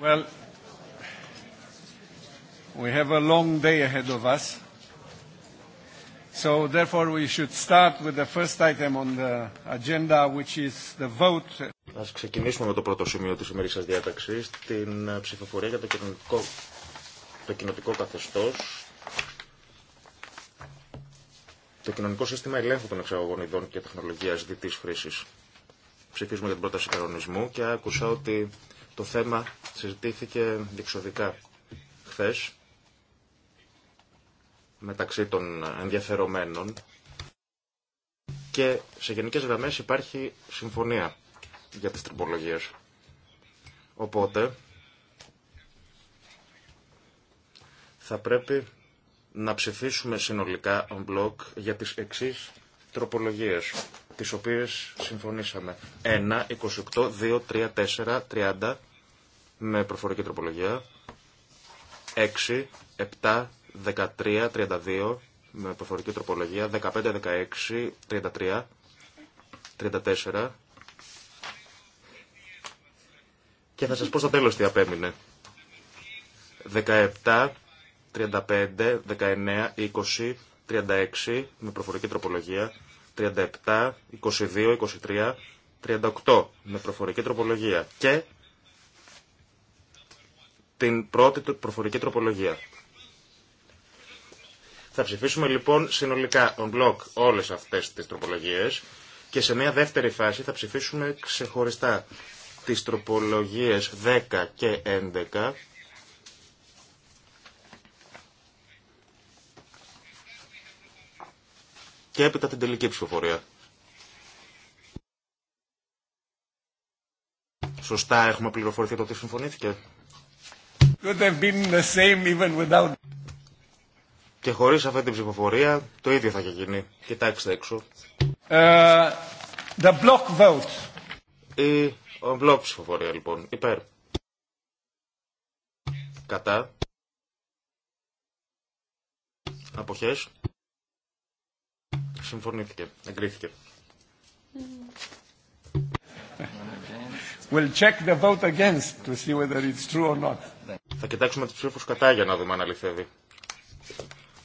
Well, we have a long day ahead of us. So therefore we should start with the first item on the agenda, which is the vote. Ας ξεκινήσουμε με το πρώτο σημείο της σημερινής διάταξης, την ε, ψηφοφορία για το κοινωνικό, το καθεστώς, το κοινωνικό σύστημα ελέγχου των εξαγωγών ειδών και τεχνολογίας διτής χρήσης. Ψηφίζουμε για την πρόταση κανονισμού και άκουσα ότι το θέμα συζητήθηκε διεξοδικά χθε μεταξύ των ενδιαφερομένων και σε γενικές γραμμές υπάρχει συμφωνία για τις τροπολογίες. Οπότε θα πρέπει να ψηφίσουμε συνολικά on block για τις εξής τροπολογίες τις οποίες συμφωνήσαμε. 1, 28, 2, 3, 4, 30, με προφορική τροπολογία. 6, 7, 13, 32 με προφορική τροπολογία. 15, 16, 33, 34. Και θα σας πω στο τέλος τι απέμεινε. 17, 35, 19, 20, 36 με προφορική τροπολογία. 37, 22, 23, 38 με προφορική τροπολογία. Και την πρώτη προφορική τροπολογία. Θα ψηφίσουμε λοιπόν συνολικά on block όλες αυτές τις τροπολογίες και σε μια δεύτερη φάση θα ψηφίσουμε ξεχωριστά τις τροπολογίες 10 και 11 και έπειτα την τελική ψηφοφορία. Σωστά έχουμε πληροφορηθεί το τι συμφωνήθηκε. Could have been the same even without... Και χωρίς αυτή την ψηφοφορία το ίδιο θα είχε γίνει. Κοιτάξτε έξω. Uh, the block vote. Η ο μπλοκ ψηφοφορία λοιπόν. Υπέρ. Κατά. Αποχές. Συμφωνήθηκε. Εγκρίθηκε. We'll check the vote against to see whether it's true or not. Θα κοιτάξουμε τις ψήφους κατά για να δούμε αν αληθεύει.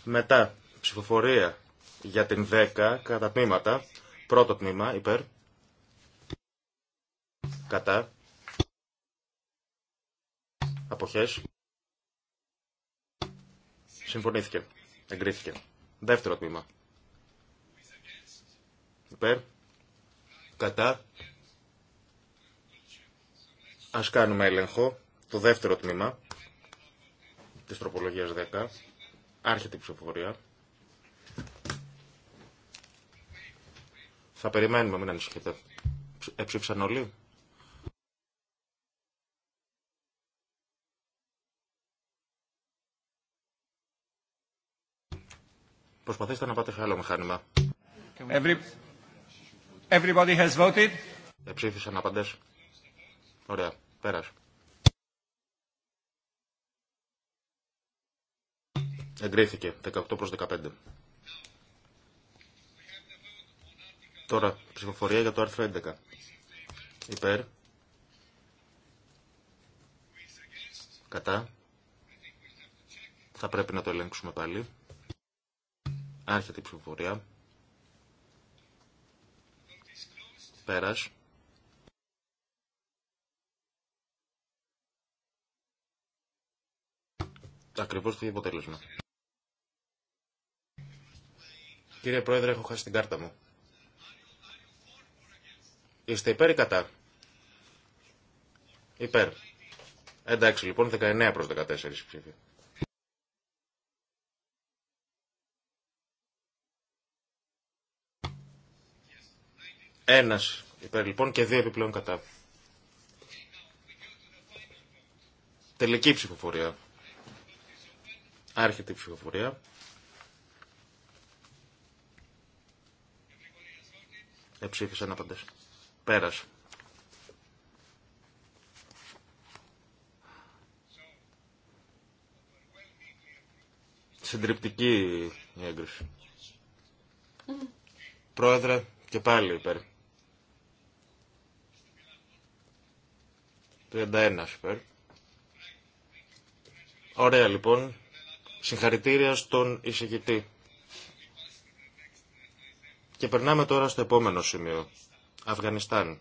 Μετά, ψηφοφορία για την 10 κατά τμήματα. Πρώτο τμήμα, υπέρ. Κατά. Αποχές. Συμφωνήθηκε. Εγκρίθηκε. Δεύτερο τμήμα. Υπέρ. Κατά. Ας κάνουμε έλεγχο. Το δεύτερο τμήμα της τροπολογίας 10. Άρχεται η ψηφοφορία. Θα περιμένουμε, μην ανησυχείτε. Εψήφισαν όλοι. Προσπαθήστε να πάτε σε άλλο μηχάνημα. Everybody has voted. Εψήφισαν απαντές. Ωραία. Πέρασε. Εγκρίθηκε 18 προς 15. Τώρα ψηφοφορία για το άρθρο 11. Υπέρ. Κατά. Θα πρέπει να το ελέγξουμε πάλι. Άρχεται η ψηφοφορία. Πέρας. Ακριβώς το αποτέλεσμα. Κύριε Πρόεδρε, έχω χάσει την κάρτα μου. Είστε υπέρ ή κατά. Υπέρ. Εντάξει λοιπόν, 19 προς 14 ψήφια. Ένας υπέρ λοιπόν και δύο επιπλέον κατά. Τελική ψηφοφορία. Άρχεται η ψηφοφορία. να παντές. Πέρασε. Συντριπτική η έγκριση. Mm. Πρόεδρε, και πάλι υπέρ. 31 υπέρ. Ωραία λοιπόν. Συγχαρητήρια στον εισηγητή. Και περνάμε τώρα στο επόμενο σημείο. Αφγανιστάν.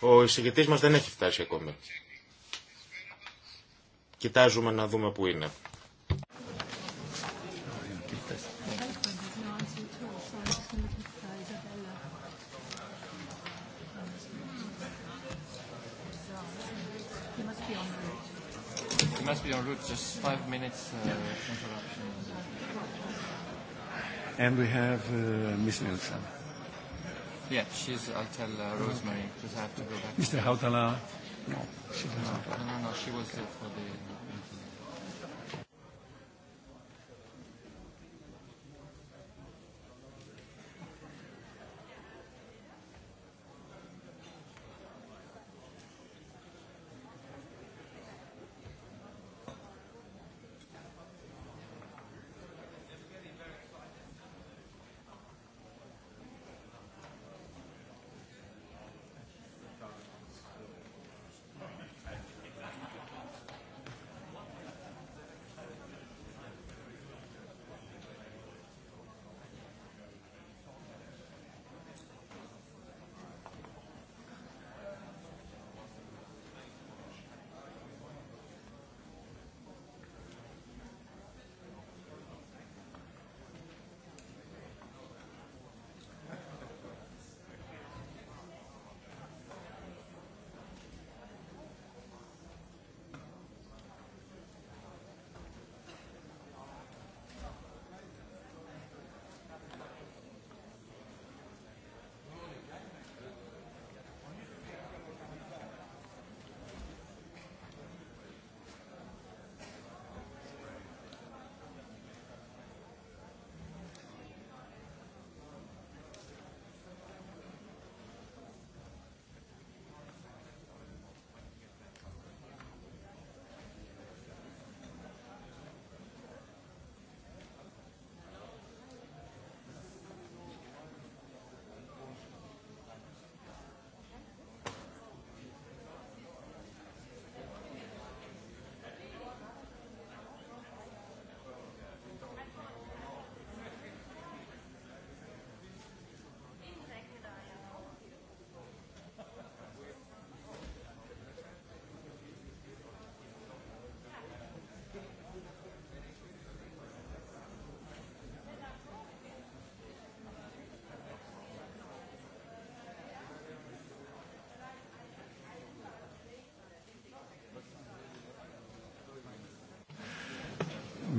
Ο εισηγητής μας δεν έχει φτάσει ακόμη. Κοιτάζουμε να δούμε πού είναι. Just five minutes interruption. And we have Miss Nielsen. Yeah, she's. I'll tell Rosemary because I have to go back. Mr. Hautala? No, she doesn't. No, no, no. She was there for the.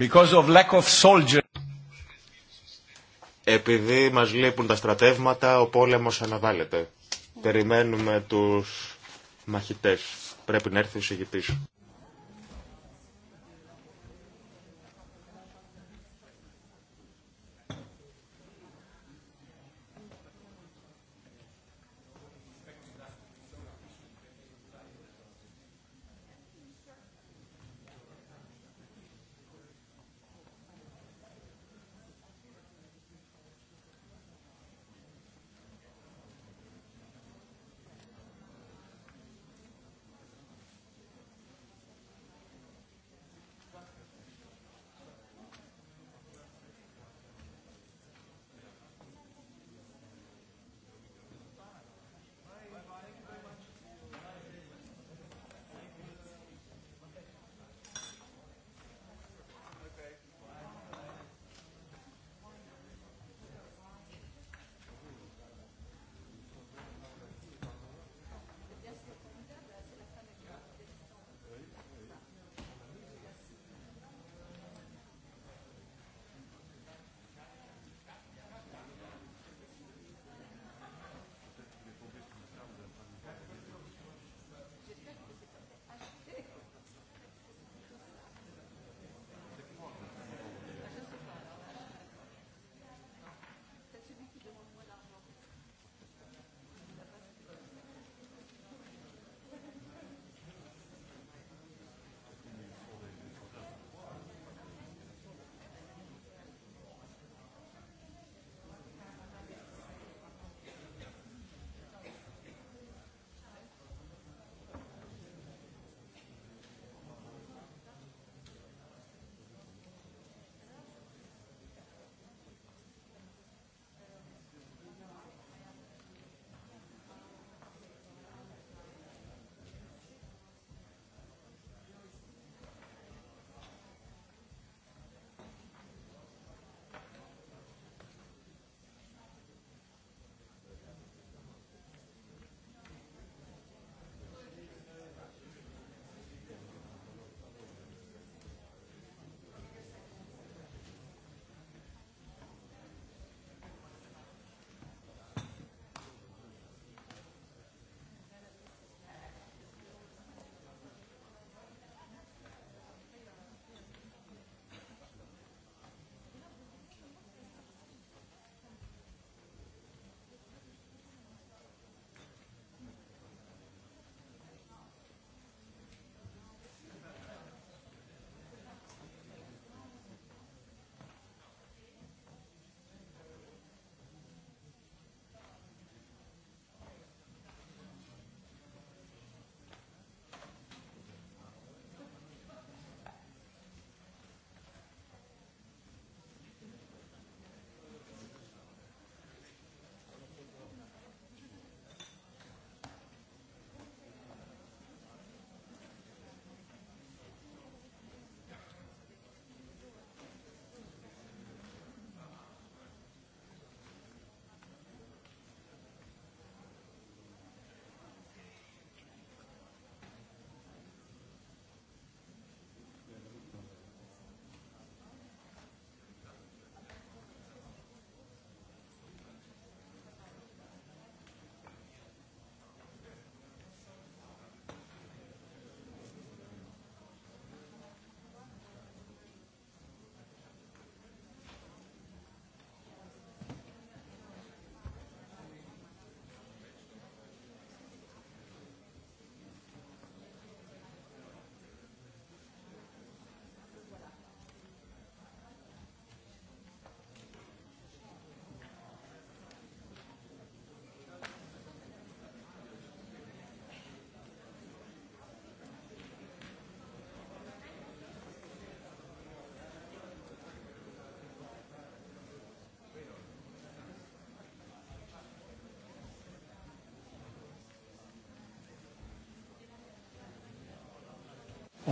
Because of lack of Επειδή μας λείπουν τα στρατεύματα, ο πόλεμος αναβάλλεται. Περιμένουμε τους μαχητές. Πρέπει να έρθει ο συγητής.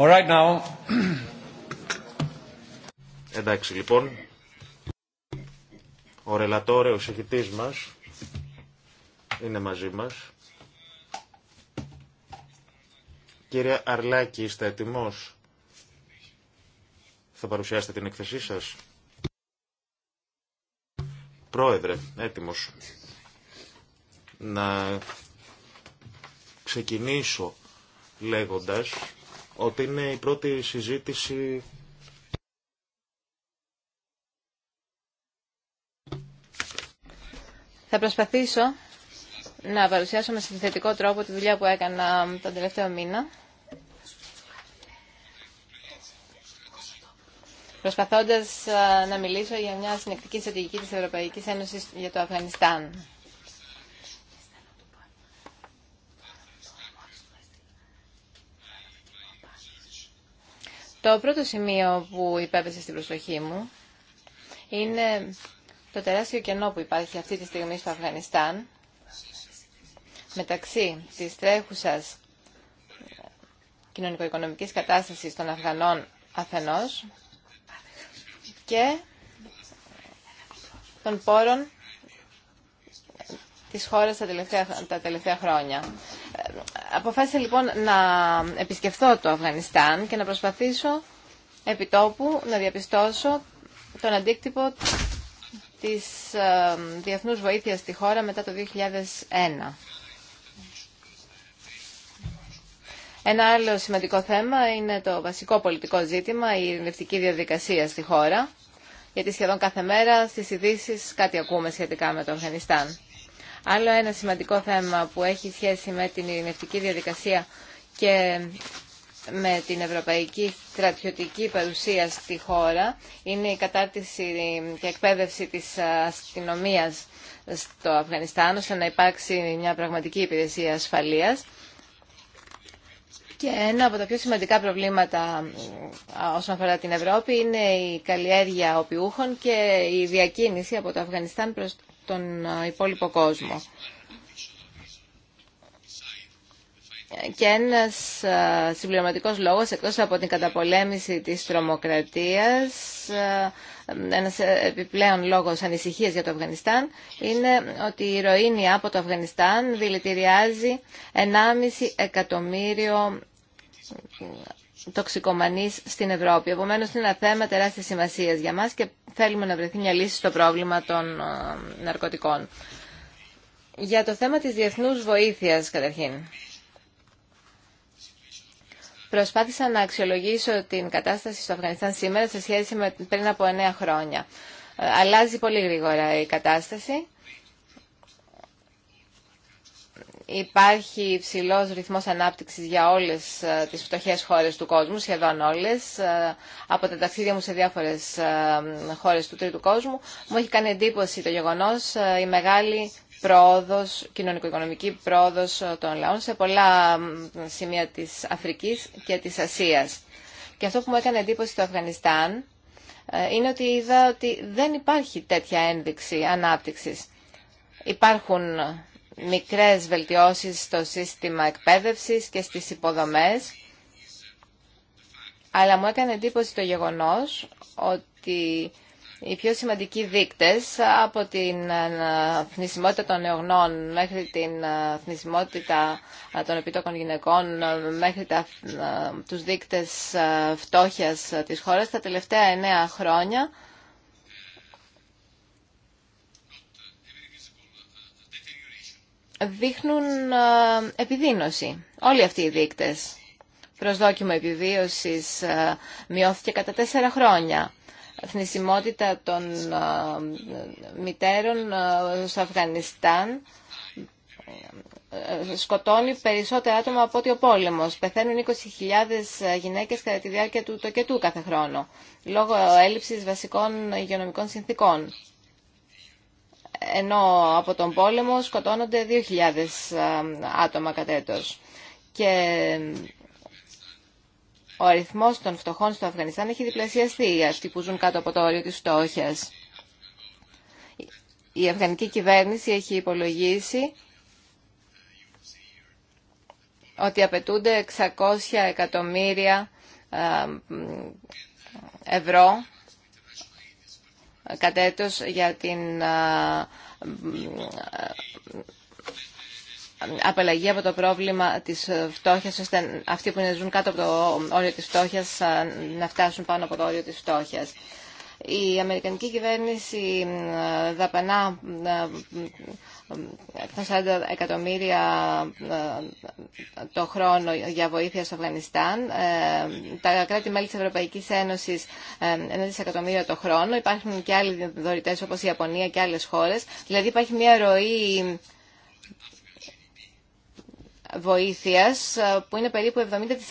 right now. Εντάξει λοιπόν, ο ρελατόρε, ο μα μας, είναι μαζί μας. Κύριε Αρλάκη, είστε έτοιμος. Θα παρουσιάσετε την εκθεσή σας. Πρόεδρε, έτοιμος. Να ξεκινήσω λέγοντας ότι είναι η πρώτη συζήτηση Θα προσπαθήσω να παρουσιάσω με συνθετικό τρόπο τη δουλειά που έκανα τον τελευταίο μήνα. Προσπαθώντας να μιλήσω για μια συνεκτική στρατηγική της Ευρωπαϊκής Ένωσης για το Αφγανιστάν. Το πρώτο σημείο που υπέπεσε στην προσοχή μου είναι το τεράστιο κενό που υπάρχει αυτή τη στιγμή στο Αφγανιστάν μεταξύ της τρέχουσας κοινωνικο-οικονομικής κατάστασης των Αφγανών αφενός και των πόρων της χώρας τα τελευταία, τα τελευταία χρόνια. Αποφάσισα λοιπόν να επισκεφθώ το Αφγανιστάν και να προσπαθήσω επιτόπου να διαπιστώσω τον αντίκτυπο της ε, διεθνούς βοήθειας στη χώρα μετά το 2001. Ένα άλλο σημαντικό θέμα είναι το βασικό πολιτικό ζήτημα, η ειρηνευτική διαδικασία στη χώρα, γιατί σχεδόν κάθε μέρα στις ειδήσει κάτι ακούμε σχετικά με το Αφγανιστάν. Άλλο ένα σημαντικό θέμα που έχει σχέση με την ειρηνευτική διαδικασία και με την ευρωπαϊκή στρατιωτική παρουσία στη χώρα είναι η κατάρτιση και εκπαίδευση της αστυνομίας στο Αφγανιστάν ώστε να υπάρξει μια πραγματική υπηρεσία ασφαλείας. Και ένα από τα πιο σημαντικά προβλήματα ε, όσον αφορά την Ευρώπη είναι η καλλιέργεια οπιούχων και η διακίνηση από το Αφγανιστάν προς τον ε, υπόλοιπο κόσμο. και ένας ε, συμπληρωματικός λόγος εκτός από την καταπολέμηση της τρομοκρατίας ε, ένας ε, επιπλέον λόγος ανησυχίας για το Αφγανιστάν είναι ότι η ροήνη από το Αφγανιστάν δηλητηριάζει 1,5 εκατομμύριο τοξικομανείς στην Ευρώπη. Επομένω, είναι ένα θέμα τεράστιας σημασίας για μας και θέλουμε να βρεθεί μια λύση στο πρόβλημα των ναρκωτικών. Για το θέμα της διεθνούς βοήθειας καταρχήν. Προσπάθησα να αξιολογήσω την κατάσταση στο Αφγανιστάν σήμερα σε σχέση με πριν από εννέα χρόνια. Ε, αλλάζει πολύ γρήγορα η κατάσταση Υπάρχει υψηλό ρυθμός ανάπτυξης για όλες ε, τις φτωχέ χώρες του κόσμου, σχεδόν όλες. Ε, από τα ταξίδια μου σε διάφορες ε, χώρες του τρίτου κόσμου, μου έχει κάνει εντύπωση το γεγονός η μεγάλη πρόοδος, κοινωνικο-οικονομική πρόοδος των λαών σε πολλά σημεία της Αφρικής και της Ασίας. Και αυτό που μου έκανε εντύπωση στο Αφγανιστάν είναι ότι είδα ότι δεν υπάρχει τέτοια ένδειξη ανάπτυξης. Υπάρχουν μικρές βελτιώσεις στο σύστημα εκπαίδευσης και στις υποδομές, αλλά μου έκανε εντύπωση το γεγονός ότι οι πιο σημαντικοί δείκτες από την ε, θνησιμότητα των νεογνών μέχρι την ε, θνησιμότητα των επιτόκων γυναικών ε, μέχρι τα, τους δείκτες φτώχειας της χώρας τα τελευταία εννέα χρόνια δείχνουν ε, επιδείνωση. Όλοι αυτοί οι δείκτες. Προσδόκιμο επιβίωσης ε, μειώθηκε κατά τέσσερα χρόνια. Θνησιμότητα των ε, μητέρων στο Αφγανιστάν σκοτώνει περισσότερα άτομα από ότι ο πόλεμος. Πεθαίνουν 20.000 γυναίκες κατά τη διάρκεια του τοκετού κάθε χρόνο, λόγω έλλειψης βασικών υγειονομικών συνθήκων ενώ από τον πόλεμο σκοτώνονται 2.000 άτομα κατ' έτος. Και ο αριθμός των φτωχών στο Αφγανιστάν έχει διπλασιαστεί, αυτοί που ζουν κάτω από το όριο της φτώχειας. Η αφγανική κυβέρνηση έχει υπολογίσει ότι απαιτούνται 600 εκατομμύρια ευρώ κατέτος για την απελαγή από το πρόβλημα της φτώχειας, ώστε αυτοί που ζουν κάτω από το όριο της φτώχειας να φτάσουν πάνω από το όριο της φτώχειας. Η Αμερικανική κυβέρνηση δαπανά 40 εκατομμύρια ε, το χρόνο για βοήθεια στο Αφγανιστάν. Ε, τα κράτη-μέλη της Ευρωπαϊκής Ένωσης 1 ε, δισεκατομμύριο το χρόνο. Υπάρχουν και άλλοι δωρητές όπως η Ιαπωνία και άλλες χώρες. Δηλαδή υπάρχει μια ροή βοήθειας ε, που είναι περίπου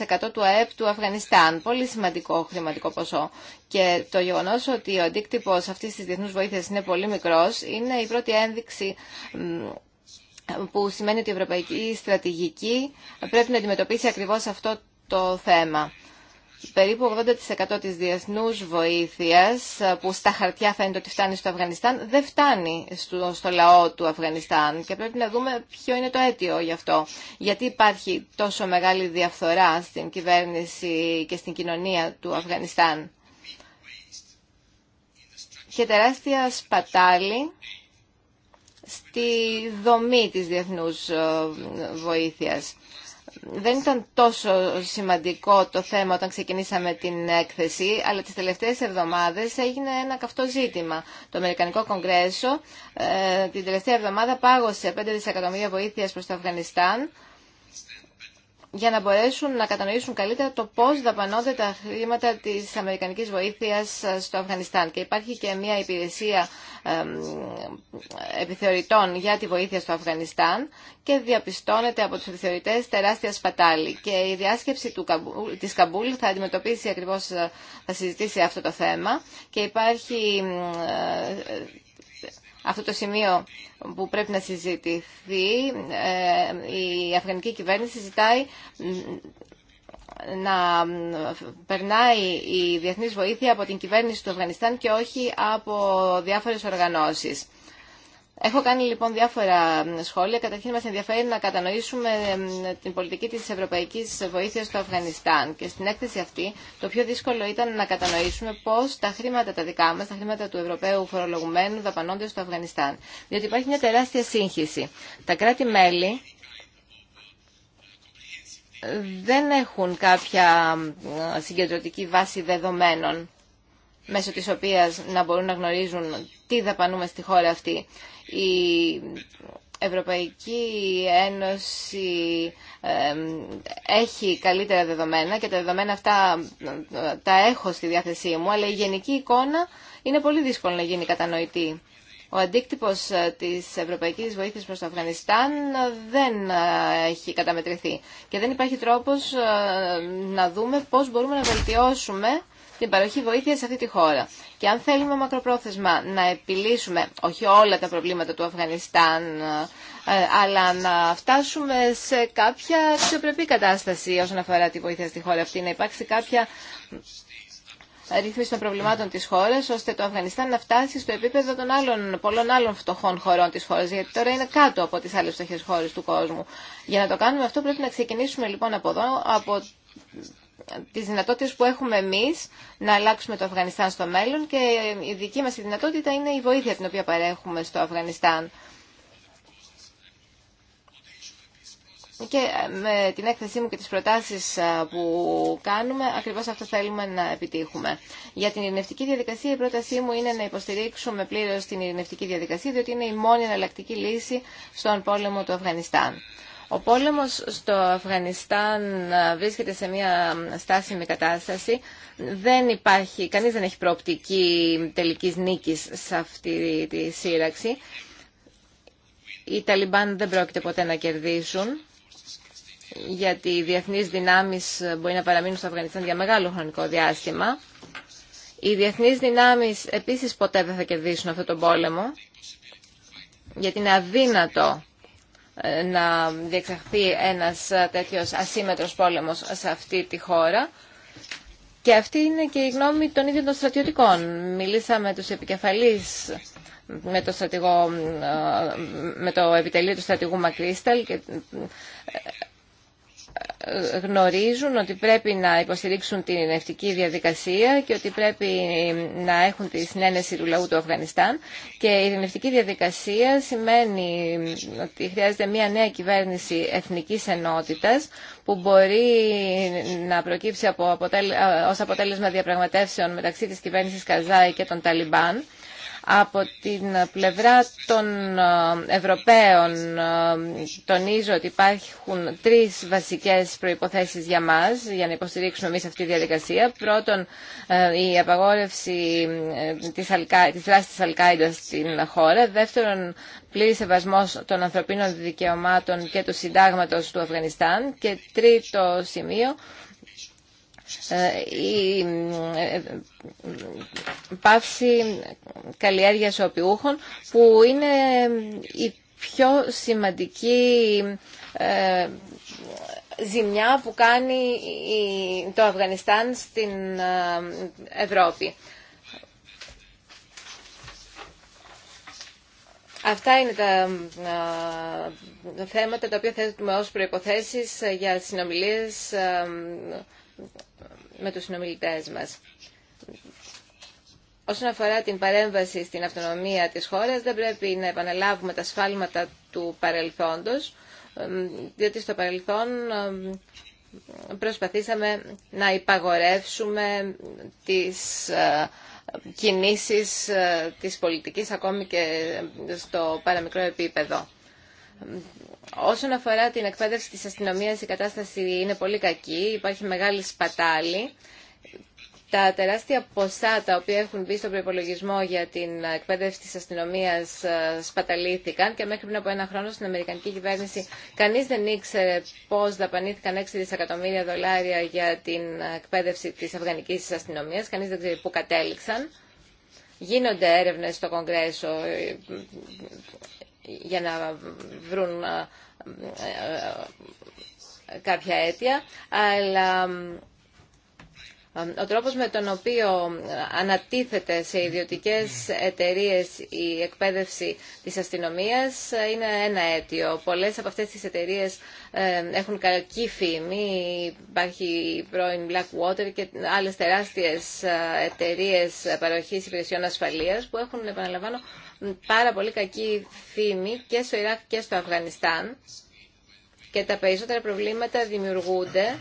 70% του ΑΕΠ του Αφγανιστάν. Πολύ σημαντικό χρηματικό ποσό. Και το γεγονός ότι ο αντίκτυπος αυτή της διεθνούς βοήθειας είναι πολύ μικρός είναι η πρώτη ένδειξη που σημαίνει ότι η ευρωπαϊκή στρατηγική πρέπει να αντιμετωπίσει ακριβώς αυτό το θέμα περίπου 80% της διεθνούς βοήθειας ε, που στα χαρτιά φαίνεται ότι φτάνει στο Αφγανιστάν δεν φτάνει στο, στο λαό του Αφγανιστάν και πρέπει να δούμε ποιο είναι το αίτιο γι' αυτό. Γιατί υπάρχει τόσο μεγάλη διαφθορά στην κυβέρνηση και στην κοινωνία του Αφγανιστάν. Και τεράστια σπατάλη στη δομή της διεθνούς ε, βοήθειας δεν ήταν τόσο σημαντικό το θέμα όταν ξεκινήσαμε την έκθεση, αλλά τις τελευταίες εβδομάδες έγινε ένα καυτό ζήτημα. Το Αμερικανικό Κογκρέσο ε, την τελευταία εβδομάδα πάγωσε 5 δισεκατομμύρια βοήθειας προς το Αφγανιστάν για να μπορέσουν να κατανοήσουν καλύτερα το πώς δαπανώνται τα χρήματα της Αμερικανικής βοήθειας ε, στο Αφγανιστάν. Και υπάρχει και μια υπηρεσία επιθεωρητών για τη βοήθεια στο Αφγανιστάν και διαπιστώνεται από τους επιθεωρητές τεράστια σπατάλη. Και η διάσκεψη του Καμπούλ, της Καμπούλ θα αντιμετωπίσει ακριβώς, ε, θα συζητήσει αυτό το θέμα και υπάρχει ε, αυτό το σημείο που πρέπει να συζητηθεί, ε, η αφγανική κυβέρνηση ζητάει να περνάει η διεθνής βοήθεια από την κυβέρνηση του Αφγανιστάν και όχι από διάφορες οργανώσεις. Έχω κάνει λοιπόν διάφορα σχόλια. Καταρχήν μας ενδιαφέρει να κατανοήσουμε την πολιτική της ευρωπαϊκής βοήθειας στο Αφγανιστάν και στην έκθεση αυτή το πιο δύσκολο ήταν να κατανοήσουμε πώς τα χρήματα τα δικά μας, τα χρήματα του Ευρωπαίου φορολογουμένου δαπανώνται στο Αφγανιστάν. Διότι υπάρχει μια τεράστια σύγχυση. Τα κράτη-μέλη δεν έχουν κάποια συγκεντρωτική βάση δεδομένων μέσω της οποίας να μπορούν να γνωρίζουν τι δαπανούμε στη χώρα αυτή η Ευρωπαϊκή Ένωση έχει καλύτερα δεδομένα και τα δεδομένα αυτά ε, τα έχω στη διάθεσή μου, αλλά η γενική εικόνα είναι πολύ δύσκολο να γίνει κατανοητή. Ο αντίκτυπος ε, της ευρωπαϊκής βοήθειας προς το Αφγανιστάν ε, δεν έχει καταμετρηθεί και δεν υπάρχει τρόπος να δούμε πώς μπορούμε να βελτιώσουμε την παροχή βοήθειας σε αυτή τη χώρα. Και αν θέλουμε μακροπρόθεσμα να επιλύσουμε όχι όλα τα προβλήματα του Αφγανιστάν, ε, αλλά να φτάσουμε σε κάποια αξιοπρεπή κατάσταση όσον αφορά τη βοήθεια στη χώρα αυτή, να υπάρξει κάποια ρύθμιση των προβλημάτων της χώρας, ώστε το Αφγανιστάν να φτάσει στο επίπεδο των άλλων, πολλών άλλων φτωχών χωρών της χώρας, γιατί τώρα είναι κάτω από τις άλλες φτωχές χώρες του κόσμου. Για να το κάνουμε αυτό πρέπει να ξεκινήσουμε λοιπόν από εδώ, από τις δυνατότητες που έχουμε εμείς να αλλάξουμε το Αφγανιστάν στο μέλλον και η δική μας δυνατότητα είναι η βοήθεια την οποία παρέχουμε στο Αφγανιστάν. Και ε, με την έκθεσή μου και τις προτάσεις ε, που κάνουμε, ακριβώς αυτό θέλουμε να επιτύχουμε. Για την ειρηνευτική διαδικασία, η πρότασή μου είναι να υποστηρίξουμε πλήρως την ειρηνευτική διαδικασία, διότι είναι η μόνη εναλλακτική λύση στον πόλεμο του Αφγανιστάν. Ο πόλεμος στο Αφγανιστάν ε, βρίσκεται σε μια στάσιμη κατάσταση. Δεν υπάρχει, κανείς δεν έχει προοπτική τελικής νίκης σε αυτή τη σύραξη. Οι Ταλιμπάν δεν πρόκειται ποτέ να κερδίσουν γιατί οι διεθνείς δυνάμεις μπορεί να παραμείνουν στο Αφγανιστάν για μεγάλο χρονικό διάστημα. Οι διεθνείς δυνάμεις επίσης ποτέ δεν θα κερδίσουν αυτόν τον πόλεμο, γιατί είναι αδύνατο ε, να διεξαχθεί ένας ε, τέτοιος ασύμετρος πόλεμος σε αυτή τη χώρα. Και αυτή είναι και η γνώμη των ίδιων των στρατιωτικών. Μιλήσαμε με τους επικεφαλείς, με το, στρατηγό, ε, με το επιτελείο του στρατηγού Μακρίσταλ και γνωρίζουν ότι πρέπει να υποστηρίξουν την ειρηνευτική διαδικασία και ότι πρέπει να έχουν τη συνένεση του λαού του Αφγανιστάν. Και η ειρηνευτική διαδικασία σημαίνει ότι χρειάζεται μια νέα κυβέρνηση εθνικής ενότητας που μπορεί να προκύψει από ως αποτέλεσμα διαπραγματεύσεων μεταξύ της κυβέρνησης Καζάη και των Ταλιμπάν από την πλευρά των ε, Ευρωπαίων ε, τονίζω ότι υπάρχουν τρεις βασικές προϋποθέσεις για μας, για να υποστηρίξουμε εμείς αυτή τη διαδικασία. Πρώτον, ε, η απαγόρευση της, Αλκα... της δράσης της στην χώρα. Δεύτερον, πλήρη σεβασμό των ανθρωπίνων δικαιωμάτων και του συντάγματος του Αφγανιστάν. Και τρίτο σημείο, ε, η ε, πάυση καλλιέργειας οπιούχων που είναι η πιο σημαντική ε, ζημιά που κάνει το Αφγανιστάν στην Ευρώπη. Αυτά είναι τα θέματα τα οποία θέτουμε ως προϋποθέσεις για συνομιλίες με τους συνομιλητές μας. Όσον αφορά την παρέμβαση στην αυτονομία της χώρας, δεν πρέπει να επαναλάβουμε τα σφάλματα του παρελθόντος, διότι στο παρελθόν προσπαθήσαμε να υπαγορεύσουμε τις ε, κινήσεις ε, της πολιτικής ακόμη και στο παραμικρό επίπεδο. Όσον αφορά την εκπαίδευση της αστυνομίας, η κατάσταση είναι πολύ κακή, υπάρχει μεγάλη σπατάλη. Τα τεράστια ποσά τα οποία έχουν μπει στον προπολογισμό για την εκπαίδευση της αστυνομίας ε, σπαταλήθηκαν και μέχρι πριν από ένα χρόνο στην Αμερικανική κυβέρνηση κανείς δεν ήξερε πώς δαπανήθηκαν 6 δισεκατομμύρια δολάρια για την εκπαίδευση της αφγανικής αστυνομίας, κανείς δεν ξέρει πού κατέληξαν. Γίνονται έρευνες στο Κογκρέσο για να βρουν ε, ε, ε, κάποια αίτια, αλλά ο τρόπος με τον οποίο ανατίθεται σε ιδιωτικές εταιρείες η εκπαίδευση της αστυνομίας είναι ένα αίτιο. Πολλές από αυτές τις εταιρείες έχουν κακή φήμη. Υπάρχει η πρώην Blackwater και άλλες τεράστιες εταιρείες παροχής υπηρεσιών ασφαλείας που έχουν, επαναλαμβάνω, πάρα πολύ κακή φήμη και στο Ιράκ και στο Αφγανιστάν και τα περισσότερα προβλήματα δημιουργούνται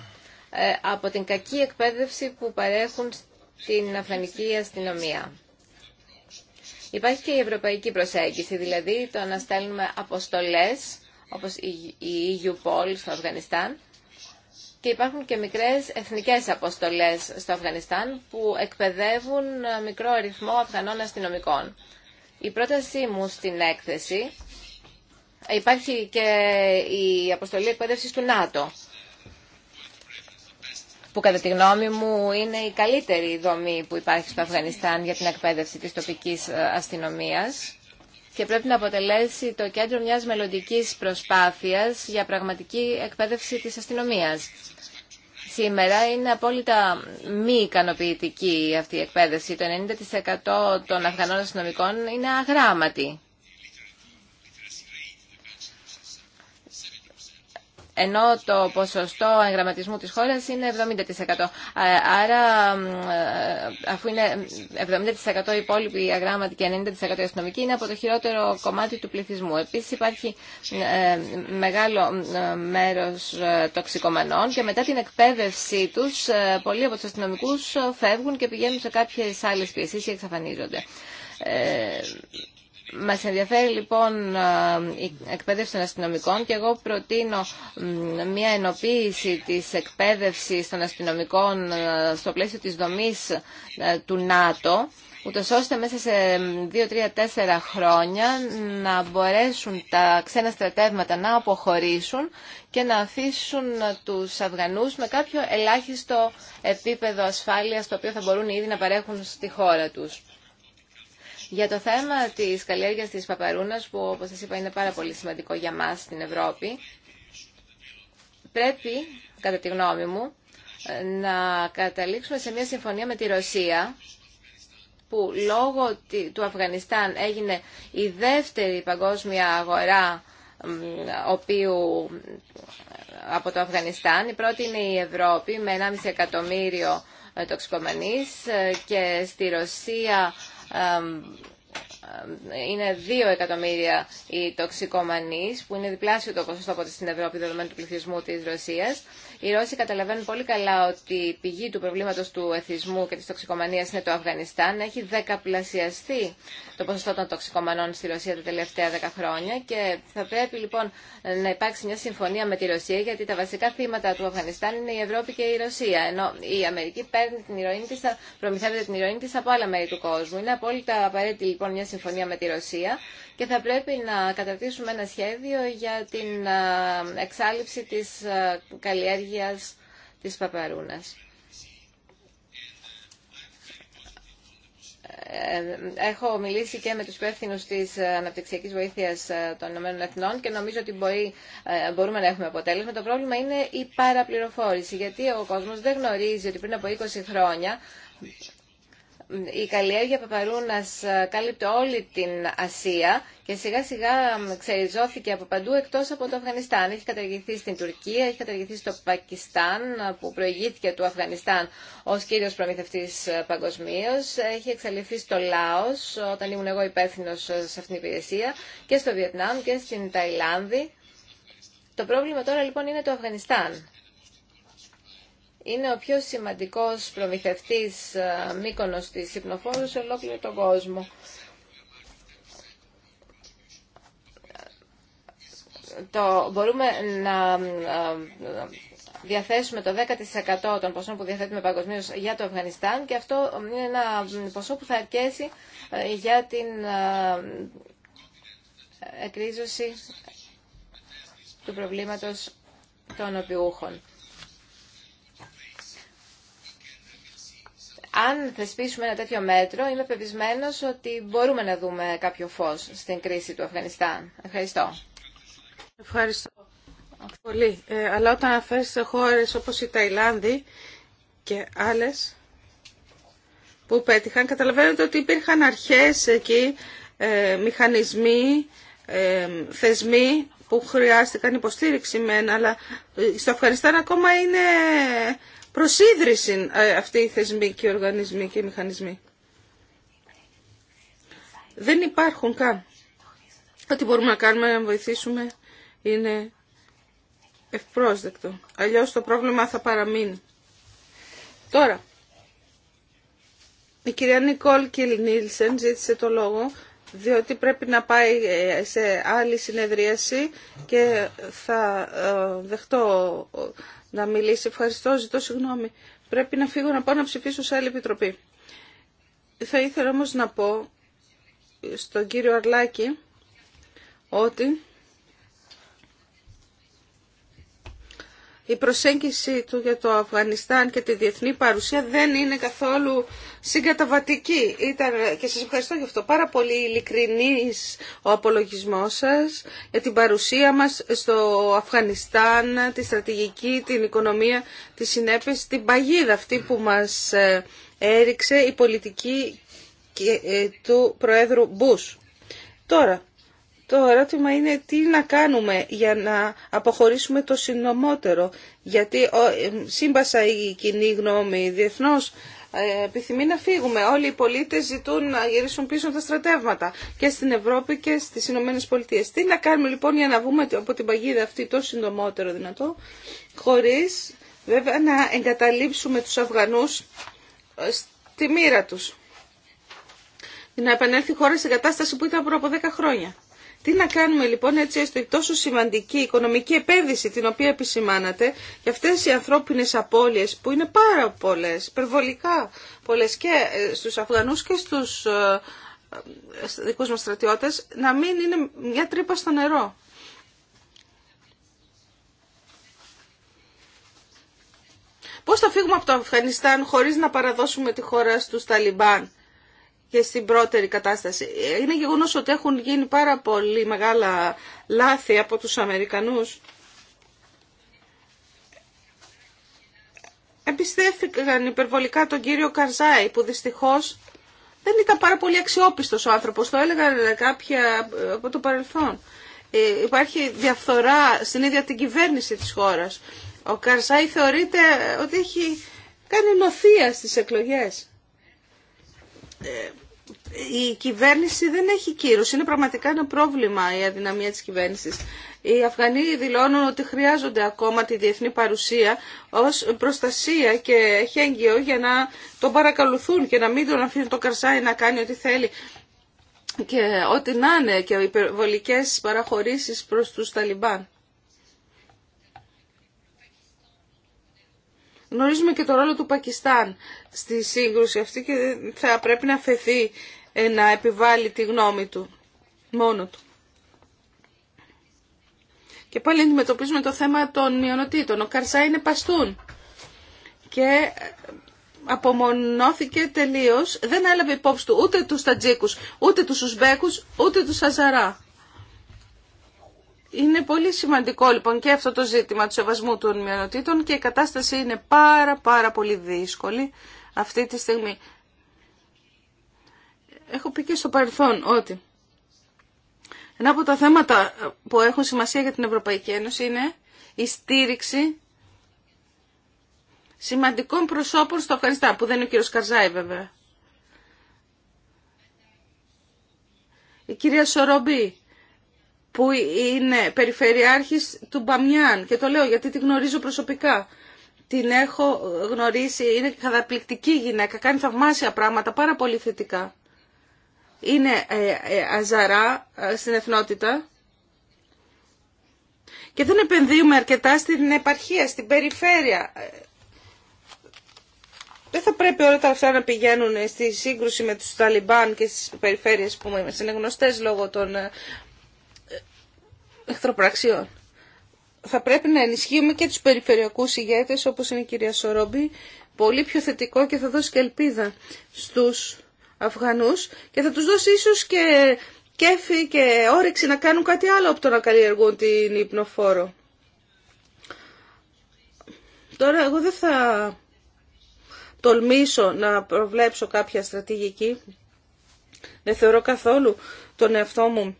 ε, από την κακή εκπαίδευση που παρέχουν στην αφγανική αστυνομία. Υπάρχει και η ευρωπαϊκή προσέγγιση, δηλαδή το να στέλνουμε αποστολές όπως η eu στο Αφγανιστάν και υπάρχουν και μικρές εθνικές αποστολές στο Αφγανιστάν που εκπαιδεύουν ε, μικρό αριθμό Αφγανών αστυνομικών. Η πρότασή μου στην έκθεση υπάρχει και η αποστολή εκπαίδευση του ΝΑΤΟ που κατά τη γνώμη μου είναι η καλύτερη δομή που υπάρχει στο Αφγανιστάν για την εκπαίδευση της τοπικής ε, αστυνομίας και πρέπει να αποτελέσει το κέντρο μιας μελλοντική προσπάθειας για πραγματική εκπαίδευση της αστυνομίας. Σήμερα είναι απόλυτα μη ικανοποιητική αυτή η εκπαίδευση. Το 90% των Αφγανών αστυνομικών είναι αγράμματοι. ενώ το ποσοστό εγγραμματισμού της χώρας είναι 70%. Άρα, αφού είναι 70% οι υπόλοιποι αγράμματοι και 90% οι αστυνομικοί, είναι από το χειρότερο κομμάτι του πληθυσμού. Επίσης υπάρχει ε, μεγάλο μέρος ε, τοξικομανών και μετά την εκπαίδευσή τους, ε, πολλοί από τους αστυνομικούς φεύγουν και πηγαίνουν σε κάποιες άλλες πιεσίες ή εξαφανίζονται. Μας ενδιαφέρει λοιπόν ε, η εκπαίδευση των αστυνομικών και εγώ προτείνω μια ενοποίηση της εκπαίδευσης των αστυνομικών ε, στο πλαίσιο της δομής ε, του ΝΑΤΟ ούτως ώστε μέσα σε 2 τρία, τέσσερα χρονια να μπορέσουν τα ξένα στρατεύματα να αποχωρήσουν και να αφήσουν τους Αφγανούς με κάποιο ελάχιστο επίπεδο ασφάλειας το οποίο θα μπορούν ήδη να παρέχουν στη χώρα τους. Για το θέμα της καλλιέργειας της παπαρούνας, που όπως σας είπα είναι πάρα πολύ σημαντικό για μας στην Ευρώπη, πρέπει, κατά τη γνώμη μου, να καταλήξουμε σε μια συμφωνία με τη Ρωσία, που λόγω του Αφγανιστάν έγινε η δεύτερη παγκόσμια αγορά οποίου από το Αφγανιστάν. Η πρώτη είναι η Ευρώπη με 1,5 εκατομμύριο ε, τοξικομανείς ε, και στη Ρωσία είναι 2 εκατομμύρια οι τοξικομανείς, που είναι διπλάσιο το ποσοστό από στην Ευρώπη δεδομένου του πληθυσμού της Ρωσίας. Οι Ρώσοι καταλαβαίνουν πολύ καλά ότι η πηγή του προβλήματος του εθισμού και της τοξικομανίας είναι το Αφγανιστάν. Έχει δεκαπλασιαστεί το ποσοστό των τοξικομανών στη Ρωσία τα τελευταία δέκα χρόνια και θα πρέπει λοιπόν να υπάρξει μια συμφωνία με τη Ρωσία γιατί τα βασικά θύματα του Αφγανιστάν είναι η Ευρώπη και η Ρωσία. Ενώ η Αμερική παίρνει την ηρωίνη της, προμηθεύεται την ηρωίνη της από άλλα μέρη του κόσμου. Είναι απόλυτα απαραίτητη λοιπόν μια συμφωνία με τη Ρωσία και θα πρέπει να καταρτήσουμε ένα σχέδιο για την εξάλληψη της καλλιέργειας της παπαρούνας. Ε, έχω μιλήσει και με τους υπεύθυνου της αναπτυξιακής βοήθειας των Ηνωμένων Εθνών και νομίζω ότι ε, μπορούμε να έχουμε αποτέλεσμα. Το πρόβλημα είναι η παραπληροφόρηση, γιατί ο κόσμος δεν γνωρίζει ότι πριν από 20 χρόνια η καλλιέργεια παπαρούνας ε, κάλυπτε όλη την Ασία και σιγά σιγά ξεριζώθηκε από παντού εκτός από το Αφγανιστάν. Έχει καταργηθεί στην Τουρκία, έχει καταργηθεί στο Πακιστάν ε, που προηγήθηκε του Αφγανιστάν ως κύριος προμηθευτής ε, παγκοσμίω. Έχει εξαλειφθεί στο Λάος όταν ήμουν εγώ υπεύθυνο σε αυτήν την υπηρεσία και στο Βιετνάμ και στην Ταϊλάνδη. Το πρόβλημα τώρα λοιπόν είναι το Αφγανιστάν είναι ο πιο σημαντικός προμηθευτής ε, μήκονος της υπνοφόρου σε ολόκληρο τον κόσμο. Το, μπορούμε να ε, διαθέσουμε το 10% των ποσών που διαθέτουμε παγκοσμίω για το Αφγανιστάν και αυτό είναι ένα ποσό που θα αρκέσει ε, για την εκρίζωση του προβλήματος των οπιούχων. Αν θεσπίσουμε ένα τέτοιο μέτρο, είμαι πεπισμένο ότι μπορούμε να δούμε κάποιο φω στην κρίση του Αφγανιστάν. Ευχαριστώ. Ευχαριστώ πολύ. Ε, αλλά όταν αναφέρεστε χώρες όπως η Ταϊλάνδη και άλλες που πέτυχαν, καταλαβαίνετε ότι υπήρχαν αρχές εκεί, ε, μηχανισμοί, ε, θεσμοί που χρειάστηκαν υποστήριξη μεν, αλλά στο Αφγανιστάν ακόμα είναι προσίδρυση αυτή ε, αυτοί οι θεσμοί και οι οργανισμοί και οι μηχανισμοί. Δεν υπάρχουν καν. Ό,τι μπορούμε να κάνουμε να βοηθήσουμε είναι ευπρόσδεκτο. Αλλιώς το πρόβλημα θα παραμείνει. Τώρα, η κυρία Νικόλ Κιλ ζήτησε το λόγο διότι πρέπει να πάει ε, σε άλλη συνεδρίαση και θα ε, δεχτώ να μιλήσει. Ευχαριστώ, ζητώ συγγνώμη. Πρέπει να φύγω να πάω να ψηφίσω σε άλλη επιτροπή. Θα ήθελα όμως να πω στον κύριο Αρλάκη ότι η προσέγγιση του για το Αφγανιστάν και τη διεθνή παρουσία δεν είναι καθόλου συγκαταβατική ήταν και σας ευχαριστώ γι' αυτό πάρα πολύ ειλικρινής ο απολογισμός σας για την παρουσία μας στο Αφγανιστάν, τη στρατηγική, την οικονομία, τη συνέπειες, την παγίδα αυτή που μας ε, έριξε η πολιτική ε, του Προέδρου Μπούς. Τώρα, το ερώτημα είναι τι να κάνουμε για να αποχωρήσουμε το συνομότερο. Γιατί ε, σύμπασα η κοινή γνώμη διεθνώς επιθυμεί να φύγουμε. Όλοι οι πολίτε ζητούν να γυρίσουν πίσω τα στρατεύματα και στην Ευρώπη και στι Ηνωμένε Πολιτείε. Τι να κάνουμε λοιπόν για να βγούμε από την παγίδα αυτή το συντομότερο δυνατό, χωρίς βέβαια να εγκαταλείψουμε τους Αφγανούς ε, στη μοίρα τους. Να επανέλθει η χώρα στην κατάσταση που ήταν πριν από 10 χρόνια. Τι να κάνουμε λοιπόν έτσι έστω η τόσο σημαντική οικονομική επένδυση την οποία επισημάνατε για αυτές οι ανθρώπινες απώλειες που είναι πάρα πολλές, υπερβολικά πολλές και ε, στους Αφγανούς και ε, ε, στους δικούς μας στρατιώτες να μην είναι μια τρύπα στο νερό. Πώς θα φύγουμε από το Αφγανιστάν χωρίς να παραδώσουμε τη χώρα στους Ταλιμπάν και στην πρώτερη κατάσταση. Είναι γεγονός ότι έχουν γίνει πάρα πολύ μεγάλα λάθη από τους Αμερικανούς. Εμπιστεύτηκαν υπερβολικά τον κύριο Καρζάη που δυστυχώς δεν ήταν πάρα πολύ αξιόπιστος ο άνθρωπος. Το έλεγαν κάποια από το παρελθόν. Ε, υπάρχει διαφθορά στην ίδια την κυβέρνηση της χώρας. Ο Καρζάη θεωρείται ότι έχει κάνει νοθεία στις εκλογές ε, η κυβέρνηση δεν έχει κύρος. Είναι πραγματικά ένα πρόβλημα η αδυναμία της κυβέρνησης. Οι Αφγανοί δηλώνουν ότι χρειάζονται ακόμα τη διεθνή παρουσία ως προστασία και χέγγιο για να τον παρακαλουθούν και να μην τον αφήνουν το καρσάι να κάνει ό,τι θέλει. Και ό,τι να είναι και υπερβολικές παραχωρήσεις προς τους Ταλιμπάν. Γνωρίζουμε και το ρόλο του Πακιστάν στη σύγκρουση αυτή και θα πρέπει να φεθεί ε, να επιβάλλει τη γνώμη του μόνο του. Και πάλι αντιμετωπίζουμε το θέμα των μειονοτήτων. Ο Καρσά είναι παστούν και ε, απομονώθηκε τελείως, δεν έλαβε υπόψη του ούτε τους Τατζίκους, ούτε τους Ουσμπέκους, ούτε τους Σαζαρά. Είναι πολύ σημαντικό λοιπόν και αυτό το ζήτημα του σεβασμού των μειονοτήτων και η κατάσταση είναι πάρα πάρα πολύ δύσκολη αυτή τη στιγμή έχω πει και στο παρελθόν ότι ένα από τα θέματα που έχουν σημασία για την Ευρωπαϊκή Ένωση είναι η στήριξη σημαντικών προσώπων στο Αφγανιστάν, που δεν είναι ο κύριος Καρζάη βέβαια. Η κυρία Σορομπή, που είναι περιφερειάρχης του Μπαμιάν, και το λέω γιατί τη γνωρίζω προσωπικά. Την έχω γνωρίσει, είναι καταπληκτική γυναίκα, κάνει θαυμάσια πράγματα, πάρα πολύ θετικά είναι ε, ε, αζαρά ε, στην εθνότητα και δεν επενδύουμε αρκετά στην επαρχία, στην περιφέρεια. Δεν θα πρέπει όλα τα αυτά να πηγαίνουν στη σύγκρουση με τους Ταλιμπάν και στις περιφέρειες που είμαστε είναι γνωστές λόγω των εχθροπραξιών. Θα πρέπει να ενισχύουμε και τους περιφερειακούς ηγέτες όπως είναι η κυρία Σορόμπη, πολύ πιο θετικό και θα δώσει και ελπίδα στους Αφγανούς και θα τους δώσει ίσως και κέφι και όρεξη να κάνουν κάτι άλλο από το να καλλιεργούν την υπνοφόρο. Τώρα εγώ δεν θα τολμήσω να προβλέψω κάποια στρατηγική. Δεν θεωρώ καθόλου τον εαυτό μου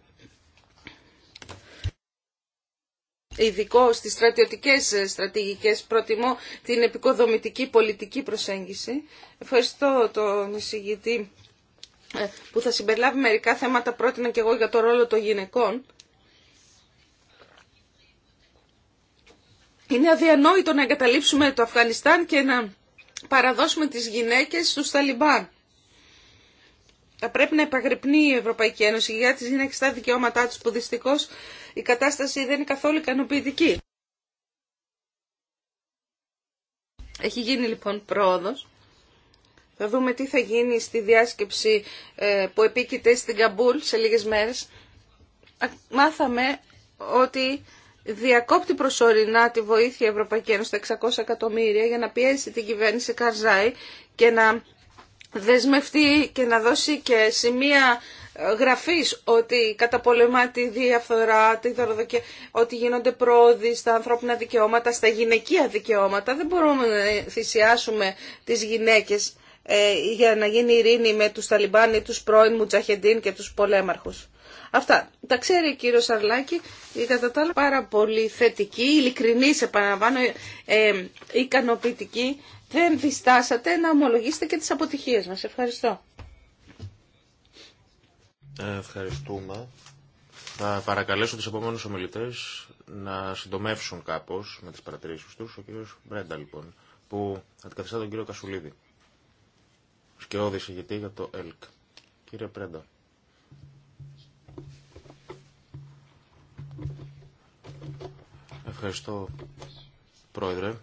ειδικό στις στρατιωτικές στρατηγικές. Προτιμώ την επικοδομητική πολιτική προσέγγιση. Ευχαριστώ τον εισηγητή ε, που θα συμπεριλάβει μερικά θέματα πρότεινα και εγώ για το ρόλο των γυναικών. Είναι αδιανόητο να εγκαταλείψουμε το Αφγανιστάν και να παραδώσουμε τις γυναίκες στους Ταλιμπάν. Θα πρέπει να επαγρυπνεί η Ευρωπαϊκή Ένωση για τις γυναίκες στα δικαιώματά τους που δυστυχώς η κατάσταση δεν είναι καθόλου ικανοποιητική. Έχει γίνει λοιπόν πρόοδος. Θα δούμε τι θα γίνει στη διάσκεψη ε, που επίκειται στην Καμπούλ σε λίγες μέρες. Μάθαμε ότι διακόπτει προσωρινά τη βοήθεια Ευρωπαϊκή Ένωση στα 600 εκατομμύρια για να πιέσει την κυβέρνηση Καρζάη και να δεσμευτεί και να δώσει και σημεία ε, γραφής ότι καταπολεμά τη διαφθορά, τη ότι γίνονται πρόοδοι στα ανθρώπινα δικαιώματα, στα γυναικεία δικαιώματα. Δεν μπορούμε να θυσιάσουμε τις γυναίκες ε, για να γίνει ειρήνη με τους Ταλιμπάν ή τους πρώην Μουτζαχεντίν και τους πολέμαρχους. Αυτά. Τα ξέρει ο κύριος Αρλάκη, ε, κατά τα άλλα πάρα πολύ θετική, ειλικρινή, σε παραλαμβάνω, ε, ε, ικανοποιητική. Δεν διστάσατε να ομολογήσετε και τις αποτυχίες μας. Ευχαριστώ. Ευχαριστούμε. Θα παρακαλέσω τους επόμενους ομιλητές να συντομεύσουν κάπως με τις παρατηρήσεις τους. Ο κύριος Μπρέντα λοιπόν, που αντικαθιστά τον κύριο Κασουλίδη σκιώδη ηγητή για το ΕΛΚ. Κύριε Πρέντα. Ευχαριστώ, Πρόεδρε.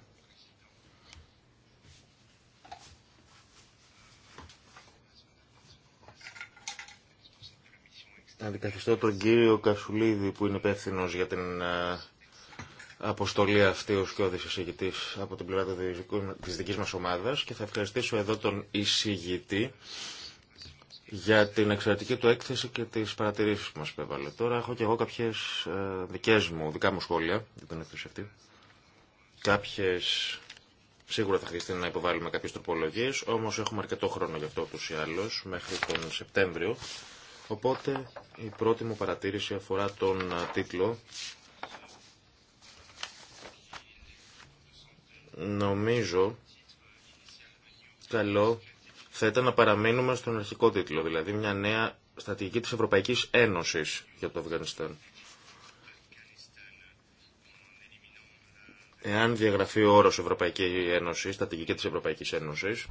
Αντικαθιστώ τον κύριο Κασουλίδη που είναι υπεύθυνο για την ε, αποστολή αυτή ο Σκιώδης από την πλευρά της δικής μας ομάδας και θα ευχαριστήσω εδώ τον εισηγητή για την εξαιρετική του έκθεση και τις παρατηρήσεις που μας επέβαλε. Τώρα έχω και εγώ κάποιες ε, δικές μου, δικά μου σχόλια για την έκθεση αυτή. Κάποιες Σίγουρα θα χρειαστεί να υποβάλουμε κάποιες τροπολογίες, όμως έχουμε αρκετό χρόνο γι' αυτό ούτω ή άλλω, μέχρι τον Σεπτέμβριο. Οπότε η πρώτη μου παρατήρηση αφορά τον τίτλο Νομίζω καλό θα ήταν να παραμείνουμε στον αρχικό τίτλο, δηλαδή μια νέα στρατηγική της Ευρωπαϊκής Ένωσης για το Αφγανιστάν. Εάν διαγραφεί ο όρος Ευρωπαϊκή Ένωση, στρατηγική της Ευρωπαϊκής Ένωσης,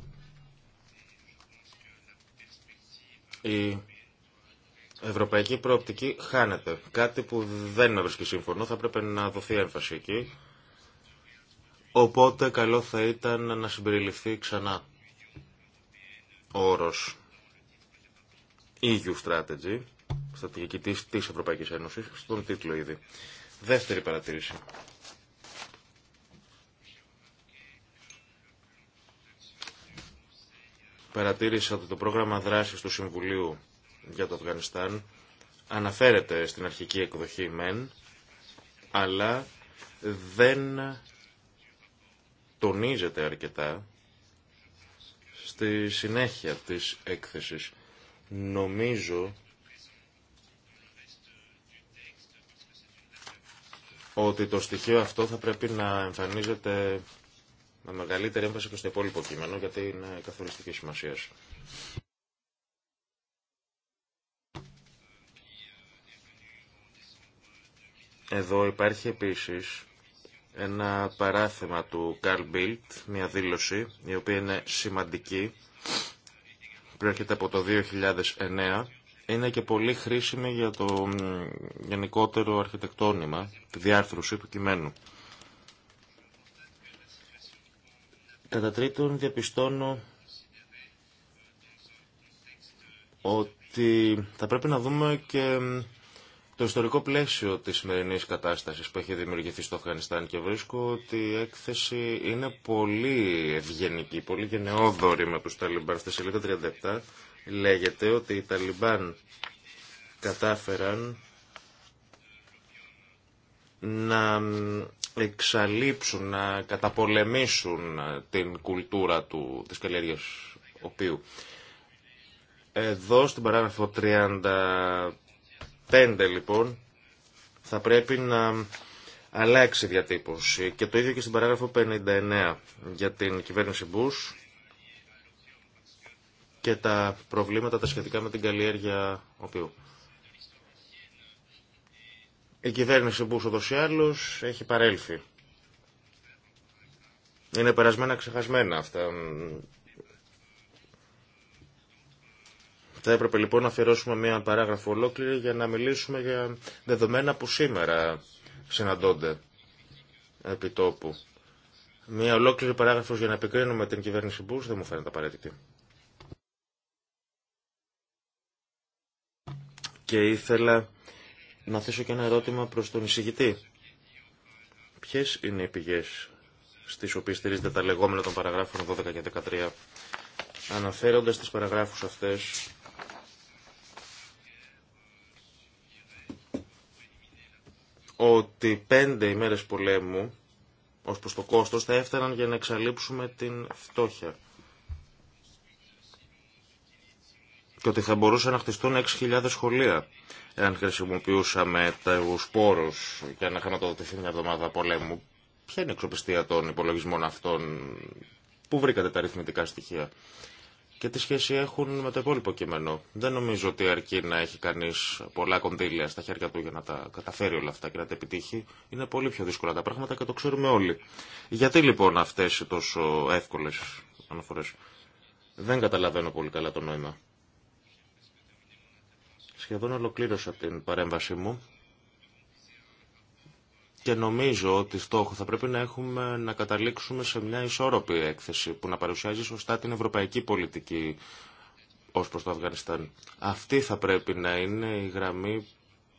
η ευρωπαϊκή προοπτική χάνεται. Κάτι που δεν με βρίσκει σύμφωνο, θα πρέπει να δοθεί έμφαση εκεί Οπότε καλό θα ήταν να συμπεριληφθεί ξανά ο όρος EU Strategy, στρατηγική της, της Ευρωπαϊκής Ένωσης, στον τίτλο ήδη. Δεύτερη παρατήρηση. Παρατήρησα ότι το πρόγραμμα δράσης του Συμβουλίου για το Αφγανιστάν αναφέρεται στην αρχική εκδοχή μεν, αλλά δεν τονίζεται αρκετά στη συνέχεια της έκθεσης. Νομίζω ότι το στοιχείο αυτό θα πρέπει να εμφανίζεται με μεγαλύτερη έμφαση και στο υπόλοιπο κείμενο, γιατί είναι καθοριστική σημασία. Εδώ υπάρχει επίσης ένα παράθεμα του Καρλ Μπίλτ, μια δήλωση η οποία είναι σημαντική, προέρχεται από το 2009, είναι και πολύ χρήσιμη για το γενικότερο αρχιτεκτόνημα, τη διάρθρωση του κειμένου. Κατά τρίτον, διαπιστώνω ότι θα πρέπει να δούμε και το ιστορικό πλαίσιο της σημερινή κατάστασης που έχει δημιουργηθεί στο Αφγανιστάν και βρίσκω ότι η έκθεση είναι πολύ ευγενική, πολύ γενναιόδορη με τους Ταλιμπάν. Στη σελίδα 37 λέγεται ότι οι Ταλιμπάν κατάφεραν να εξαλείψουν, να καταπολεμήσουν την κουλτούρα του, της καλλιέργειας οποίου. Εδώ στην παράγραφο 30. 5 λοιπόν θα πρέπει να αλλάξει η διατύπωση. Και το ίδιο και στην παράγραφο 59 για την κυβέρνηση Μπούς και τα προβλήματα τα σχετικά με την καλλιέργεια οποίου. Η κυβέρνηση Μπούς ούτως ή έχει παρέλθει. Είναι περασμένα ξεχασμένα αυτά Θα έπρεπε λοιπόν να αφιερώσουμε μια παράγραφο ολόκληρη για να μιλήσουμε για δεδομένα που σήμερα συναντώνται επί τόπου. Μια ολόκληρη παράγραφο για να επικρίνουμε την κυβέρνηση Μπούς δεν μου φαίνεται απαραίτητη. Και ήθελα να θέσω και ένα ερώτημα προς τον εισηγητή. Ποιες είναι οι πηγές στις οποίες στηρίζεται τα λεγόμενα των παραγράφων 12 και 13 αναφέροντας τις παραγράφους αυτές ότι πέντε ημέρες πολέμου ως προς το κόστος θα έφταναν για να εξαλείψουμε την φτώχεια. Και ότι θα μπορούσαν να χτιστούν 6.000 σχολεία εάν χρησιμοποιούσαμε τα σπόρους για να δοτηθεί μια εβδομάδα πολέμου. Ποια είναι η εξοπιστία των υπολογισμών αυτών, πού βρήκατε τα αριθμητικά στοιχεία και τι σχέση έχουν με το υπόλοιπο κείμενο. Δεν νομίζω ότι αρκεί να έχει κανεί πολλά κονδύλια στα χέρια του για να τα καταφέρει όλα αυτά και να τα επιτύχει. Είναι πολύ πιο δύσκολα τα πράγματα και το ξέρουμε όλοι. Γιατί λοιπόν αυτέ οι τόσο εύκολε αναφορέ. Δεν καταλαβαίνω πολύ καλά το νόημα. Σχεδόν ολοκλήρωσα την παρέμβασή μου και νομίζω ότι στόχο θα πρέπει να έχουμε να καταλήξουμε σε μια ισόρροπη έκθεση που να παρουσιάζει σωστά την ευρωπαϊκή πολιτική ως προς το Αφγανιστάν. Αυτή θα πρέπει να είναι η γραμμή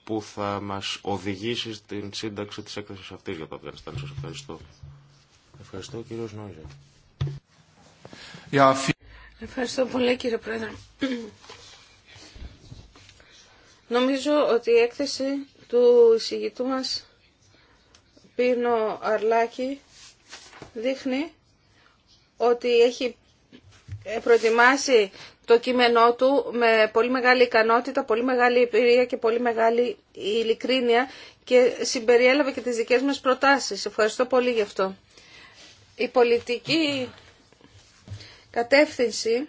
που θα μας οδηγήσει στην σύνταξη της έκθεσης αυτής για το Αφγανιστάν. Σας ευχαριστώ. Ευχαριστώ κύριο Νόιζερ. Ευχαριστώ πολύ κύριε Πρόεδρε. Νομίζω ότι η έκθεση του εισηγητού μας πίνω αρλάκι, δείχνει ότι έχει προετοιμάσει το κείμενό του με πολύ μεγάλη ικανότητα, πολύ μεγάλη εμπειρία και πολύ μεγάλη ειλικρίνεια και συμπεριέλαβε και τις δικές μας προτάσεις. Ευχαριστώ πολύ γι' αυτό. Η πολιτική κατεύθυνση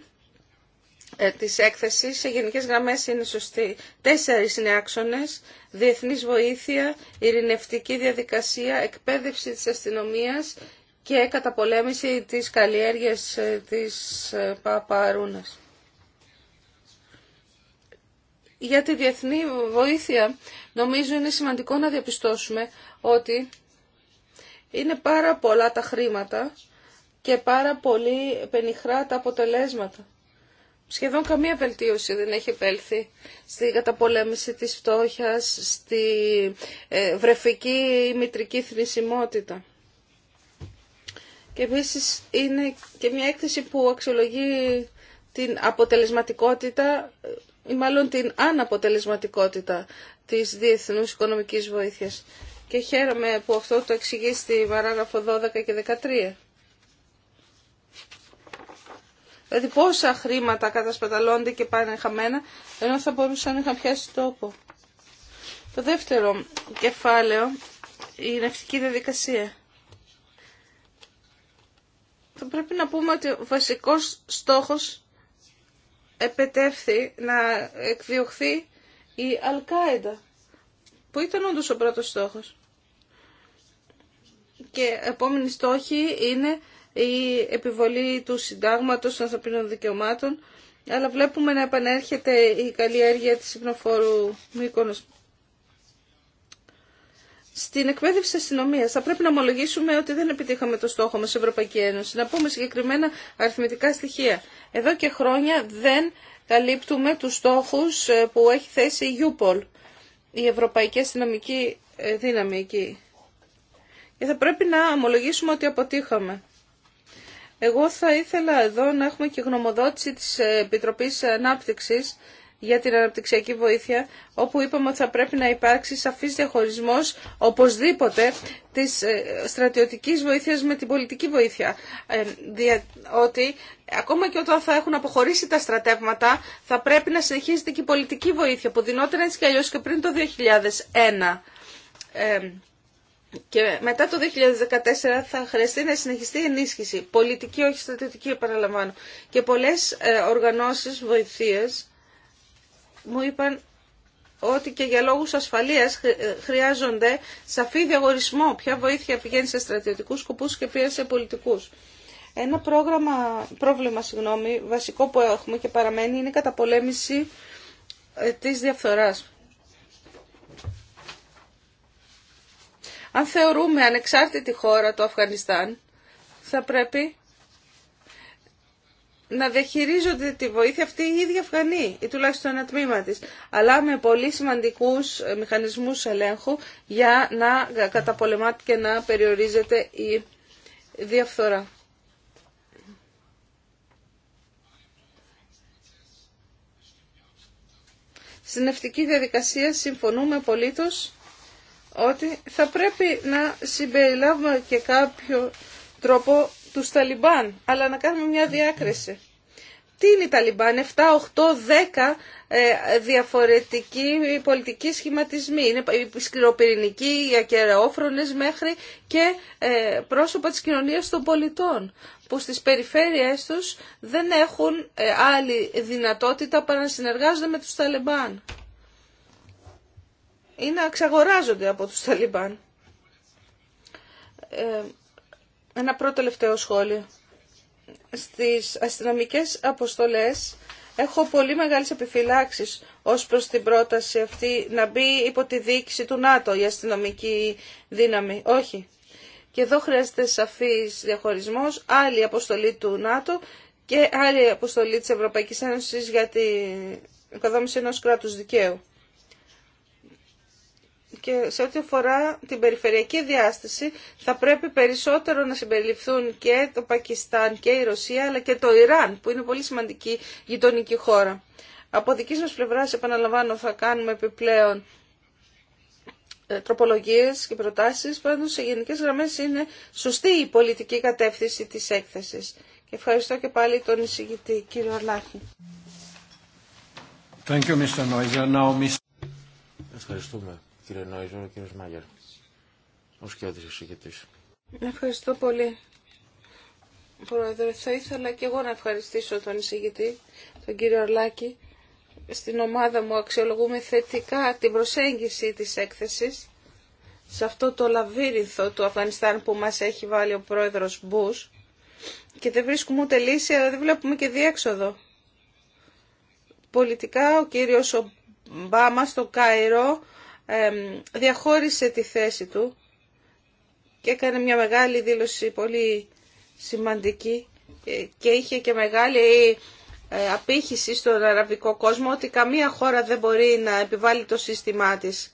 ε, της έκθεσης σε γενικές γραμμές είναι σωστή, Τέσσερις είναι άξονες, διεθνής βοήθεια, ειρηνευτική διαδικασία, εκπαίδευση της αστυνομίας και καταπολέμηση της καλλιέργειας ε, της ε, Παπαρούνας. Για τη διεθνή βοήθεια νομίζω είναι σημαντικό να διαπιστώσουμε ότι είναι πάρα πολλά τα χρήματα και πάρα πολύ πενιχρά τα αποτελέσματα σχεδόν καμία βελτίωση δεν έχει επέλθει στη καταπολέμηση της φτώχειας, στη ε, βρεφική ή μητρική θνησιμότητα. Και επίσης είναι και μια έκθεση που αξιολογεί την αποτελεσματικότητα ε, ή μάλλον την αναποτελεσματικότητα της διεθνούς οικονομικής βοήθειας. Και χαίρομαι που αυτό το εξηγεί στη παράγραφο 12 και 13. Δηλαδή πόσα χρήματα κατασπαταλώνται και πάνε χαμένα, ενώ θα μπορούσαν να είχαν πιάσει τόπο. Το δεύτερο κεφάλαιο, η νευτική διαδικασία. Θα πρέπει να πούμε ότι ο βασικός στόχος επετεύθη να εκδιωχθεί η Αλκάιντα, που ήταν όντως ο πρώτος στόχος. Και επόμενη στόχη είναι η επιβολή του συντάγματος των ανθρωπίνων δικαιωμάτων, αλλά βλέπουμε να επανέρχεται η καλλιέργεια της υπνοφόρου Μύκονος. Στην εκπαίδευση αστυνομία θα πρέπει να ομολογήσουμε ότι δεν επιτύχαμε το στόχο μας Ευρωπαϊκή Ένωση. Να πούμε συγκεκριμένα αριθμητικά στοιχεία. Εδώ και χρόνια δεν καλύπτουμε τους στόχους ε, που έχει θέσει η UPOL, η Ευρωπαϊκή Αστυνομική ε, Δύναμη εκεί. Και θα πρέπει να ομολογήσουμε ότι αποτύχαμε. Εγώ θα ήθελα εδώ να έχουμε και γνωμοδότηση της Επιτροπής Ανάπτυξης για την αναπτυξιακή βοήθεια, όπου είπαμε ότι θα πρέπει να υπάρξει σαφής διαχωρισμός οπωσδήποτε της ε, στρατιωτικής βοήθειας με την πολιτική βοήθεια. Ε, ότι ακόμα και όταν θα έχουν αποχωρήσει τα στρατεύματα, θα πρέπει να συνεχίζεται και η πολιτική βοήθεια, που δινόταν έτσι κι αλλιώς και πριν το 2001. Και μετά το 2014 θα χρειαστεί να συνεχιστεί ενίσχυση, πολιτική όχι στρατιωτική επαναλαμβάνω. Και πολλές ε, οργανώσεις βοηθείας μου είπαν ότι και για λόγους ασφαλείας ε, χρειάζονται σαφή διαγορισμό ποια βοήθεια πηγαίνει σε στρατιωτικούς σκοπούς και ποια σε πολιτικούς. Ένα πρόγραμμα, πρόβλημα συγγνώμη, βασικό που έχουμε και παραμένει είναι η καταπολέμηση ε, της διαφθοράς. Αν θεωρούμε ανεξάρτητη χώρα το Αφγανιστάν, θα πρέπει να διαχειρίζονται τη βοήθεια αυτή η ίδια Αφγανή ή τουλάχιστον ένα τμήμα της, αλλά με πολύ σημαντικούς ε, μηχανισμούς ελέγχου για να καταπολεμάται και να περιορίζεται η διαφθορά. Στην ευτική διαδικασία συμφωνούμε απολύτως ότι θα πρέπει να συμπεριλάβουμε και κάποιο τρόπο του Ταλιμπάν, αλλά να κάνουμε μια διάκριση. Τι είναι η Ταλιμπάν, 7, 8, 10 διαφορετικοί πολιτικοί σχηματισμοί. Είναι οι σκληροπυρηνικοί, οι ακεραιόφρονες μέχρι και ε, πρόσωπα της κοινωνίας των πολιτών που στις περιφέρειές τους δεν έχουν ε, άλλη δυνατότητα παρά να συνεργάζονται με τους Ταλιμπάν ή να εξαγοράζονται από τους Ταλιμπάν. Ε, ένα πρώτο τελευταίο σχόλιο. Στις αστυνομικές αποστολές έχω πολύ μεγάλες επιφυλάξεις ως προς την πρόταση αυτή να μπει υπό τη διοίκηση του ΝΑΤΟ η αστυνομική δύναμη. Όχι. Και εδώ χρειάζεται σαφής διαχωρισμός, άλλη αποστολή του ΝΑΤΟ και άλλη αποστολή της Ευρωπαϊκής Ένωσης για την οικοδόμηση ενός κράτους δικαίου και σε ό,τι αφορά την περιφερειακή διάσταση θα πρέπει περισσότερο να συμπεριληφθούν και το Πακιστάν και η Ρωσία αλλά και το Ιράν που είναι πολύ σημαντική γειτονική χώρα. Από δική μας πλευράς επαναλαμβάνω θα κάνουμε επιπλέον ε, τροπολογίες και προτάσεις πάντως σε γενικές γραμμές είναι σωστή η πολιτική κατεύθυνση της έκθεσης. Και ευχαριστώ και πάλι τον εισηγητή κύριο Αρλάχη. Ευχαριστούμε ο κύριος Μάγερ, ο Ευχαριστώ πολύ. Πρόεδρε, θα ήθελα και εγώ να ευχαριστήσω τον εισηγητή, τον κύριο Αρλάκη. Στην ομάδα μου αξιολογούμε θετικά την προσέγγιση της έκθεσης σε αυτό το λαβύρινθο του Αφγανιστάν που μας έχει βάλει ο πρόεδρος Μπούς και δεν βρίσκουμε ούτε λύση, αλλά δεν βλέπουμε και διέξοδο. Πολιτικά ο κύριος Ομπάμα στο Κάιρο διαχώρισε τη θέση του και έκανε μια μεγάλη δήλωση πολύ σημαντική ε, και είχε και μεγάλη ε, απήχηση στον αραβικό κόσμο ότι καμία χώρα δεν μπορεί να επιβάλλει το σύστημά της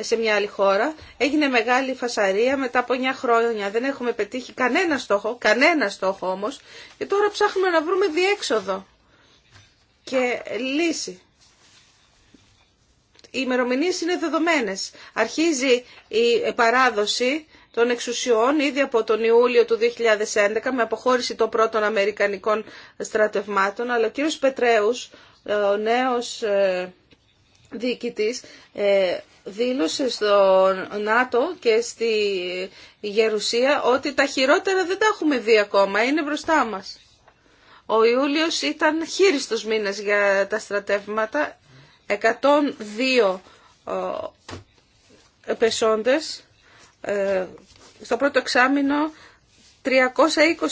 σε μια άλλη χώρα. Έγινε μεγάλη φασαρία μετά από 9 χρόνια. Δεν έχουμε πετύχει κανένα στόχο, κανένα στόχο όμως. Και τώρα ψάχνουμε να βρούμε διέξοδο και λύση οι ημερομηνίε είναι δεδομένε. Αρχίζει η παράδοση των εξουσιών ήδη από τον Ιούλιο του 2011 με αποχώρηση των πρώτων Αμερικανικών στρατευμάτων, αλλά ο κύριος Πετρέους, ε, ο νέος ε, διοικητής, ε, δήλωσε στο ΝΑΤΟ και στη Γερουσία ότι τα χειρότερα δεν τα έχουμε δει ακόμα, είναι μπροστά μας. Ο Ιούλιος ήταν χείριστος μήνας για τα στρατεύματα, 102 ε, πεσόντες ε, στο πρώτο εξάμεινο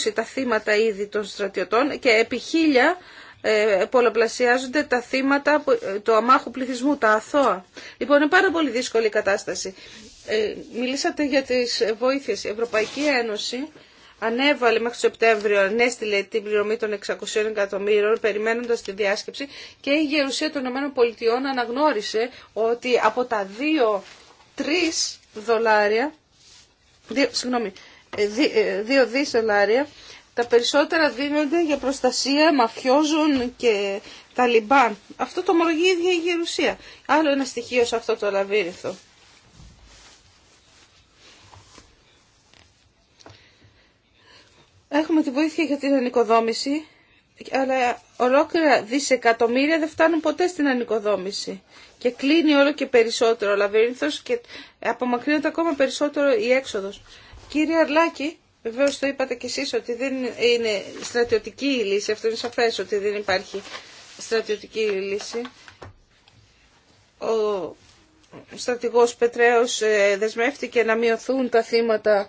320 τα θύματα ήδη των στρατιωτών και επί χίλια ε, πολλαπλασιάζονται τα θύματα του αμάχου πληθυσμού, τα αθώα. Λοιπόν, είναι πάρα πολύ δύσκολη η κατάσταση. Μιλήσατε για τις βοήθειες. Η Ευρωπαϊκή Ένωση ανέβαλε μέχρι το Σεπτέμβριο, ανέστηλε την πληρωμή των 600 εκατομμύρων περιμένοντας τη διάσκεψη και η Γερουσία των ΗΠΑ αναγνώρισε ότι από τα 2-3 δολάρια, 2, συγγνώμη, ε, ε, τα περισσότερα δίνονται για προστασία μαφιόζων και Ταλιμπάν. Αυτό το ομολογεί η ίδια η Γερουσία. Άλλο ένα στοιχείο σε αυτό το λαβύριθο. Έχουμε τη βοήθεια για την ανοικοδόμηση, αλλά ολόκληρα δισεκατομμύρια δεν φτάνουν ποτέ στην ανοικοδόμηση. Και κλείνει όλο και περισσότερο ο λαβύρινθος και απομακρύνεται ακόμα περισσότερο η έξοδος. Κύριε Αρλάκη, βεβαίω το είπατε κι εσείς ότι δεν είναι στρατιωτική η λύση, αυτό είναι σαφές ότι δεν υπάρχει στρατιωτική λύση. Ο στρατηγός Πετρέος ε, δεσμεύτηκε να μειωθούν τα θύματα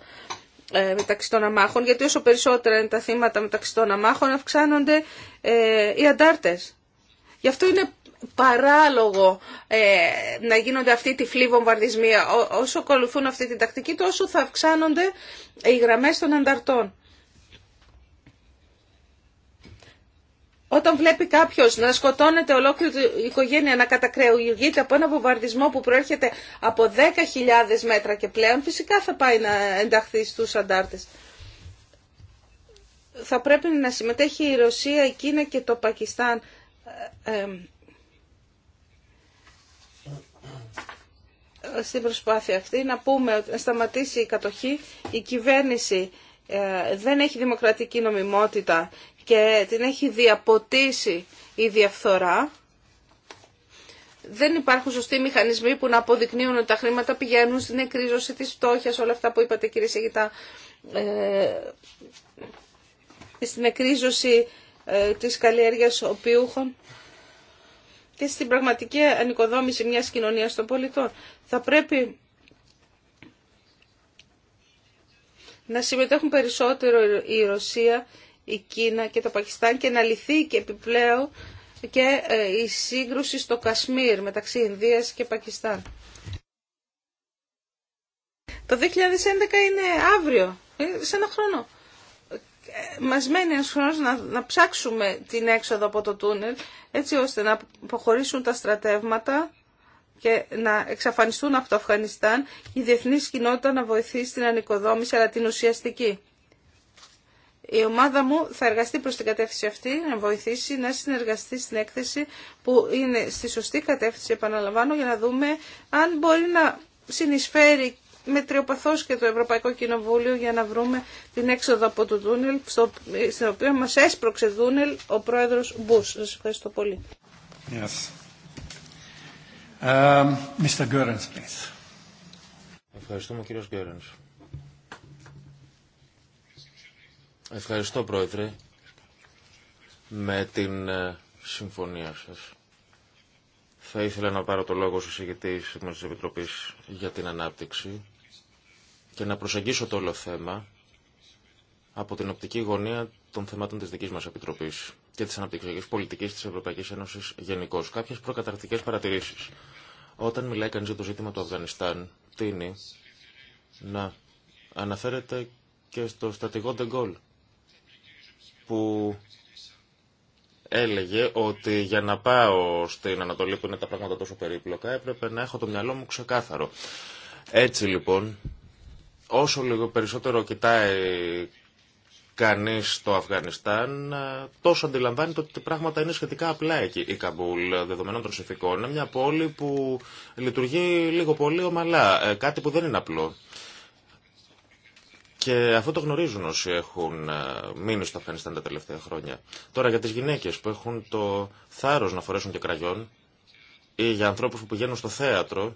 ε, μεταξύ των αμάχων, γιατί όσο περισσότερα είναι τα θύματα μεταξύ των αμάχων, αυξάνονται ε, οι αντάρτες. Γι' αυτό είναι παράλογο ε, να γίνονται αυτοί τυφλοί βομβαρδισμοί. όσο ακολουθούν αυτή την τακτική, τόσο θα αυξάνονται οι γραμμές των ανταρτών. Όταν βλέπει κάποιο να σκοτώνεται ολόκληρη η οικογένεια, να κατακρεουργείται από ένα βομβαρδισμό που προέρχεται από 10.000 μέτρα και πλέον, φυσικά θα πάει να ενταχθεί στου αντάρτε. Θα πρέπει να συμμετέχει η Ρωσία, η Κίνα και το Πακιστάν. Ε, ε, στην προσπάθεια αυτή να πούμε να σταματήσει η κατοχή η κυβέρνηση ε, δεν έχει δημοκρατική νομιμότητα και την έχει διαποτίσει η διαφθορά, δεν υπάρχουν σωστοί μηχανισμοί που να αποδεικνύουν ότι τα χρήματα πηγαίνουν στην εκρίζωση της φτώχειας, όλα αυτά που είπατε κύριε Σιγητά, ε, στην εκρίζωση ε, της καλλιέργειας οπιούχων και στην πραγματική ανοικοδόμηση μιας κοινωνίας των πολιτών. Θα πρέπει να συμμετέχουν περισσότερο η Ρωσία η Κίνα και το Πακιστάν και να λυθεί και επιπλέον και ε, η σύγκρουση στο Κασμίρ μεταξύ Ινδίας και Πακιστάν. Το 2011 είναι αύριο, ε, σε ένα χρόνο. Ε, μας μένει ένας χρόνος να, να ψάξουμε την έξοδο από το τούνελ έτσι ώστε να αποχωρήσουν τα στρατεύματα και να εξαφανιστούν από το Αφγανιστάν η διεθνής κοινότητα να βοηθήσει την ανοικοδόμηση αλλά την ουσιαστική. Η ομάδα μου θα εργαστεί προς την κατεύθυνση αυτή, να βοηθήσει, να συνεργαστεί στην έκθεση που είναι στη σωστή κατεύθυνση, επαναλαμβάνω, για να δούμε αν μπορεί να συνεισφέρει με τριοπαθώς και το Ευρωπαϊκό Κοινοβούλιο για να βρούμε την έξοδο από το τούνελ, στο, στην οποία μας έσπρωξε δούνελ ο πρόεδρος Μπούς. Σας ευχαριστώ πολύ. Yes. Um, Mr. please. Ευχαριστούμε κύριος Γκέρενς. Ευχαριστώ, Πρόεδρε, με την ε, συμφωνία σας. Θα ήθελα να πάρω το λόγο στους ηγητής της Επιτροπής για την Ανάπτυξη και να προσεγγίσω το όλο θέμα από την οπτική γωνία των θεμάτων της δικής μας Επιτροπής και της αναπτυξιακής πολιτικής της Ευρωπαϊκής Ένωσης γενικώ. Κάποιες προκαταρκτικές παρατηρήσεις. Όταν μιλάει κανείς για το ζήτημα του Αφγανιστάν, τίνει να αναφέρεται και στο στρατηγό Ντεγκόλ που έλεγε ότι για να πάω στην Ανατολή που είναι τα πράγματα τόσο περίπλοκα έπρεπε να έχω το μυαλό μου ξεκάθαρο. Έτσι λοιπόν, όσο λίγο περισσότερο κοιτάει κανείς το Αφγανιστάν, τόσο αντιλαμβάνεται ότι τα πράγματα είναι σχετικά απλά εκεί. Η Καμπούλ, δεδομένων των συνθηκών, είναι μια πόλη που λειτουργεί λίγο πολύ ομαλά, ε, κάτι που δεν είναι απλό. Και αυτό το γνωρίζουν όσοι έχουν ε, μείνει στο Αφγανιστάν τα τελευταία χρόνια. Τώρα για τις γυναίκες που έχουν το θάρρο να φορέσουν και κραγιόν ή για ανθρώπους που πηγαίνουν στο θέατρο,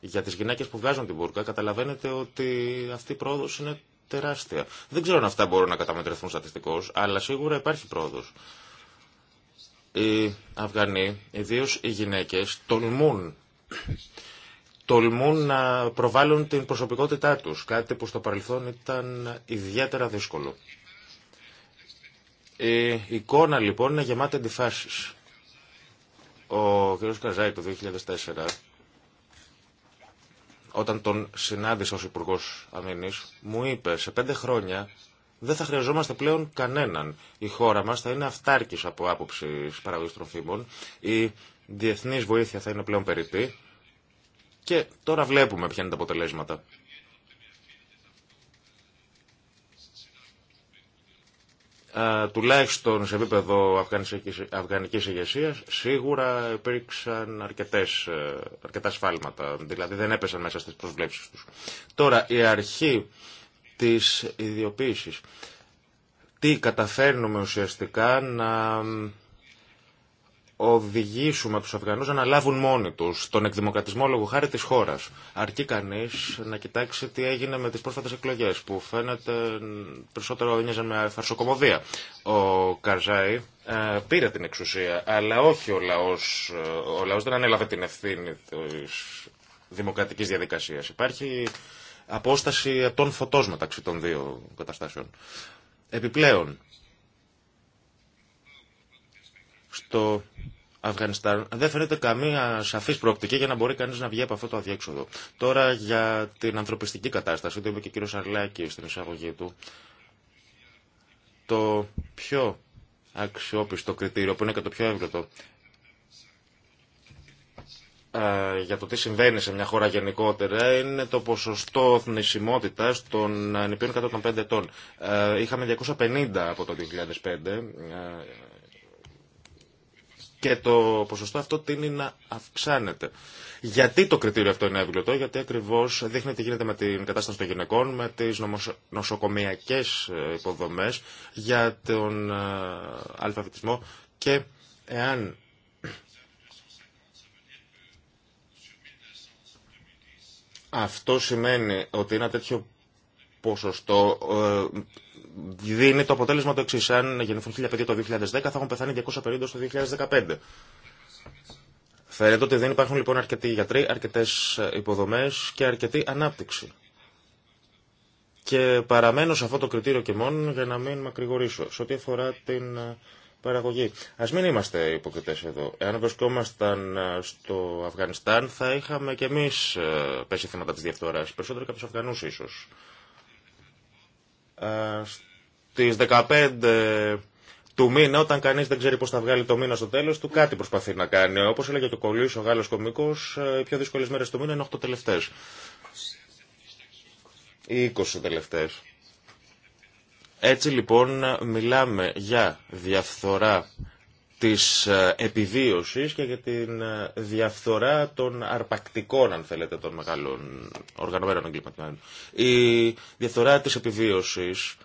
για τις γυναίκες που βγάζουν την μπουρκα, καταλαβαίνετε ότι αυτή η πρόοδο είναι τεράστια. Δεν ξέρω αν αυτά μπορούν να καταμετρηθούν στατιστικώς, αλλά σίγουρα υπάρχει πρόοδο. Οι Αφγανοί, ιδίω οι γυναίκε τολμούν τολμούν να προβάλλουν την προσωπικότητά τους, κάτι που στο παρελθόν ήταν ιδιαίτερα δύσκολο. Η εικόνα λοιπόν είναι γεμάτη αντιφάσεις. Ο κ. Καζάη το 2004, όταν τον συνάντησα ως υπουργό Αμήνης, μου είπε σε πέντε χρόνια δεν θα χρειαζόμαστε πλέον κανέναν. Η χώρα μας θα είναι αυτάρκης από άποψη παραγωγής τροφίμων, η διεθνής βοήθεια θα είναι πλέον περιττή και τώρα βλέπουμε ποια είναι τα αποτελέσματα. Ε, τουλάχιστον σε επίπεδο αφγανικής ηγεσία, σίγουρα υπήρξαν αρκετές, ε, αρκετά σφάλματα, δηλαδή δεν έπεσαν μέσα στις προσβλέψεις τους. Τώρα, η αρχή της ιδιοποίησης, τι καταφέρνουμε ουσιαστικά να οδηγήσουμε του Αφγανού να αναλάβουν μόνοι του τον εκδημοκρατισμό λόγω χάρη τη χώρας. Αρκεί κανείς να κοιτάξει τι έγινε με τις πρόσφατες εκλογές που φαίνεται περισσότερο νοιάζαν με φαρσοκομωδία. Ο Καρζάη ε, πήρε την εξουσία, αλλά όχι ο λαό ε, ο λαός δεν ανέλαβε την ευθύνη της δημοκρατικής διαδικασία Υπάρχει απόσταση των φωτό μεταξύ των δύο καταστάσεων. Επιπλέον, στο Αφγανιστάν δεν φαίνεται καμία σαφή προοπτική για να μπορεί κανεί να βγει από αυτό το αδιέξοδο. Τώρα για την ανθρωπιστική κατάσταση, το είπε και ο κύριο Αρλάκη στην εισαγωγή του. Το πιο αξιόπιστο κριτήριο, που είναι και το πιο εύκολο για το τι συμβαίνει σε μια χώρα γενικότερα είναι το ποσοστό θνησιμότητα των νηπίων κατά των 5 ετών. Είχαμε 250 από το 2005 και το ποσοστό αυτό τίνει να αυξάνεται. Γιατί το κριτήριο αυτό είναι εύγλωτο, γιατί ακριβώ δείχνει τι γίνεται με την κατάσταση των γυναικών, με τι νοσοκομιακέ ε, υποδομέ για τον ε, αλφαβητισμό και εάν. Αυτό σημαίνει ότι ένα τέτοιο ποσοστό ε, δίνει το αποτέλεσμα το εξή. Αν γεννηθούν χίλια παιδιά το 2010, θα έχουν πεθάνει 250 το 2015. Φαίνεται ότι δεν υπάρχουν λοιπόν αρκετοί γιατροί, αρκετέ υποδομέ και αρκετή ανάπτυξη. Και παραμένω σε αυτό το κριτήριο και μόνο για να μην μακρηγορήσω. Σε ό,τι αφορά την ε, παραγωγή. Α μην είμαστε υποκριτέ εδώ. Εάν βρισκόμασταν ε, στο Αφγανιστάν, θα είχαμε και εμεί ε, πέσει θύματα τη διαφθορά. Περισσότερο και από του Αφγανού, ίσω στις 15 του μήνα, όταν κανεί δεν ξέρει πώς θα βγάλει το μήνα στο τέλο του, κάτι προσπαθεί να κάνει. Όπω έλεγε και ο Κολλή, ο Γάλλο Κομίκος, ε, οι πιο δύσκολε μέρε του μήνα είναι 8 τελευταίε. Οι 20 τελευταίε. Έτσι λοιπόν μιλάμε για διαφθορά της ε, επιβίωσης και για την ε, διαφθορά των αρπακτικών, αν θέλετε, των μεγάλων οργανωμένων εγκληματιών. Η διαφθορά της επιβίωσης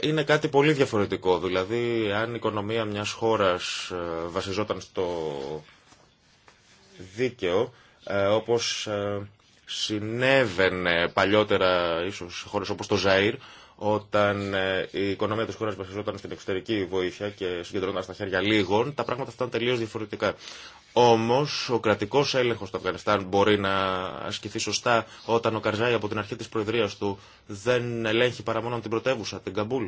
είναι κάτι πολύ διαφορετικό. Δηλαδή, αν η οικονομία μιας χώρας ε, βασιζόταν στο δίκαιο, ε, όπως ε, συνέβαινε παλιότερα ίσως σε χώρες όπως το Ζαΐρ, όταν ε, η οικονομία τη χώρα βασιζόταν στην εξωτερική βοήθεια και συγκεντρώνονταν στα χέρια λίγων, τα πράγματα αυτά ήταν τελείω διαφορετικά. Όμω, ο κρατικό έλεγχο του Αφγανιστάν μπορεί να ασκηθεί σωστά όταν ο Καρζάη από την αρχή τη προεδρία του δεν ελέγχει παρά μόνο την πρωτεύουσα, την Καμπούλ.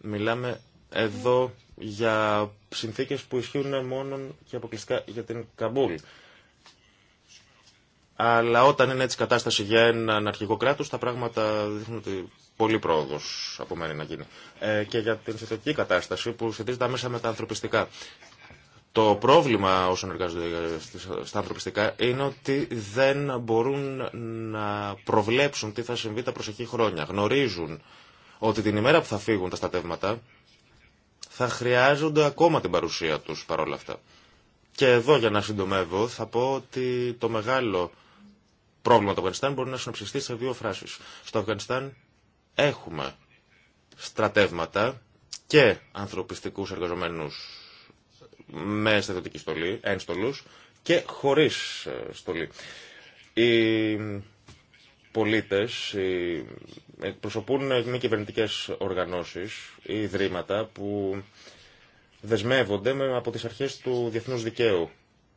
Μιλάμε εδώ για συνθήκε που ισχύουν μόνο και αποκλειστικά για την Καμπούλ. Αλλά όταν είναι έτσι κατάσταση για έναν αρχικό κράτο, τα πράγματα δείχνουν ότι πολύ πρόοδο απομένει να γίνει. Ε, και για την θετική κατάσταση που σχετίζεται μέσα με τα ανθρωπιστικά. Το πρόβλημα όσων εργάζονται στα ανθρωπιστικά είναι ότι δεν μπορούν να προβλέψουν τι θα συμβεί τα προσεχή χρόνια. Γνωρίζουν ότι την ημέρα που θα φύγουν τα στατεύματα θα χρειάζονται ακόμα την παρουσία τους παρόλα αυτά. Και εδώ για να συντομεύω θα πω ότι το μεγάλο πρόβλημα του Αφγανιστάν μπορεί να συνοψιστεί σε δύο φράσεις. Στο Αφγανιστάν έχουμε στρατεύματα και ανθρωπιστικούς εργαζομένους με στρατιωτική στολή, ένστολους και χωρίς ε, στολή. Οι πολίτες εκπροσωπούν μη κυβερνητικέ οργανώσεις ή ιδρύματα που δεσμεύονται από τις αρχές του διεθνούς δικαίου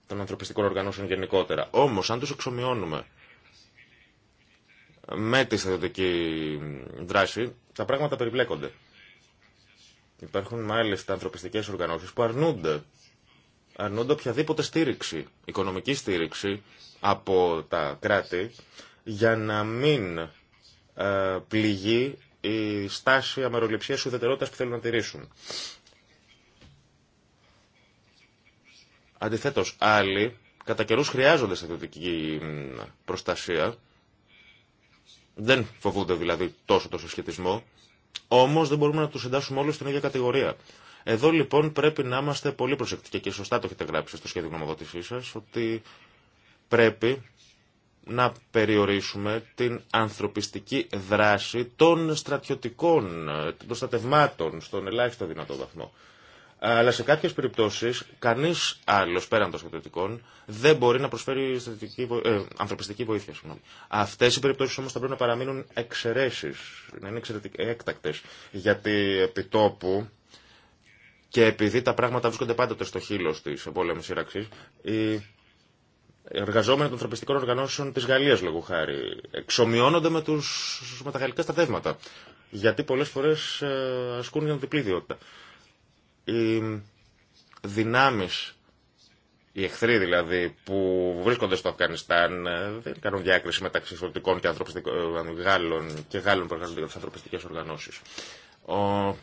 των ανθρωπιστικών οργανώσεων γενικότερα. Όμω αν του εξομοιώνουμε με τη στρατιωτική δράση, τα πράγματα περιπλέκονται. Υπάρχουν μάλιστα ανθρωπιστικέ οργανώσει που αρνούνται, αρνούνται οποιαδήποτε στήριξη, οικονομική στήριξη από τα κράτη για να μην ε, πληγεί η στάση αμεροληψίας ουδετερότητας που θέλουν να τηρήσουν. Αντιθέτως, άλλοι κατά καιρούς χρειάζονται στρατιωτική προστασία δεν φοβούνται δηλαδή τόσο το συσχετισμό, όμω δεν μπορούμε να του εντάσσουμε όλου στην ίδια κατηγορία. Εδώ λοιπόν πρέπει να είμαστε πολύ προσεκτικοί και σωστά το έχετε γράψει στο σχέδιο γνωμοδότησή σα, ότι πρέπει να περιορίσουμε την ανθρωπιστική δράση των στρατιωτικών, των στατευμάτων στον ελάχιστο δυνατό βαθμό. Αλλά σε κάποιε περιπτώσει, κανεί άλλο πέραν των στρατιωτικών δεν μπορεί να προσφέρει ε, ανθρωπιστική βοήθεια. Αυτέ οι περιπτώσει όμω θα πρέπει να παραμείνουν εξαιρέσει, να είναι έκτακτε. Γιατί επί τόπου και επειδή τα πράγματα βρίσκονται πάντοτε στο χείλο τη εμπόλεμη σύραξη, οι εργαζόμενοι των ανθρωπιστικών οργανώσεων τη Γαλλία, λόγω χάρη, εξομοιώνονται με, τους, με τα γαλλικά στρατεύματα. Γιατί πολλέ φορέ ε, ασκούν για διπλή ιδιότητα οι δυνάμεις, οι εχθροί δηλαδή που βρίσκονται στο Αφγανιστάν ε, δεν κάνουν διάκριση μεταξύ φορτικών και ε, Γάλλων και Γάλλων που εργάζονται για τις ανθρωπιστικές οργανώσεις. Ο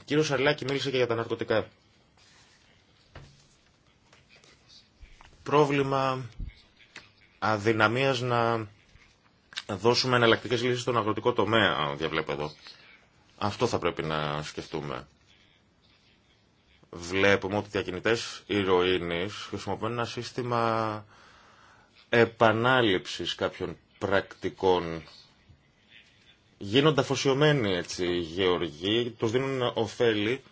κύριος Αρλάκη μίλησε και για τα ναρκωτικά. Πρόβλημα αδυναμίας να δώσουμε εναλλακτικέ λύσεις στον αγροτικό τομέα, διαβλέπω εδώ. Αυτό θα πρέπει να σκεφτούμε βλέπουμε ότι οι διακινητές ηρωίνης χρησιμοποιούν ένα σύστημα επανάληψης κάποιων πρακτικών. Γίνονται αφοσιωμένοι έτσι οι γεωργοί, τους δίνουν ωφέλη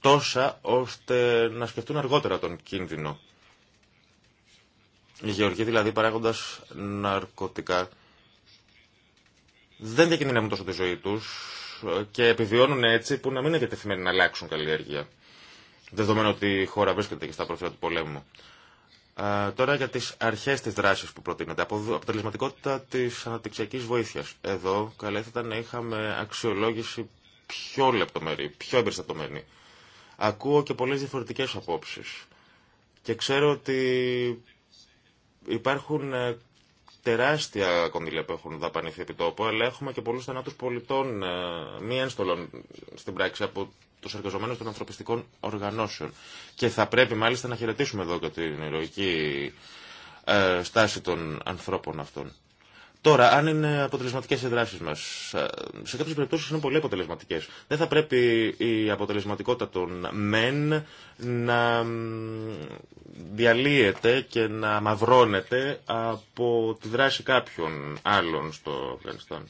τόσα ώστε να σκεφτούν αργότερα τον κίνδυνο. Οι γεωργοί δηλαδή παράγοντας ναρκωτικά δεν διακινδυνεύουν τόσο τη ζωή τους και επιβιώνουν έτσι που να μην είναι διατεθειμένοι να αλλάξουν καλλιέργεια δεδομένου ότι η χώρα βρίσκεται και στα πρόθυρα του πολέμου. Ε, τώρα για τις αρχές της δράσης που προτείνεται, από αποτελεσματικότητα της αναπτυξιακής βοήθειας. Εδώ καλά να είχαμε αξιολόγηση πιο λεπτομερή, πιο εμπεριστατωμένη. Ακούω και πολλές διαφορετικές απόψεις. Και ξέρω ότι υπάρχουν ε, τεράστια κονδύλια που έχουν δαπανηθεί επί τόπου, αλλά έχουμε και πολλούς θανάτους πολιτών ε, μη ένστολων στην πράξη από τους εργαζομένους των ανθρωπιστικών οργανώσεων. Και θα πρέπει μάλιστα να χαιρετήσουμε εδώ και την ηρωική ε, στάση των ανθρώπων αυτών. Τώρα, αν είναι αποτελεσματικέ οι δράσει μα, ε, σε κάποιε περιπτώσει είναι πολύ αποτελεσματικέ. Δεν θα πρέπει η αποτελεσματικότητα των μεν να διαλύεται και να μαυρώνεται από τη δράση κάποιων άλλων στο Αφγανιστάν.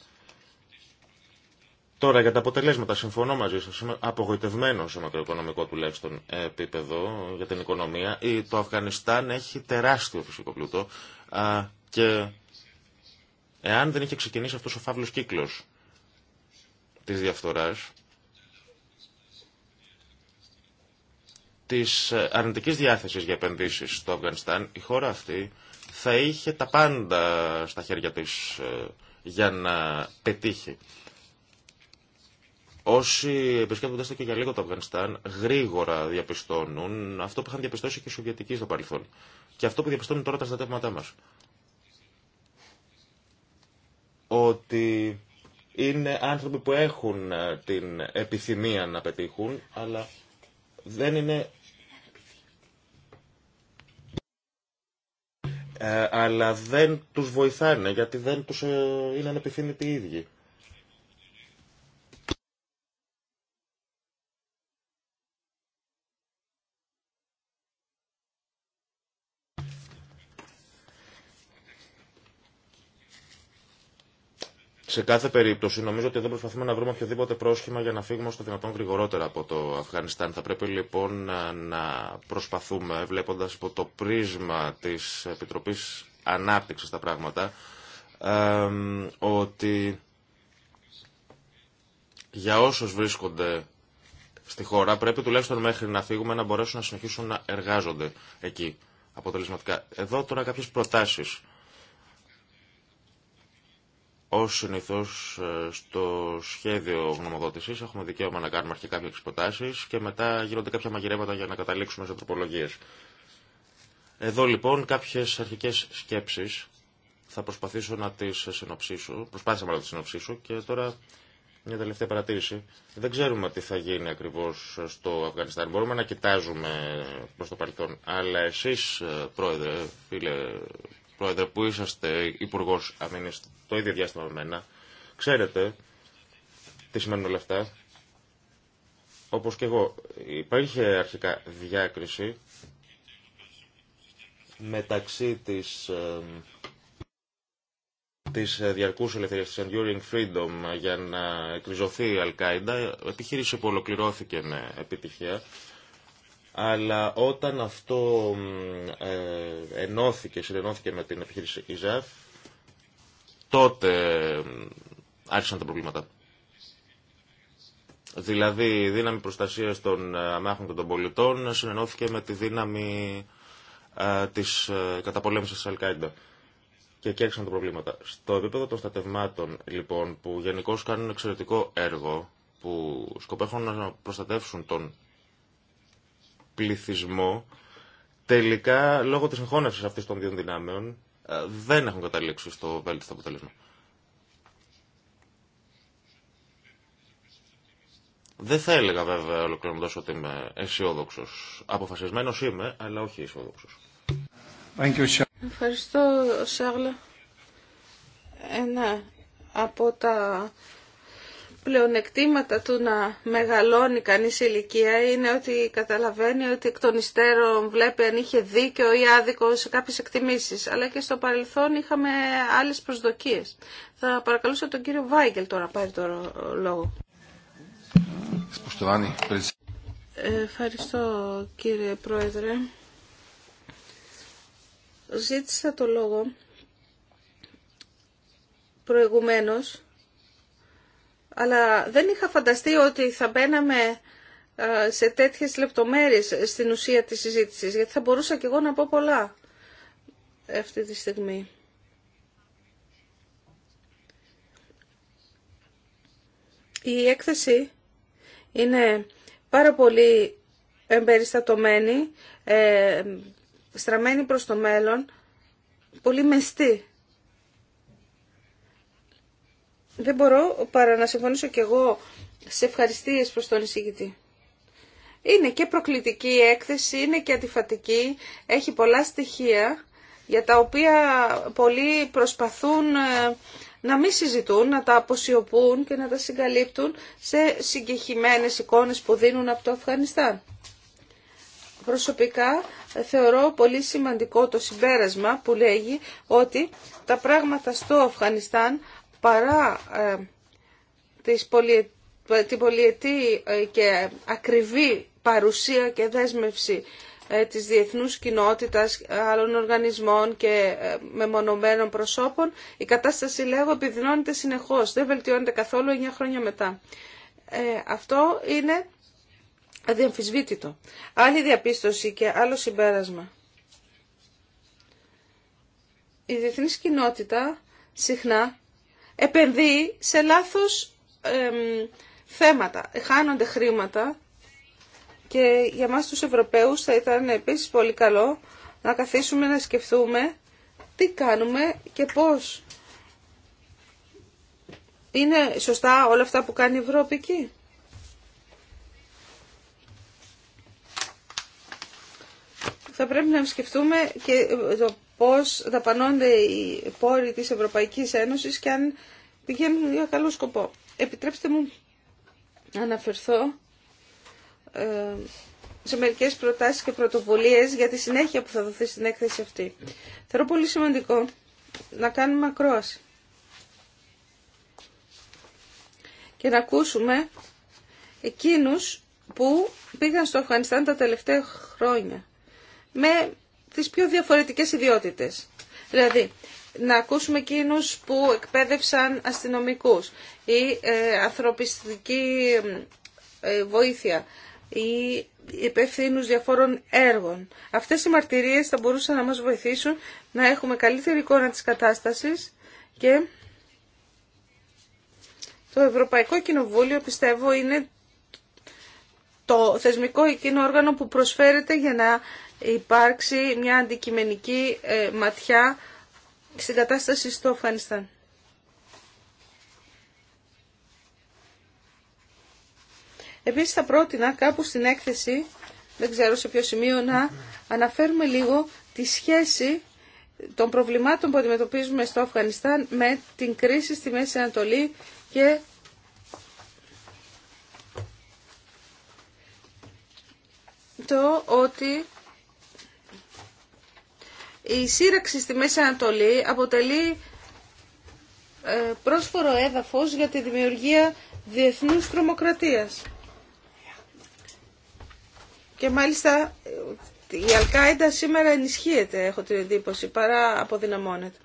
Τώρα για τα αποτελέσματα συμφωνώ μαζί σα, είμαι απογοητευμένο σε μακροοικονομικό τουλάχιστον επίπεδο για την οικονομία. Το Αφγανιστάν έχει τεράστιο φυσικό πλούτο και εάν δεν είχε ξεκινήσει αυτός ο φαύλο κύκλος τη διαφθοράς, τη ε, αρνητική διάθεση για επενδύσεις στο Αφγανιστάν, η χώρα αυτή θα είχε τα πάντα στα χέρια τη ε, για να πετύχει. Όσοι επισκέπτονται και για λίγο το Αφγανιστάν, γρήγορα διαπιστώνουν αυτό που είχαν διαπιστώσει και οι Σοβιετικοί στο παρελθόν. Και αυτό που διαπιστώνουν τώρα τα στρατεύματά μα. Ότι είναι άνθρωποι που έχουν ε, την επιθυμία να πετύχουν, αλλά δεν είναι. Ε, αλλά δεν τους βοηθάνε γιατί δεν τους ε, είναι ανεπιθύμητοι οι ίδιοι. Σε κάθε περίπτωση, νομίζω ότι εδώ προσπαθούμε να βρούμε οποιοδήποτε πρόσχημα για να φύγουμε στο δυνατόν γρηγορότερα από το Αφγανιστάν. Θα πρέπει λοιπόν να προσπαθούμε, βλέποντα από το πρίσμα τη Επιτροπή Ανάπτυξη τα πράγματα, ότι για όσους βρίσκονται στη χώρα πρέπει τουλάχιστον μέχρι να φύγουμε να μπορέσουν να συνεχίσουν να εργάζονται εκεί αποτελεσματικά. Εδώ τώρα κάποιες προτάσεις Ω συνήθω ε, στο σχέδιο γνωμοδότηση, έχουμε δικαίωμα να κάνουμε αρχικά κάποιε προτάσει και μετά γίνονται κάποια μαγειρέματα για να καταλήξουμε σε τροπολογίε. Εδώ λοιπόν κάποιε αρχικέ σκέψει θα προσπαθήσω να τι συνοψίσω, προσπάθησα να τι συνοψίσω και τώρα μια τελευταία παρατήρηση. Δεν ξέρουμε τι θα γίνει ακριβώ στο Αφγανιστάν. Μπορούμε να κοιτάζουμε προ το παρελθόν, αλλά εσεί, ε, πρόεδρε, φίλε Πρόεδρε, που είσαστε Υπουργό Αμήνη το ίδιο διάστημα με εμένα. ξέρετε τι σημαίνουν όλα αυτά. Όπω και εγώ, υπήρχε αρχικά διάκριση μεταξύ της, ε, της διαρκούς ελευθερίας της Enduring Freedom για να εκριζωθεί η Al-Qaeda, επιχείρηση που ολοκληρώθηκε με επιτυχία αλλά όταν αυτό ε, ενώθηκε, συνενώθηκε με την επιχείρηση ΙΖΑΦ, τότε άρχισαν τα προβλήματα. Δηλαδή η δύναμη προστασίας των ε, αμάχων και των πολιτών συνενώθηκε με τη δύναμη ε, της καταπολέμησης της Αλκάιντα. Και εκεί άρχισαν τα προβλήματα. Στο επίπεδο των στατευμάτων, λοιπόν, που γενικώ κάνουν εξαιρετικό έργο, που σκοπεύουν να προστατεύσουν τον πληθυσμό τελικά λόγω της εγχώνευσης αυτής των δύο δυνάμεων ε, δεν έχουν καταλήξει στο βέλτιστο αποτέλεσμα. Δεν θα έλεγα βέβαια ολοκληρωμένως ότι είμαι αισιόδοξο. Αποφασισμένο είμαι, αλλά όχι αισιόδοξο. Ευχαριστώ, Σάρλα. Ένα από τα πλεονεκτήματα του να μεγαλώνει κανείς ηλικία είναι ότι καταλαβαίνει ότι εκ των υστέρων βλέπει αν είχε δίκιο ή άδικο σε κάποιες εκτιμήσεις. Αλλά και στο παρελθόν είχαμε άλλες προσδοκίες. Θα παρακαλούσα τον κύριο Βάγκελ τώρα πάρει το λόγο. Ευχαριστώ κύριε Πρόεδρε. Ζήτησα το λόγο προηγουμένως αλλά δεν είχα φανταστεί ότι θα μπαίναμε σε τέτοιες λεπτομέρειες στην ουσία της συζήτησης, γιατί θα μπορούσα και εγώ να πω πολλά αυτή τη στιγμή. Η έκθεση είναι πάρα πολύ εμπεριστατωμένη, ε, στραμμένη προς το μέλλον, πολύ μεστή. Δεν μπορώ παρά να συμφωνήσω κι εγώ σε ευχαριστίες προς τον εισηγητή. Είναι και προκλητική η έκθεση, είναι και αντιφατική, έχει πολλά στοιχεία για τα οποία πολλοί προσπαθούν ε, να μην συζητούν, να τα αποσιωπούν και να τα συγκαλύπτουν σε συγκεχημένες εικόνες που δίνουν από το Αφγανιστάν. Προσωπικά ε, θεωρώ πολύ σημαντικό το συμπέρασμα που λέγει ότι τα πράγματα στο Αφγανιστάν παρά ε, τις την πολιετή ε, και ακριβή παρουσία και δέσμευση ε, της διεθνούς κοινότητας, άλλων οργανισμών και μεμονωμένων προσώπων, η κατάσταση λέγω επιδεινώνεται συνεχώς, δεν βελτιώνεται καθόλου 9 χρόνια μετά. αυτό είναι αδιαμφισβήτητο. Άλλη διαπίστωση και άλλο συμπέρασμα. Η διεθνής κοινότητα συχνά επενδύει σε λάθος θέματα. Χάνονται χρήματα και για μας τους Ευρωπαίους θα ήταν επίσης πολύ καλό να καθίσουμε να σκεφτούμε τι κάνουμε και πώς. Είναι σωστά όλα αυτά που κάνει η Ευρώπη Θα πρέπει να σκεφτούμε και το πώς δαπανώνται οι πόροι της Ευρωπαϊκής Ένωσης και αν πηγαίνουν για καλό σκοπό. Επιτρέψτε μου να αναφερθώ ε, σε μερικές προτάσεις και πρωτοβουλίες για τη συνέχεια που θα δοθεί στην έκθεση αυτή. Θεωρώ πολύ σημαντικό να κάνουμε ακρόαση και να ακούσουμε εκείνους που πήγαν στο Αφγανιστάν τα τελευταία χρόνια με τις πιο διαφορετικές ιδιότητες. Δηλαδή, να ακούσουμε εκείνου που εκπαίδευσαν αστυνομικούς ή ε, ανθρωπιστική ε, βοήθεια ή υπευθύνου διαφόρων έργων. Αυτές οι μαρτυρίες θα μπορούσαν να μας βοηθήσουν να έχουμε καλύτερη εικόνα της κατάστασης και το Ευρωπαϊκό Κοινοβούλιο πιστεύω είναι το θεσμικό εκείνο όργανο που προσφέρεται για να υπάρξει μια αντικειμενική ε, ματιά στην κατάσταση στο Αφγανιστάν. Επίσης θα πρότεινα κάπου στην έκθεση, δεν ξέρω σε ποιο σημείο, να αναφέρουμε λίγο τη σχέση των προβλημάτων που αντιμετωπίζουμε στο Αφγανιστάν με την κρίση στη Μέση Ανατολή και το ότι η σύραξη στη Μέση Ανατολή αποτελεί ε, πρόσφορο έδαφος για τη δημιουργία διεθνούς τρομοκρατίας. Και μάλιστα ε, η Αλκάιντα σήμερα ενισχύεται, έχω την εντύπωση, παρά αποδυναμώνεται.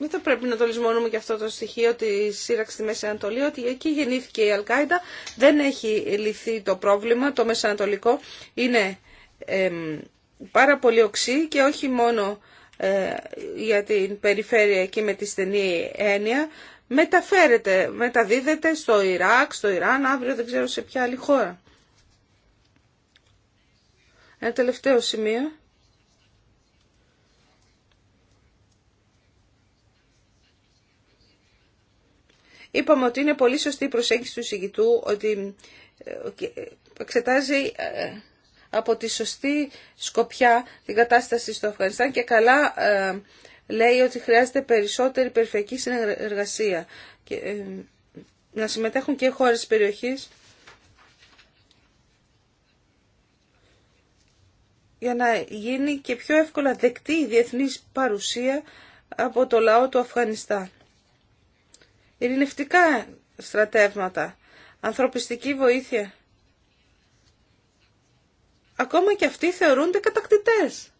Μην θα πρέπει να το λησμονούμε και αυτό το στοιχείο τη σύραξη στη Μέση Ανατολή, ότι εκεί γεννήθηκε η Αλκάιντα, δεν έχει λυθεί το πρόβλημα, το Ανατολικό είναι πάρα πολύ οξύ και όχι μόνο ε, για την περιφέρεια εκεί με τη στενή έννοια, μεταφέρεται, μεταδίδεται στο Ιράκ, στο Ιράν, αύριο δεν ξέρω σε ποια άλλη χώρα. Ένα τελευταίο σημείο Είπαμε ότι είναι πολύ σωστή η προσέγγιση του Συγητού, ότι ε, εξετάζει ε, από τη σωστή σκοπιά την κατάσταση στο Αφγανιστάν και καλά ε, λέει ότι χρειάζεται περισσότερη περιφερειακή συνεργασία. Και, να συμμετέχουν και χώρες της περιοχής για να γίνει και πιο εύκολα δεκτή η διεθνής παρουσία από το λαό του Αφγανιστάν ειρηνευτικά στρατεύματα, ανθρωπιστική βοήθεια. Ακόμα και αυτοί θεωρούνται κατακτητές.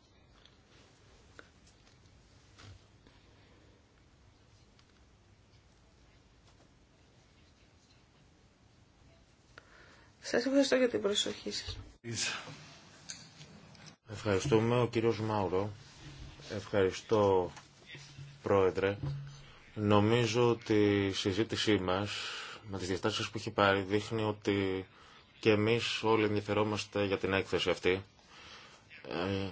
Σας ευχαριστώ για την προσοχή σας. Ευχαριστούμε ο κύριος Μάουρο. Ευχαριστώ πρόεδρε. Νομίζω ότι η συζήτησή μας με τις διαστάσεις που έχει πάρει δείχνει ότι και εμείς όλοι ενδιαφερόμαστε για την έκθεση αυτή. Ε,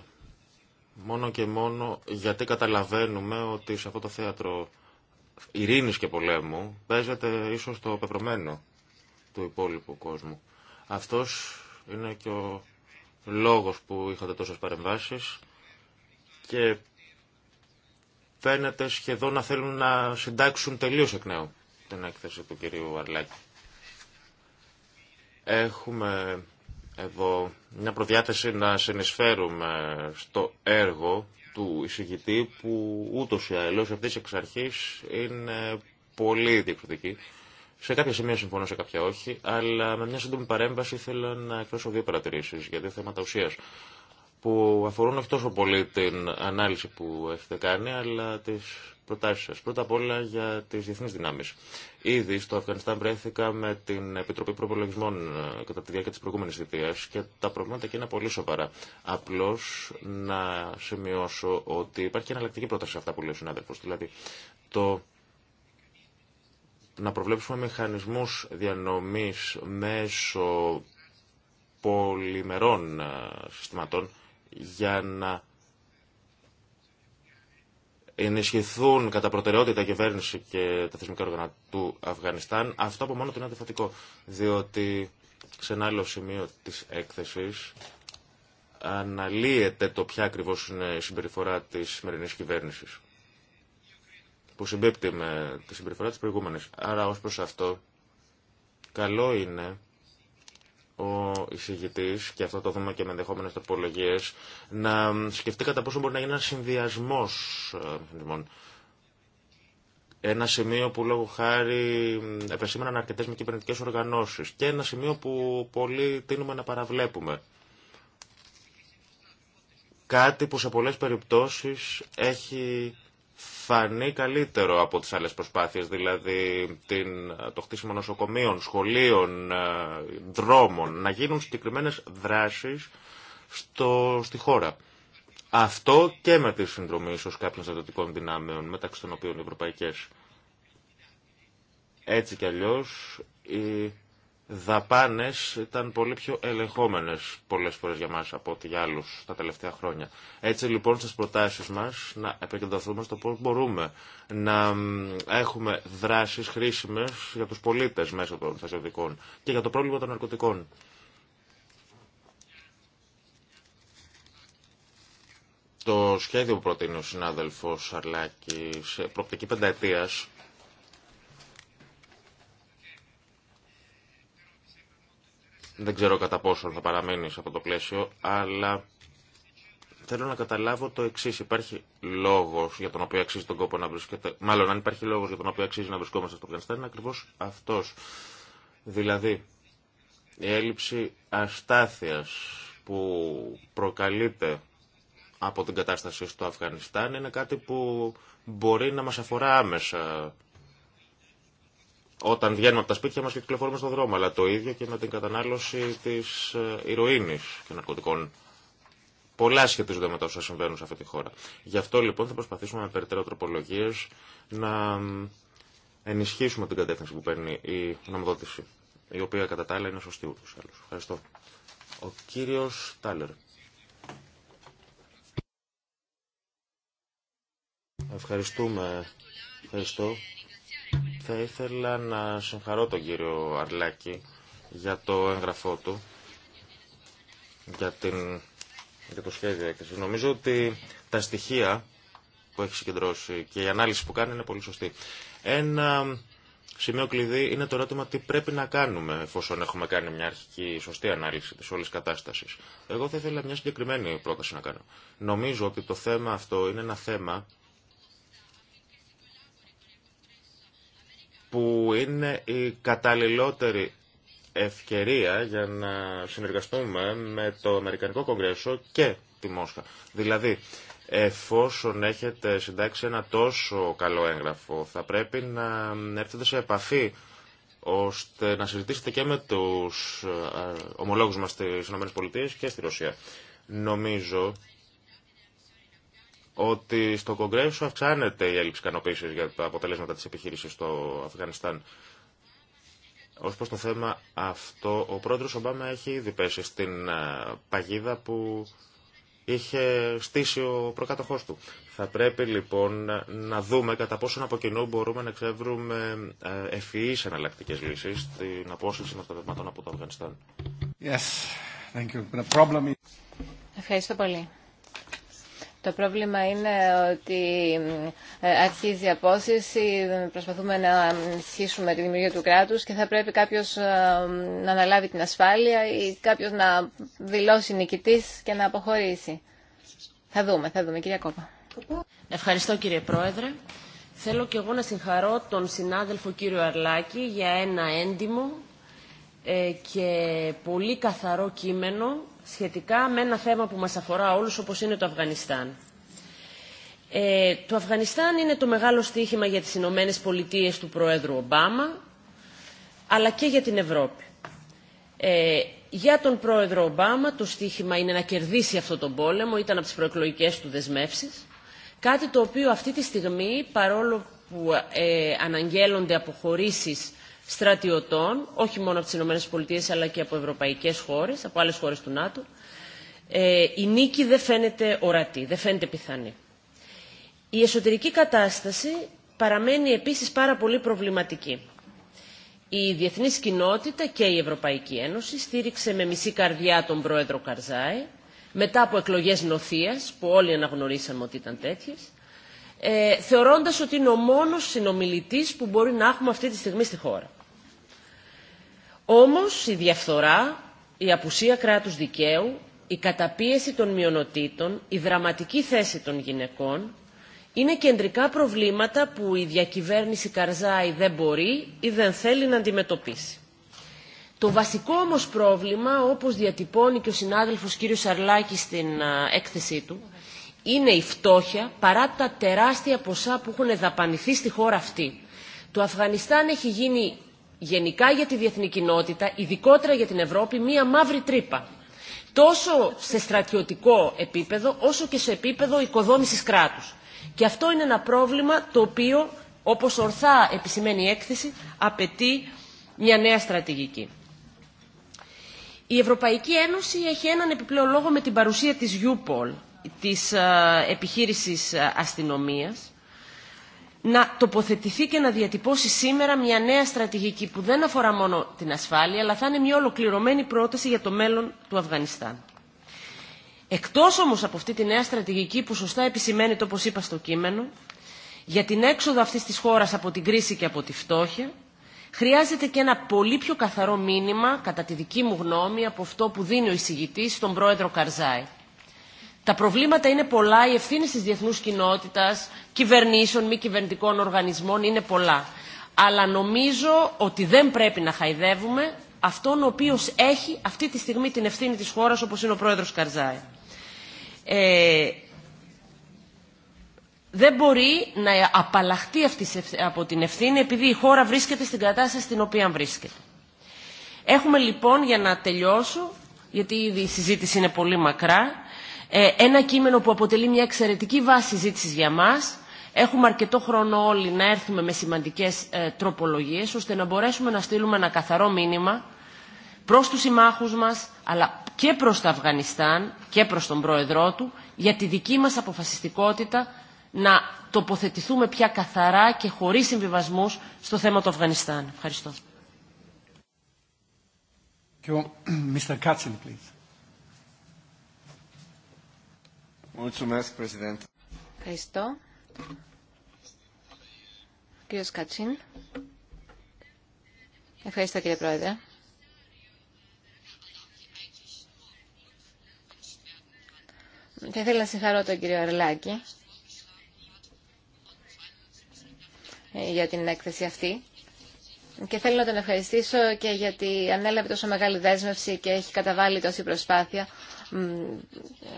μόνο και μόνο γιατί καταλαβαίνουμε ότι σε αυτό το θέατρο ειρήνης και πολέμου παίζεται ίσως το πεπρωμένο του υπόλοιπου κόσμου. Αυτός είναι και ο λόγος που είχατε τόσες παρεμβάσεις και φαίνεται σχεδόν να θέλουν να συντάξουν τελείως εκ νέου την έκθεση του κυρίου Αρλάκη. Έχουμε εδώ μια προδιάθεση να συνεισφέρουμε στο έργο του εισηγητή που ούτως ή άλλως αυτής εξ αρχής είναι πολύ διεκδοτική. Σε κάποια σημεία συμφωνώ, σε κάποια όχι, αλλά με μια σύντομη παρέμβαση ήθελα να εκφράσω δύο παρατηρήσει για δύο θέματα ουσία που αφορούν όχι τόσο πολύ την ανάλυση που έχετε κάνει, αλλά τις προτάσεις σας. Πρώτα απ' όλα για τις διεθνείς δυνάμεις. Ήδη στο Αφγανιστάν βρέθηκα με την Επιτροπή Προπολογισμών ε, κατά τη διάρκεια της προηγούμενης θητείας και τα προβλήματα εκεί είναι πολύ σοβαρά. Απλώς να σημειώσω ότι υπάρχει εναλλακτική πρόταση σε αυτά που λέει ο συνάδελφος. Δηλαδή το να προβλέψουμε μηχανισμούς διανομής μέσω πολυμερών ε, συστηματών για να ενισχυθούν κατά προτεραιότητα η κυβέρνηση και τα θεσμικά όργανα του Αφγανιστάν, αυτό από μόνο του είναι αντιφατικό. Διότι σε ένα άλλο σημείο της έκθεσης αναλύεται το ποια ακριβώ είναι η συμπεριφορά της σημερινής κυβέρνησης που συμπίπτει με τη συμπεριφορά της προηγούμενης. Άρα ως προς αυτό καλό είναι ο εισηγητή, και αυτό το δούμε και με ενδεχόμενε τοπολογίε, να σκεφτεί κατά πόσο μπορεί να γίνει ένα συνδυασμό ε, Ένα σημείο που λόγω χάρη επεσήμαναν αρκετέ με κυβερνητικέ οργανώσει και ένα σημείο που πολλοί τίνουμε να παραβλέπουμε. Κάτι που σε πολλές περιπτώσεις έχει φανεί καλύτερο από τις άλλες προσπάθειες, δηλαδή την, το χτίσιμο νοσοκομείων, σχολείων, ε, δρόμων, να γίνουν συγκεκριμένε δράσεις στο, στη χώρα. Αυτό και με τη συνδρομή ίσω κάποιων στρατιωτικών δυνάμεων, μεταξύ των οποίων οι ευρωπαϊκές. Έτσι κι αλλιώς δαπάνες ήταν πολύ πιο ελεγχόμενες πολλές φορές για μας από ό,τι για άλλους τα τελευταία χρόνια. Έτσι λοιπόν στις προτάσεις μας να επικεντρωθούμε στο πώς μπορούμε να έχουμε δράσεις χρήσιμες για τους πολίτες μέσω των στασιωτικών και για το πρόβλημα των ναρκωτικών. Το σχέδιο που προτείνει ο συνάδελφος Σαρλάκη σε προοπτική πενταετίας Δεν ξέρω κατά πόσο θα παραμείνει από το πλαίσιο, αλλά θέλω να καταλάβω το εξή. Υπάρχει λόγο για τον οποίο αξίζει τον κόπο να βρίσκεται. Μάλλον, αν υπάρχει λόγο για τον οποίο αξίζει να βρισκόμαστε στο Αφγανιστάν, είναι ακριβώ αυτό. Δηλαδή, η έλλειψη αστάθειας που προκαλείται από την κατάσταση στο Αφγανιστάν είναι κάτι που μπορεί να μας αφορά άμεσα όταν βγαίνουμε από τα σπίτια μας και κυκλοφορούμε στον δρόμο, αλλά το ίδιο και με την κατανάλωση της ε, ηρωίνης και ναρκωτικών. Πολλά σχετίζονται με τα όσα συμβαίνουν σε αυτή τη χώρα. Γι' αυτό λοιπόν θα προσπαθήσουμε με περαιτέρω τροπολογίε να ενισχύσουμε την κατεύθυνση που παίρνει η νομοδότηση, η οποία κατά τα άλλα είναι σωστή ούτως ή Ευχαριστώ. Ο κύριος Τάλερ. Ευχαριστούμε. Ευχαριστώ. Θα ήθελα να συγχαρώ τον κύριο Αρλάκη για το έγγραφό του, για, την, το σχέδιο έκθεση. Νομίζω ότι τα στοιχεία που έχει συγκεντρώσει και η ανάλυση που κάνει είναι πολύ σωστή. Ένα σημείο κλειδί είναι το ερώτημα τι πρέπει να κάνουμε εφόσον έχουμε κάνει μια αρχική σωστή ανάλυση της όλης κατάστασης. Εγώ θα ήθελα μια συγκεκριμένη πρόταση να κάνω. Νομίζω ότι το θέμα αυτό είναι ένα θέμα που είναι η καταλληλότερη ευκαιρία για να συνεργαστούμε με το Αμερικανικό Κογκρέσο και τη Μόσχα. Δηλαδή, εφόσον έχετε συντάξει ένα τόσο καλό έγγραφο, θα πρέπει να έρθετε σε επαφή ώστε να συζητήσετε και με τους ε, ομολόγους μας στις ΗΠΑ και στη Ρωσία. Νομίζω ότι στο Κογκρέσο αυξάνεται η έλλειψη ικανοποίηση για τα αποτελέσματα της επιχείρησης στο Αφγανιστάν. Ω προ το θέμα αυτό, ο πρόεδρος Ομπάμα έχει ήδη πέσει στην ε, παγίδα που είχε στήσει ο προκατοχός του. Θα πρέπει λοιπόν να δούμε κατά πόσον από κοινού μπορούμε να εξεύρουμε ε, ευφυείς εναλλακτικέ λύσεις στην απόσυρση μεταδεύματων από το Αφγανιστάν. Yes. Thank you. The problem is... Ευχαριστώ πολύ. Το πρόβλημα είναι ότι ε, αρχίζει η απόσυρση, προσπαθούμε να ενισχύσουμε τη δημιουργία του κράτους και θα πρέπει κάποιος ε, να αναλάβει την ασφάλεια ή κάποιος να δηλώσει νικητής και να αποχωρήσει. Θα δούμε, θα δούμε. Κυρία Κόπα. Ευχαριστώ κύριε Πρόεδρε. Θέλω και εγώ να συγχαρώ τον συνάδελφο κύριο Αρλάκη για ένα έντιμο ε, και πολύ καθαρό κείμενο σχετικά με ένα θέμα που μας αφορά όλους όπως είναι το Αφγανιστάν. Ε, το Αφγανιστάν είναι το μεγάλο στίχημα για τις Ηνωμένε Πολιτείε του Προέδρου Ομπάμα αλλά και για την Ευρώπη. Ε, για τον Πρόεδρο Ομπάμα το στίχημα είναι να κερδίσει αυτό τον πόλεμο, ήταν από τις προεκλογικές του δεσμεύσεις, κάτι το οποίο αυτή τη στιγμή παρόλο που ε, αναγγέλλονται αποχωρήσεις στρατιωτών, όχι μόνο από τι ΗΠΑ αλλά και από Ευρωπαϊκέ χώρε, από άλλε χώρε του ΝΑΤΟ, ε, η νίκη δεν φαίνεται ορατή, δεν φαίνεται πιθανή. Η εσωτερική κατάσταση παραμένει επίσης πάρα πολύ προβληματική. Η διεθνή κοινότητα και η Ευρωπαϊκή Ένωση στήριξε με μισή καρδιά τον πρόεδρο Καρζάη, μετά από εκλογές νοθείας, που όλοι αναγνωρίσαμε ότι ήταν τέτοιες, ε, θεωρώντας ότι είναι ο μόνος συνομιλητής που μπορεί να έχουμε αυτή τη στιγμή στη χώρα. Όμως η διαφθορά, η απουσία κράτους δικαίου, η καταπίεση των μειονοτήτων, η δραματική θέση των γυναικών είναι κεντρικά προβλήματα που η διακυβέρνηση Καρζάη δεν μπορεί ή δεν θέλει να αντιμετωπίσει. Το βασικό όμως πρόβλημα, όπως διατυπώνει και ο συνάδελφος κύριος Σαρλάκη στην έκθεσή του, είναι η φτώχεια παρά τα τεράστια ποσά που έχουν δαπανηθεί στη χώρα αυτή. Το Αφγανιστάν έχει γίνει γενικά για τη διεθνή κοινότητα, ειδικότερα για την Ευρώπη, μία μαύρη τρύπα. Τόσο σε στρατιωτικό επίπεδο, όσο και σε επίπεδο οικοδόμησης κράτους. Και αυτό είναι ένα πρόβλημα το οποίο, όπως ορθά επισημαίνει η έκθεση, απαιτεί μια νέα στρατηγική. Η Ευρωπαϊκή Ένωση έχει έναν επιπλέον λόγο με την παρουσία της UPOL, της ε, επιχείρησης ε, αστυνομίας, να τοποθετηθεί και να διατυπώσει σήμερα μια νέα στρατηγική που δεν αφορά μόνο την ασφάλεια, αλλά θα είναι μια ολοκληρωμένη πρόταση για το μέλλον του Αφγανιστάν. Εκτός όμως από αυτή τη νέα στρατηγική που σωστά επισημαίνεται όπως είπα στο κείμενο, για την έξοδο αυτής της χώρας από την κρίση και από τη φτώχεια, χρειάζεται και ένα πολύ πιο καθαρό μήνυμα, κατά τη δική μου γνώμη, από αυτό που δίνει ο εισηγητής στον πρόεδρο Καρζάη. Τα προβλήματα είναι πολλά, οι ευθύνε τη διεθνού κοινότητα, κυβερνήσεων, μη κυβερνητικών οργανισμών είναι πολλά. Αλλά νομίζω ότι δεν πρέπει να χαϊδεύουμε αυτόν ο οποίο έχει αυτή τη στιγμή την ευθύνη τη χώρα, όπω είναι ο πρόεδρο Καρζάη. Ε, δεν μπορεί να απαλλαχτεί αυτή από την ευθύνη επειδή η χώρα βρίσκεται στην κατάσταση στην οποία βρίσκεται. Έχουμε λοιπόν, για να τελειώσω, γιατί η συζήτηση είναι πολύ μακρά, ε, ένα κείμενο που αποτελεί μια εξαιρετική βάση συζήτηση για μας. Έχουμε αρκετό χρόνο όλοι να έρθουμε με σημαντικές ε, τροπολογίες, ώστε να μπορέσουμε να στείλουμε ένα καθαρό μήνυμα προς τους συμμάχους μας, αλλά και προς το Αφγανιστάν και προς τον Πρόεδρό του, για τη δική μας αποφασιστικότητα να τοποθετηθούμε πια καθαρά και χωρίς συμβιβασμούς στο θέμα του Αφγανιστάν. Ευχαριστώ. Mr. please. Ευχαριστώ. Κύριος Κατσίν. Ευχαριστώ κύριε Πρόεδρε. Θα ήθελα να συγχαρώ τον κύριο Αρλάκη για την έκθεση αυτή. Και θέλω να τον ευχαριστήσω και γιατί ανέλαβε τόσο μεγάλη δέσμευση και έχει καταβάλει τόση προσπάθεια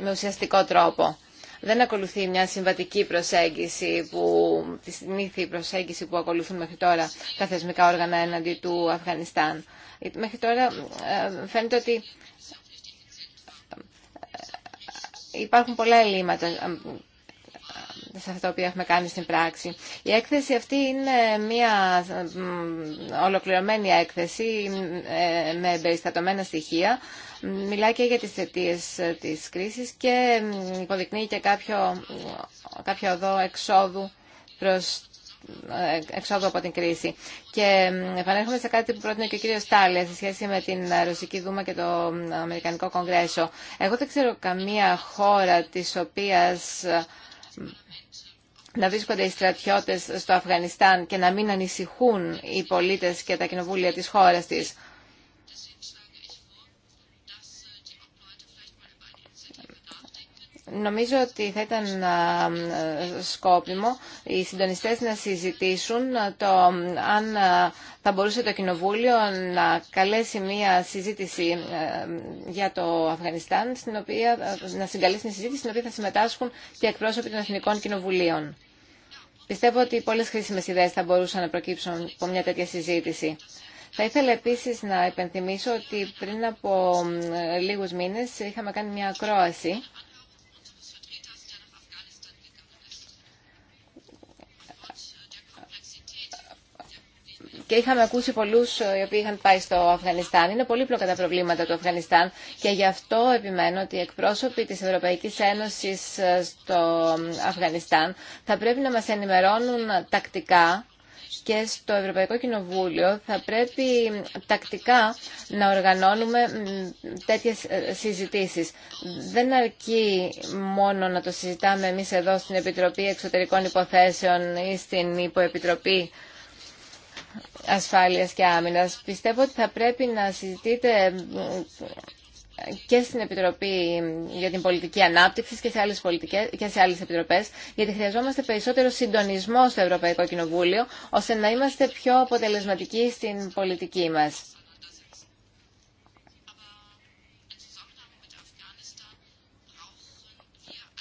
με ουσιαστικό τρόπο. Δεν ακολουθεί μια συμβατική προσέγγιση, που, τη συνήθη προσέγγιση που ακολουθούν μέχρι τώρα τα θεσμικά όργανα έναντι του Αφγανιστάν. Μέχρι τώρα ε, φαίνεται ότι ε, υπάρχουν πολλά ελλείμματα ε, σε αυτό που έχουμε κάνει στην πράξη. Η έκθεση αυτή είναι μια ολοκληρωμένη έκθεση με περιστατωμένα στοιχεία μιλάει και για τις αιτίε ε, της κρίσης και υποδεικνύει και κάποιο, κάποιο οδό εξόδου προς ε, εξόδου από την κρίση. Και επανέρχομαι σε κάτι που πρότεινε και ο κύριος Στάλια σε σχέση με την Ρωσική Δούμα και το Αμερικανικό Κογκρέσο. Εγώ δεν ξέρω καμία χώρα της οποίας να βρίσκονται οι στρατιώτες στο Αφγανιστάν και να μην ανησυχούν οι πολίτες και τα κοινοβούλια της χώρας της. Νομίζω ότι θα ήταν σκόπιμο οι συντονιστές να συζητήσουν το αν θα μπορούσε το Κοινοβούλιο να καλέσει μία συζήτηση για το Αφγανιστάν, στην οποία, να συγκαλέσει μια συζήτηση στην οποία θα συμμετάσχουν και εκπρόσωποι των Εθνικών Κοινοβουλίων. Πιστεύω ότι πολλές χρήσιμες ιδέες θα μπορούσαν να προκύψουν από μια τέτοια συζήτηση. Θα ήθελα επίσης να υπενθυμίσω ότι πριν από λίγους μήνες είχαμε κάνει μια ακρόαση Και είχαμε ακούσει πολλού ε, οι οποίοι είχαν πάει στο Αφγανιστάν. Είναι πολύπλοκα τα προβλήματα του Αφγανιστάν και γι' αυτό επιμένω ότι οι εκπρόσωποι τη Ευρωπαϊκή Ένωση ε, στο Αφγανιστάν θα πρέπει να μα ενημερώνουν τακτικά και στο Ευρωπαϊκό Κοινοβούλιο θα πρέπει τακτικά να οργανώνουμε τέτοιες ε, συζητήσεις. Δεν αρκεί μόνο να το συζητάμε εμείς εδώ στην Επιτροπή Εξωτερικών Υποθέσεων ή στην Υποεπιτροπή ασφάλειας και άμυνας. Πιστεύω ότι θα πρέπει να συζητείτε ε, και στην Επιτροπή για την Πολιτική Ανάπτυξη και σε άλλες, πολιτικές, και σε άλλες επιτροπές, γιατί χρειαζόμαστε περισσότερο συντονισμό στο Ευρωπαϊκό Κοινοβούλιο, ώστε να είμαστε πιο αποτελεσματικοί στην πολιτική μας.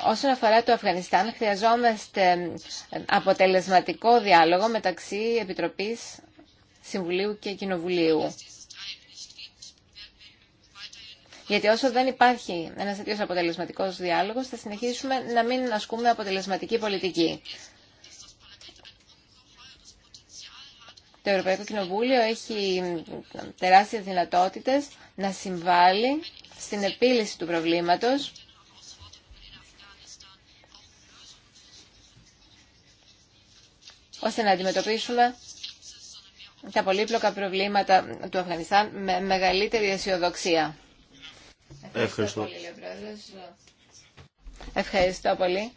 Όσον αφορά το Αφγανιστάν, χρειαζόμαστε αποτελεσματικό διάλογο μεταξύ Επιτροπής Συμβουλίου και Κοινοβουλίου. Γιατί όσο δεν υπάρχει ένα τέτοιο αποτελεσματικό διάλογο, θα συνεχίσουμε να μην ασκούμε αποτελεσματική πολιτική. Το Ευρωπαϊκό Κοινοβούλιο έχει τεράστιες δυνατότητες να συμβάλλει στην επίλυση του προβλήματος ώστε να αντιμετωπίσουμε τα πολύπλοκα προβλήματα του Αφγανιστάν με μεγαλύτερη αισιοδοξία. Ευχαριστώ. Πολύ, Ευχαριστώ πολύ.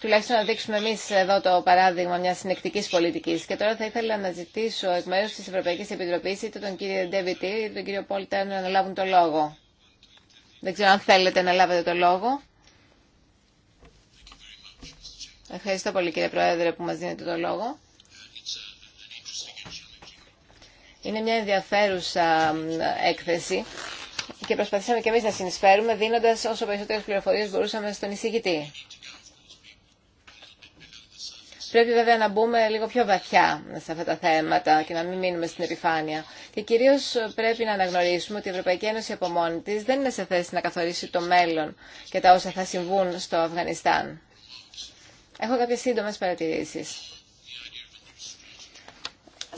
Τουλάχιστον να δείξουμε εμεί εδώ το παράδειγμα μια συνεκτική πολιτική. Και τώρα θα ήθελα να ζητήσω εκ μέρου τη Ευρωπαϊκή Επιτροπή είτε τον κύριο Ντέβιτ ή τον κύριο Πόλτα να αναλάβουν το λόγο. Δεν ξέρω αν θέλετε να λάβετε το λόγο. Ευχαριστώ πολύ κύριε Πρόεδρε που μας δίνετε το λόγο. Είναι μια ενδιαφέρουσα έκθεση και προσπαθήσαμε και εμείς να συνεισφέρουμε δίνοντας όσο περισσότερες πληροφορίες μπορούσαμε στον εισηγητή. Πρέπει βέβαια να μπούμε λίγο πιο βαθιά σε αυτά τα θέματα και να μην μείνουμε στην επιφάνεια. Και κυρίω πρέπει να αναγνωρίσουμε ότι η Ευρωπαϊκή Ένωση από μόνη τη δεν είναι σε θέση να καθορίσει το μέλλον και τα όσα θα συμβούν στο Αφγανιστάν. Έχω κάποιε σύντομε παρατηρήσει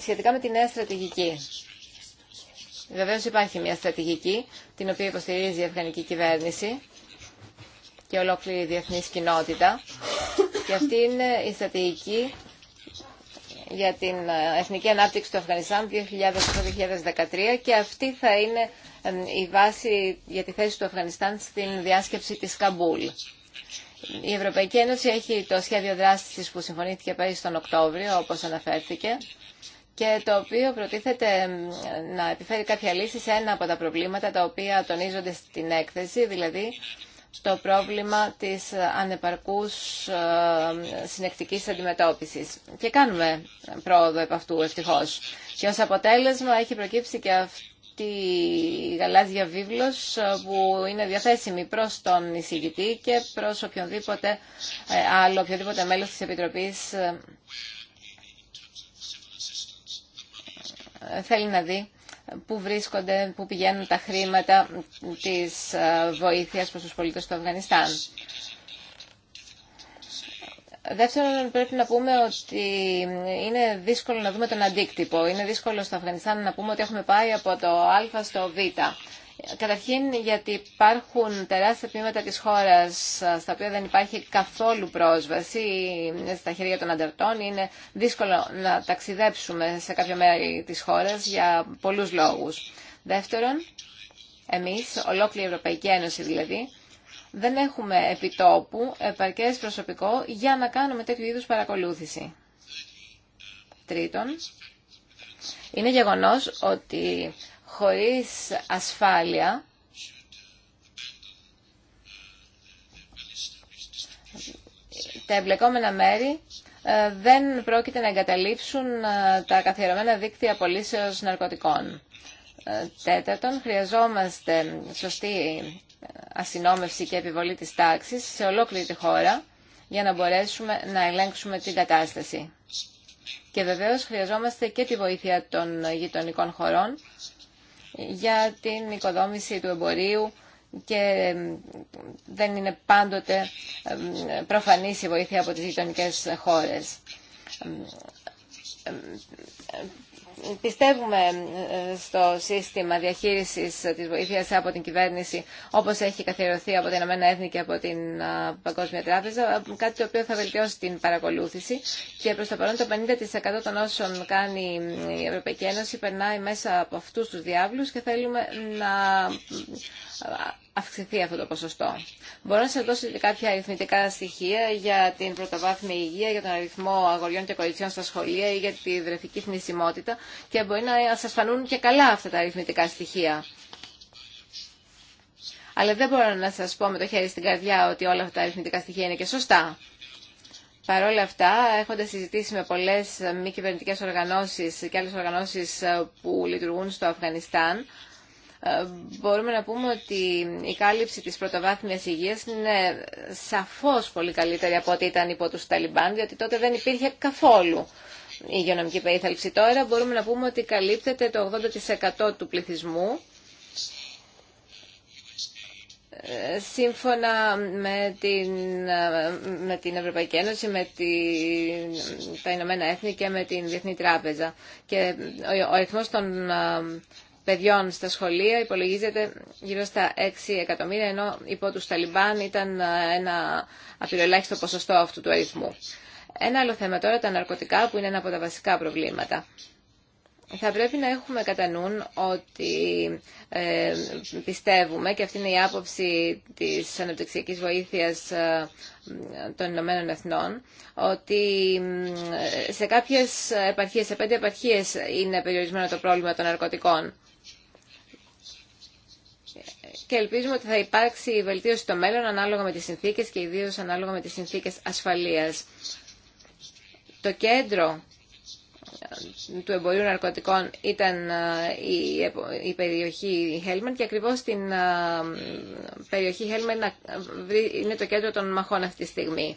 σχετικά με τη νέα στρατηγική. Βεβαίω υπάρχει μια στρατηγική, την οποία υποστηρίζει η Αφγανική κυβέρνηση και ολόκληρη η διεθνή κοινότητα. Και αυτή είναι η στρατηγική για την ε, Εθνική Ανάπτυξη του Αφγανιστάν 2013 και αυτή θα είναι η βάση για τη θέση του Αφγανιστάν στην διάσκεψη της Καμπούλ. Η Ευρωπαϊκή Ένωση έχει το σχέδιο δράσης που συμφωνήθηκε πέρυσι τον Οκτώβριο, όπως αναφέρθηκε, και το οποίο προτίθεται να επιφέρει κάποια λύση σε ένα από τα προβλήματα τα οποία τονίζονται στην έκθεση, δηλαδή στο πρόβλημα της ανεπαρκούς ε, συνεκτικής αντιμετώπισης. Και κάνουμε πρόοδο επ' αυτού, ευτυχώς. Και ως αποτέλεσμα έχει προκύψει και αυτή η γαλάζια βίβλος ε, που είναι διαθέσιμη προς τον εισηγητή και προς οποιονδήποτε ε, άλλο, οποιοδήποτε μέλος της Επιτροπής θέλει να δει πού βρίσκονται, πού πηγαίνουν τα χρήματα της ε, βοήθειας προς τους πολίτες του Αφγανιστάν. Δεύτερον, πρέπει να πούμε ότι είναι δύσκολο να δούμε τον αντίκτυπο. Είναι δύσκολο στο Αφγανιστάν να πούμε ότι έχουμε πάει από το Α στο Β. Καταρχήν γιατί υπάρχουν τεράστια τμήματα της χώρας ε, στα οποία δεν υπάρχει καθόλου πρόσβαση στα χέρια των αντερτών. Είναι δύσκολο να ταξιδέψουμε σε κάποια μέρη της χώρας για πολλούς λόγους. Δεύτερον, εμείς, ολόκληρη η Ευρωπαϊκή Ένωση δηλαδή, δεν έχουμε επιτόπου επαρκές προσωπικό για να κάνουμε τέτοιου είδους παρακολούθηση. Τρίτον, είναι γεγονός ότι χωρίς ασφάλεια τα εμπλεκόμενα μέρη ε, δεν πρόκειται να εγκαταλείψουν ε, τα καθιερωμένα δίκτυα πωλήσεως ναρκωτικών. Ε, τέταρτον, χρειαζόμαστε σωστή ασυνόμευση και επιβολή της τάξης σε ολόκληρη τη χώρα για να μπορέσουμε να ελέγξουμε την κατάσταση. Και βεβαίως χρειαζόμαστε και τη βοήθεια των γειτονικών χωρών για την οικοδόμηση του εμπορίου και δεν είναι πάντοτε προφανής η βοήθεια από τις γειτονικέ χώρες πιστεύουμε ε, στο σύστημα διαχείρισης της βοήθειας από την κυβέρνηση όπως έχει καθιερωθεί από την ΕΕ και από την Παγκόσμια Τράπεζα, ε, κάτι το οποίο θα βελτιώσει την παρακολούθηση και προς το παρόν το 50% των όσων κάνει η Ευρωπαϊκή Ένωση περνάει μέσα από αυτούς τους διάβλους και θέλουμε να αυξηθεί αυτό το ποσοστό. Μπορώ να σα δώσω κάποια αριθμητικά στοιχεία για την πρωτοβάθμια υγεία, για τον αριθμό αγοριών και κοριτσιών στα σχολεία ή για τη βρεφική θνησιμότητα και μπορεί να σα φανούν και καλά αυτά τα αριθμητικά στοιχεία. Αλλά δεν μπορώ να σα πω με το χέρι στην καρδιά ότι όλα αυτά τα αριθμητικά στοιχεία είναι και σωστά. Παρ' όλα αυτά, έχοντα συζητήσει με πολλέ μη κυβερνητικέ οργανώσει και άλλε οργανώσει που λειτουργούν στο Αφγανιστάν, ε, μπορούμε να πούμε ότι η κάλυψη της πρωτοβάθμιας υγείας είναι σαφώς πολύ καλύτερη από ό,τι ήταν υπό τους Ταλιμπάν, διότι τότε δεν υπήρχε καθόλου η υγειονομική περίθαλψη. Τώρα μπορούμε να πούμε ότι καλύπτεται το 80% του πληθυσμού ε, σύμφωνα με την, ε, με την Ευρωπαϊκή Ένωση, με την, τα Ηνωμένα Έθνη και με την Διεθνή Τράπεζα. Και ο, ο των παιδιών στα σχολεία υπολογίζεται γύρω στα 6 εκατομμύρια, ενώ υπό τους Ταλιμπάν ήταν ε, ένα απειροελάχιστο ποσοστό αυτού του αριθμού. Ένα άλλο θέμα τώρα, τα ναρκωτικά, που είναι ένα από τα βασικά προβλήματα. Θα πρέπει να έχουμε κατά νου ότι ε, πιστεύουμε, και αυτή είναι η άποψη της αναπτυξιακής βοήθειας ε, των Ηνωμένων Εθνών, ότι σε κάποιες επαρχίες, σε πέντε επαρχίες είναι περιορισμένο το πρόβλημα των ναρκωτικών και ελπίζουμε ότι θα υπάρξει βελτίωση στο μέλλον ανάλογα με τις συνθήκες και ιδίως ανάλογα με τις συνθήκες ασφαλείας. Το κέντρο ε, του εμπορίου ναρκωτικών ήταν ε, η, περιοχή Χέλμαν και ακριβώς στην ε, περιοχή Χέλμαν είναι το κέντρο των μαχών αυτή τη στιγμή.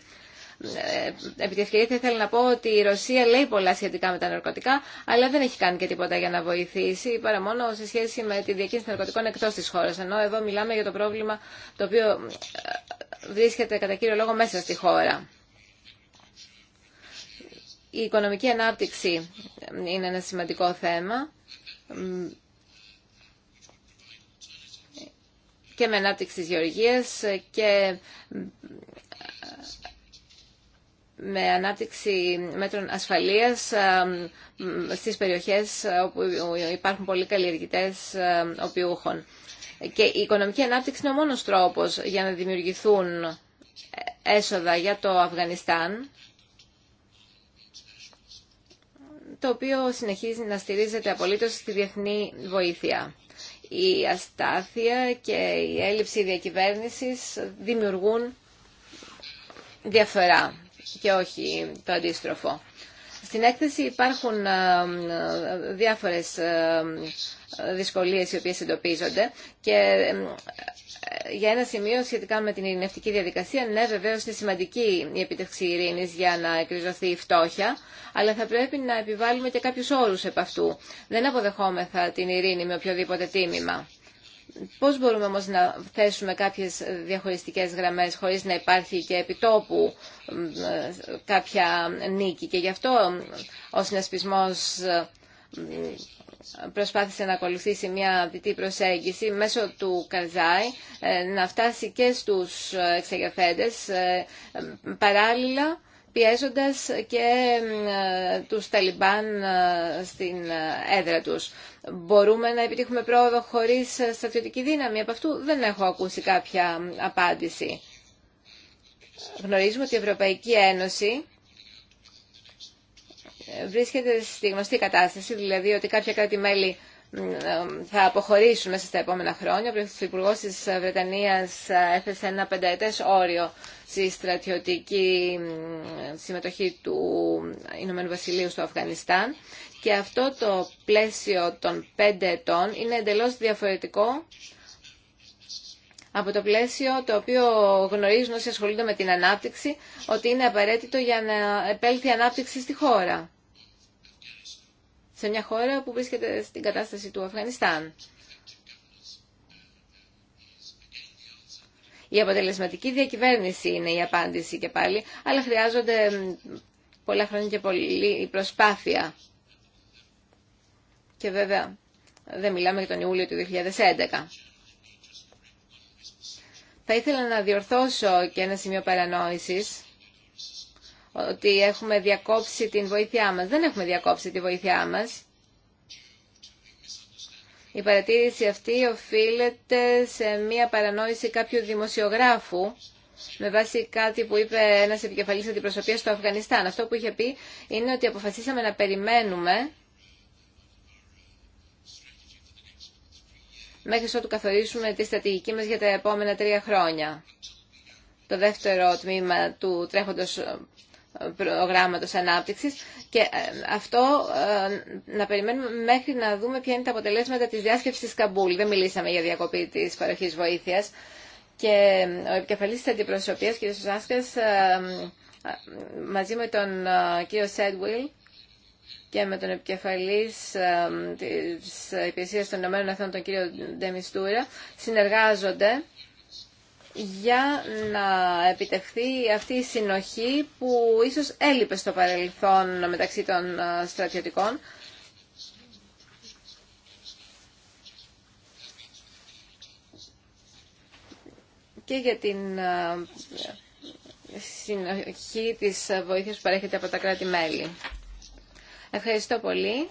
Ε, επί τη ευκαιρία να πω ότι η Ρωσία λέει πολλά σχετικά με τα ναρκωτικά, αλλά δεν έχει κάνει και τίποτα για να βοηθήσει, παρά μόνο σε σχέση με τη διακίνηση ναρκωτικών εκτό τη χώρα. Ενώ εδώ μιλάμε για το πρόβλημα το οποίο ε, βρίσκεται κατά κύριο λόγο μέσα στη χώρα. Η οικονομική ανάπτυξη είναι ένα σημαντικό θέμα και με ανάπτυξη της γεωργίας και με ανάπτυξη μέτρων ασφαλείας ε, στις περιοχές όπου υπάρχουν πολλοί καλλιεργητές ε, οπιούχων. Και η οικονομική ανάπτυξη είναι ο μόνος τρόπος για να δημιουργηθούν ε, έσοδα για το Αφγανιστάν, το οποίο συνεχίζει να στηρίζεται απολύτως στη διεθνή βοήθεια. Η αστάθεια και η έλλειψη διακυβέρνησης δημιουργούν διαφορά και όχι το αντίστροφο. Στην έκθεση υπάρχουν ε, ε, διάφορες ε, δυσκολίες οι οποίες εντοπίζονται και για ένα σημείο σχετικά με την ειρηνευτική διαδικασία, ναι βεβαίως είναι σημαντική η επιτευξή ειρήνης για να εκριζωθεί η φτώχεια, αλλά θα πρέπει να επιβάλλουμε και κάποιους όρους επ' αυτού. Δεν αποδεχόμεθα την ειρήνη με οποιοδήποτε τίμημα. Πώς μπορούμε όμως να θέσουμε κάποιες διαχωριστικές γραμμές χωρίς να υπάρχει και επιτόπου κάποια νίκη. Και γι' αυτό ο συνασπισμός προσπάθησε να ακολουθήσει μια δυτή προσέγγιση μέσω του Καρζάη ε, να φτάσει και στους εξεγερθέντες ε, παράλληλα πιέζοντας και ε, τους Ταλιμπάν ε, στην ε, έδρα τους. Μπορούμε να επιτύχουμε πρόοδο χωρίς στρατιωτική δύναμη. Από αυτού δεν έχω ακούσει κάποια απάντηση. Γνωρίζουμε ότι η Ευρωπαϊκή Ένωση βρίσκεται στη γνωστή κατάσταση, δηλαδή ότι κάποια κράτη-μέλη θα αποχωρήσουν μέσα στα επόμενα χρόνια. Ο υπουργός τη Βρετανία έθεσε ένα πενταετές όριο στη στρατιωτική συμμετοχή του Ηνωμένου Βασιλείου στο Αφγανιστάν και αυτό το πλαίσιο των πέντε ετών είναι εντελώς διαφορετικό από το πλαίσιο το οποίο γνωρίζουν όσοι ασχολούνται με την ανάπτυξη ότι είναι απαραίτητο για να επέλθει ανάπτυξη στη χώρα. Σε μια χώρα που βρίσκεται στην κατάσταση του Αφγανιστάν. Η αποτελεσματική διακυβέρνηση είναι η απάντηση και πάλι, αλλά χρειάζονται πολλά χρόνια και πολλή προσπάθεια. Και βέβαια δεν μιλάμε για τον Ιούλιο του 2011. Θα ήθελα να διορθώσω και ένα σημείο παρανόησης ότι έχουμε διακόψει την βοήθειά μας. Δεν έχουμε διακόψει τη βοήθειά μας. Η παρατήρηση αυτή οφείλεται σε μία παρανόηση κάποιου δημοσιογράφου με βάση κάτι που είπε ένας επικεφαλής αντιπροσωπείας στο Αφγανιστάν. Αυτό που είχε πει είναι ότι αποφασίσαμε να περιμένουμε μέχρι ότου καθορίσουμε τη στρατηγική μας για τα επόμενα τρία χρόνια. Το δεύτερο τμήμα του τρέχοντος προγράμματος ανάπτυξης και ε, αυτό ε, να περιμένουμε μέχρι να δούμε ποια είναι τα αποτελέσματα της διάσκεψης Καμπούλ. Δεν μιλήσαμε για διακοπή της παροχής βοήθειας και ε, ο επικεφαλής της αντιπροσωπείας, κ. Σάσκας, μαζί με τον κ. Σέντουιλ και με τον επικεφαλής της Υπηρεσίας των Ηνωμένων Αθών, τον κ. Ντεμιστούρα, συνεργάζονται για να επιτευχθεί αυτή η συνοχή που ίσως έλειπε στο παρελθόν μεταξύ των στρατιωτικών. και για την συνοχή της βοήθειας που παρέχεται από τα κράτη-μέλη. Ευχαριστώ πολύ.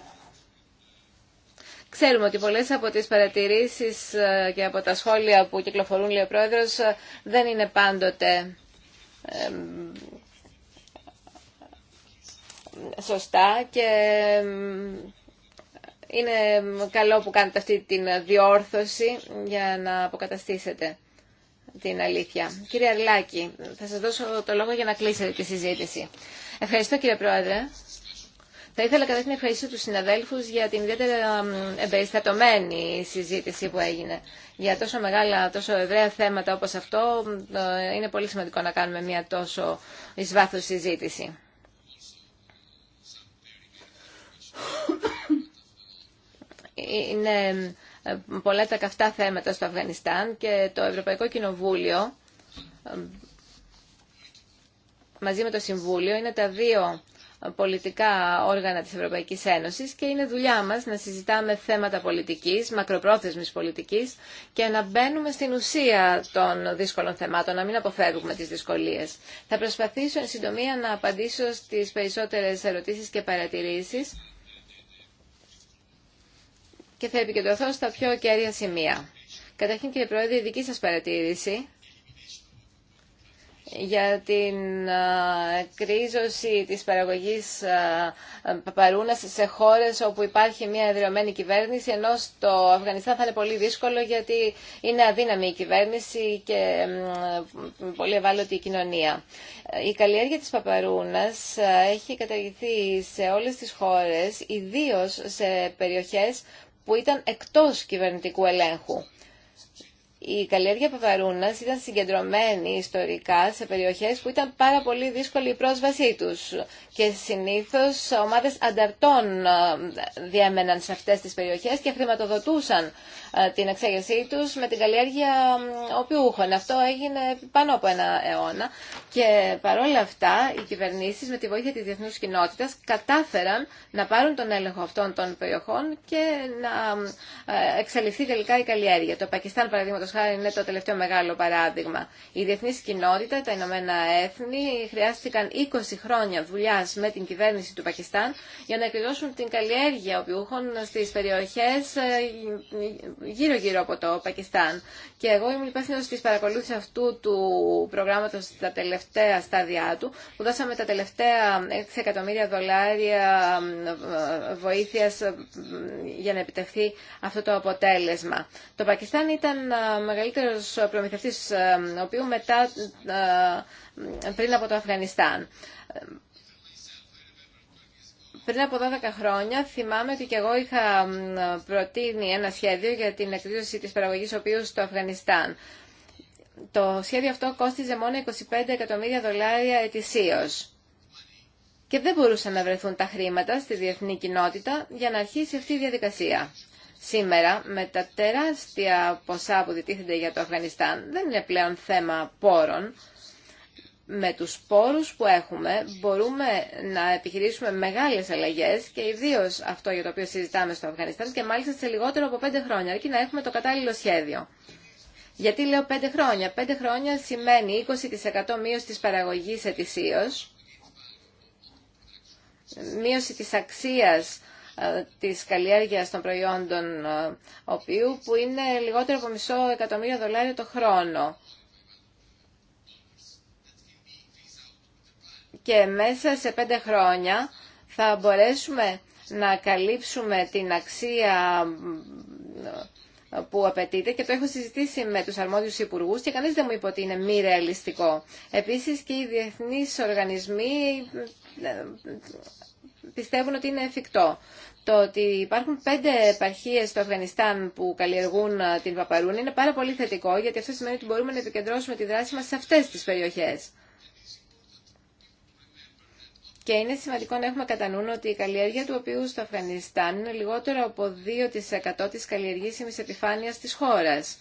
Ξέρουμε ότι πολλές από τις παρατηρήσεις ε, και από τα σχόλια που κυκλοφορούν, λέει ο Πρόεδρος, ε, δεν είναι πάντοτε σωστά και είναι καλό που κάνετε αυτή την διόρθωση για να αποκαταστήσετε την αλήθεια. Κύριε Αρλάκη, θα σας δώσω το λόγο για να κλείσετε τη συζήτηση. Ευχαριστώ κύριε Πρόεδρε. Θα ήθελα καταρχήν να ευχαριστήσω τους συναδέλφους για την ιδιαίτερα εμπεριστατωμένη συζήτηση που έγινε. Για τόσο μεγάλα, τόσο ευρέα θέματα όπως αυτό, ε, είναι πολύ σημαντικό να κάνουμε μια τόσο εις βάθος συζήτηση. Είναι ε, πολλά τα καυτά θέματα στο Αφγανιστάν και το Ευρωπαϊκό Κοινοβούλιο ε, μαζί με το Συμβούλιο είναι τα δύο πολιτικά όργανα της Ευρωπαϊκής Ένωσης και είναι δουλειά μας να συζητάμε θέματα πολιτικής, μακροπρόθεσμης πολιτικής και να μπαίνουμε στην ουσία των δύσκολων θεμάτων, να μην αποφεύγουμε τις δυσκολίες. Θα προσπαθήσω εν συντομία να απαντήσω στις περισσότερες ερωτήσεις και παρατηρήσεις και θα επικεντρωθώ στα πιο κέρια σημεία. Καταρχήν κύριε Πρόεδρε, η δική σας παρατήρηση για την κρίζωση της παραγωγής παπαρούνας σε χώρες όπου υπάρχει μια εδραιωμένη κυβέρνηση, ενώ στο Αφγανιστάν θα είναι πολύ δύσκολο γιατί είναι αδύναμη η κυβέρνηση και πολύ ευάλωτη η κοινωνία. Η καλλιέργεια της παπαρούνας έχει καταργηθεί σε όλες τις χώρες, ιδίως σε περιοχές που ήταν εκτός κυβερνητικού ελέγχου. Η καλλιέργεια Παπαρούνα ήταν συγκεντρωμένη ιστορικά σε περιοχέ που ήταν πάρα πολύ δύσκολη η πρόσβασή του. και συνήθω ομάδε ανταρτών ε, διέμεναν σε αυτέ τι περιοχέ και χρηματοδοτούσαν ε, την εξέγερσή του με την καλλιέργεια οπιούχων. Αυτό έγινε πάνω από ένα αιώνα και παρόλα αυτά οι κυβερνήσει με τη βοήθεια τη διεθνού κοινότητα κατάφεραν να πάρουν τον έλεγχο αυτών των περιοχών και να ε, εξαλειφθεί τελικά η καλλιέργεια. Το Πακιστάν είναι το τελευταίο μεγάλο παράδειγμα. Η διεθνή κοινότητα, τα Ηνωμένα Έθνη, χρειάστηκαν 20 χρόνια δουλειά με την κυβέρνηση του Πακιστάν για να εκδηλώσουν την καλλιέργεια οπιούχων στι περιοχέ ε, γύρω-γύρω από το Πακιστάν. Και εγώ ήμουν υπεύθυνο τη παρακολούθηση αυτού του προγράμματο στα τελευταία στάδια του, που δώσαμε τα τελευταία 6 εκατομμύρια δολάρια ε, βοήθεια για να επιτευχθεί αυτό το αποτέλεσμα. Το Πακιστάν ήταν ε, μεγαλύτερος προμηθευτής, ε, ο οποίου μετά, ε, πριν από το Αφγανιστάν. Πριν από 12 χρόνια θυμάμαι ότι και εγώ είχα προτείνει ένα σχέδιο για την εκδήλωση της παραγωγής οποίου στο Αφγανιστάν. Το σχέδιο αυτό κόστιζε μόνο 25 εκατομμύρια δολάρια ετησίως. Και δεν μπορούσαν να βρεθούν τα χρήματα στη διεθνή κοινότητα για να αρχίσει αυτή η διαδικασία σήμερα με τα τεράστια ποσά που διτίθενται για το Αφγανιστάν δεν είναι πλέον θέμα πόρων. Με τους πόρους που έχουμε μπορούμε να επιχειρήσουμε μεγάλες αλλαγές και ιδίως αυτό για το οποίο συζητάμε στο Αφγανιστάν και μάλιστα σε λιγότερο από πέντε χρόνια, αρκεί να έχουμε το κατάλληλο σχέδιο. Γιατί λέω πέντε χρόνια. Πέντε χρόνια σημαίνει 20% μείωση της παραγωγής ετησίως, μείωση της αξίας ε, της καλλιέργειας των προϊόντων ε, οποίου που είναι λιγότερο από μισό εκατομμύριο δολάρια το χρόνο. Και μέσα σε πέντε χρόνια θα μπορέσουμε να καλύψουμε την αξία που απαιτείται και το έχω συζητήσει με τους αρμόδιους υπουργούς και κανείς δεν μου είπε ότι είναι μη ρεαλιστικό. Επίσης και οι διεθνείς οργανισμοί πιστεύουν ότι είναι εφικτό. Το ότι υπάρχουν πέντε επαρχίε στο Αφγανιστάν που καλλιεργούν ε, την παπαρούνη είναι πάρα πολύ θετικό, γιατί αυτό σημαίνει ότι μπορούμε να επικεντρώσουμε τη δράση μα σε αυτέ τι περιοχέ. Και είναι σημαντικό να έχουμε κατά νου ότι η καλλιέργεια του οποίου στο Αφγανιστάν είναι λιγότερο από 2% της καλλιεργήσιμης επιφάνειας της χώρας.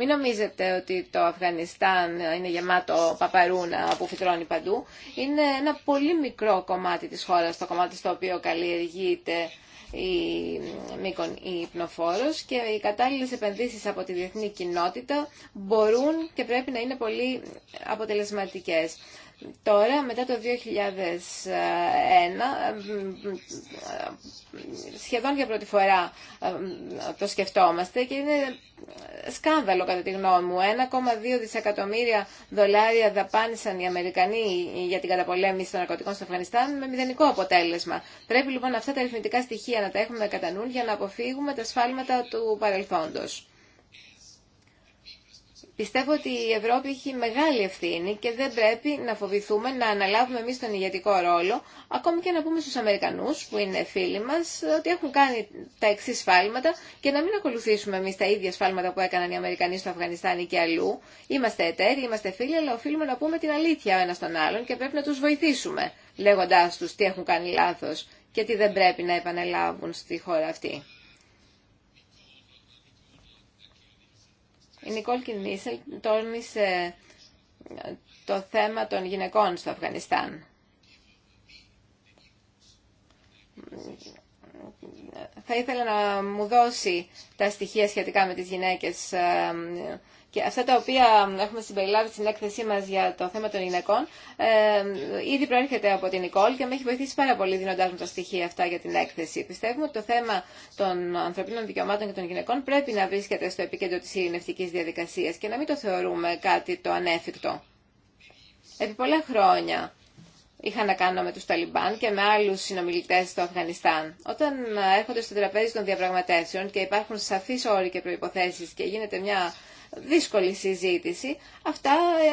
Μην νομίζετε ότι το Αφγανιστάν είναι γεμάτο παπαρούνα που φυτρώνει παντού. Είναι ένα πολύ μικρό κομμάτι της χώρας, το κομμάτι στο οποίο καλλιεργείται η μήκον η πνοφόρος και οι κατάλληλες επενδύσεις από τη διεθνή κοινότητα μπορούν και πρέπει να είναι πολύ αποτελεσματικές. Τώρα, μετά το 2001, σχεδόν για πρώτη φορά ε, το σκεφτόμαστε και είναι σκάνδαλο κατά τη γνώμη μου. 1,2 δισεκατομμύρια δολάρια δαπάνησαν οι Αμερικανοί για την καταπολέμηση των ναρκωτικών στο Αφγανιστάν με μηδενικό αποτέλεσμα. Πρέπει λοιπόν αυτά τα αριθμητικά στοιχεία να τα έχουμε κατά νου για να αποφύγουμε τα σφάλματα του παρελθόντος. Πιστεύω ότι η Ευρώπη έχει μεγάλη ευθύνη και δεν πρέπει να φοβηθούμε να αναλάβουμε εμεί τον ηγετικό ρόλο, ακόμη και να πούμε στου Αμερικανού, που είναι φίλοι μα, ότι έχουν κάνει τα εξή σφάλματα και να μην ακολουθήσουμε εμεί τα ίδια σφάλματα που έκαναν οι Αμερικανοί στο Αφγανιστάν ή και αλλού. Είμαστε εταίροι, είμαστε φίλοι, αλλά οφείλουμε να πούμε την αλήθεια ο ένα τον άλλον και πρέπει να του βοηθήσουμε, λέγοντά του τι έχουν κάνει λάθο και τι δεν πρέπει να επαναλάβουν στη χώρα αυτή. Η Νικόλ Κινμίσελ τόνισε ε, το θέμα των γυναικών στο Αφγανιστάν. Θα ήθελα να μου δώσει τα στοιχεία σχετικά με τις γυναίκες ε, και αυτά τα οποία έχουμε συμπεριλάβει στην έκθεσή μας για το θέμα των γυναικών ε, ήδη προέρχεται από την Νικόλ και με έχει βοηθήσει πάρα πολύ δίνοντάς μου τα στοιχεία αυτά για την έκθεση. Πιστεύουμε ότι το θέμα των ανθρωπίνων δικαιωμάτων και των γυναικών πρέπει να βρίσκεται στο επίκεντρο της ειρηνευτικής διαδικασίας και να μην το θεωρούμε κάτι το ανέφικτο. Επί πολλά χρόνια είχα να κάνω με τους Ταλιμπάν και με άλλους συνομιλητές στο Αφγανιστάν. Όταν έρχονται στο τραπέζι των διαπραγματεύσεων και υπάρχουν σαφείς όροι και προϋποθέσεις και γίνεται μια δύσκολη συζήτηση. Αυτά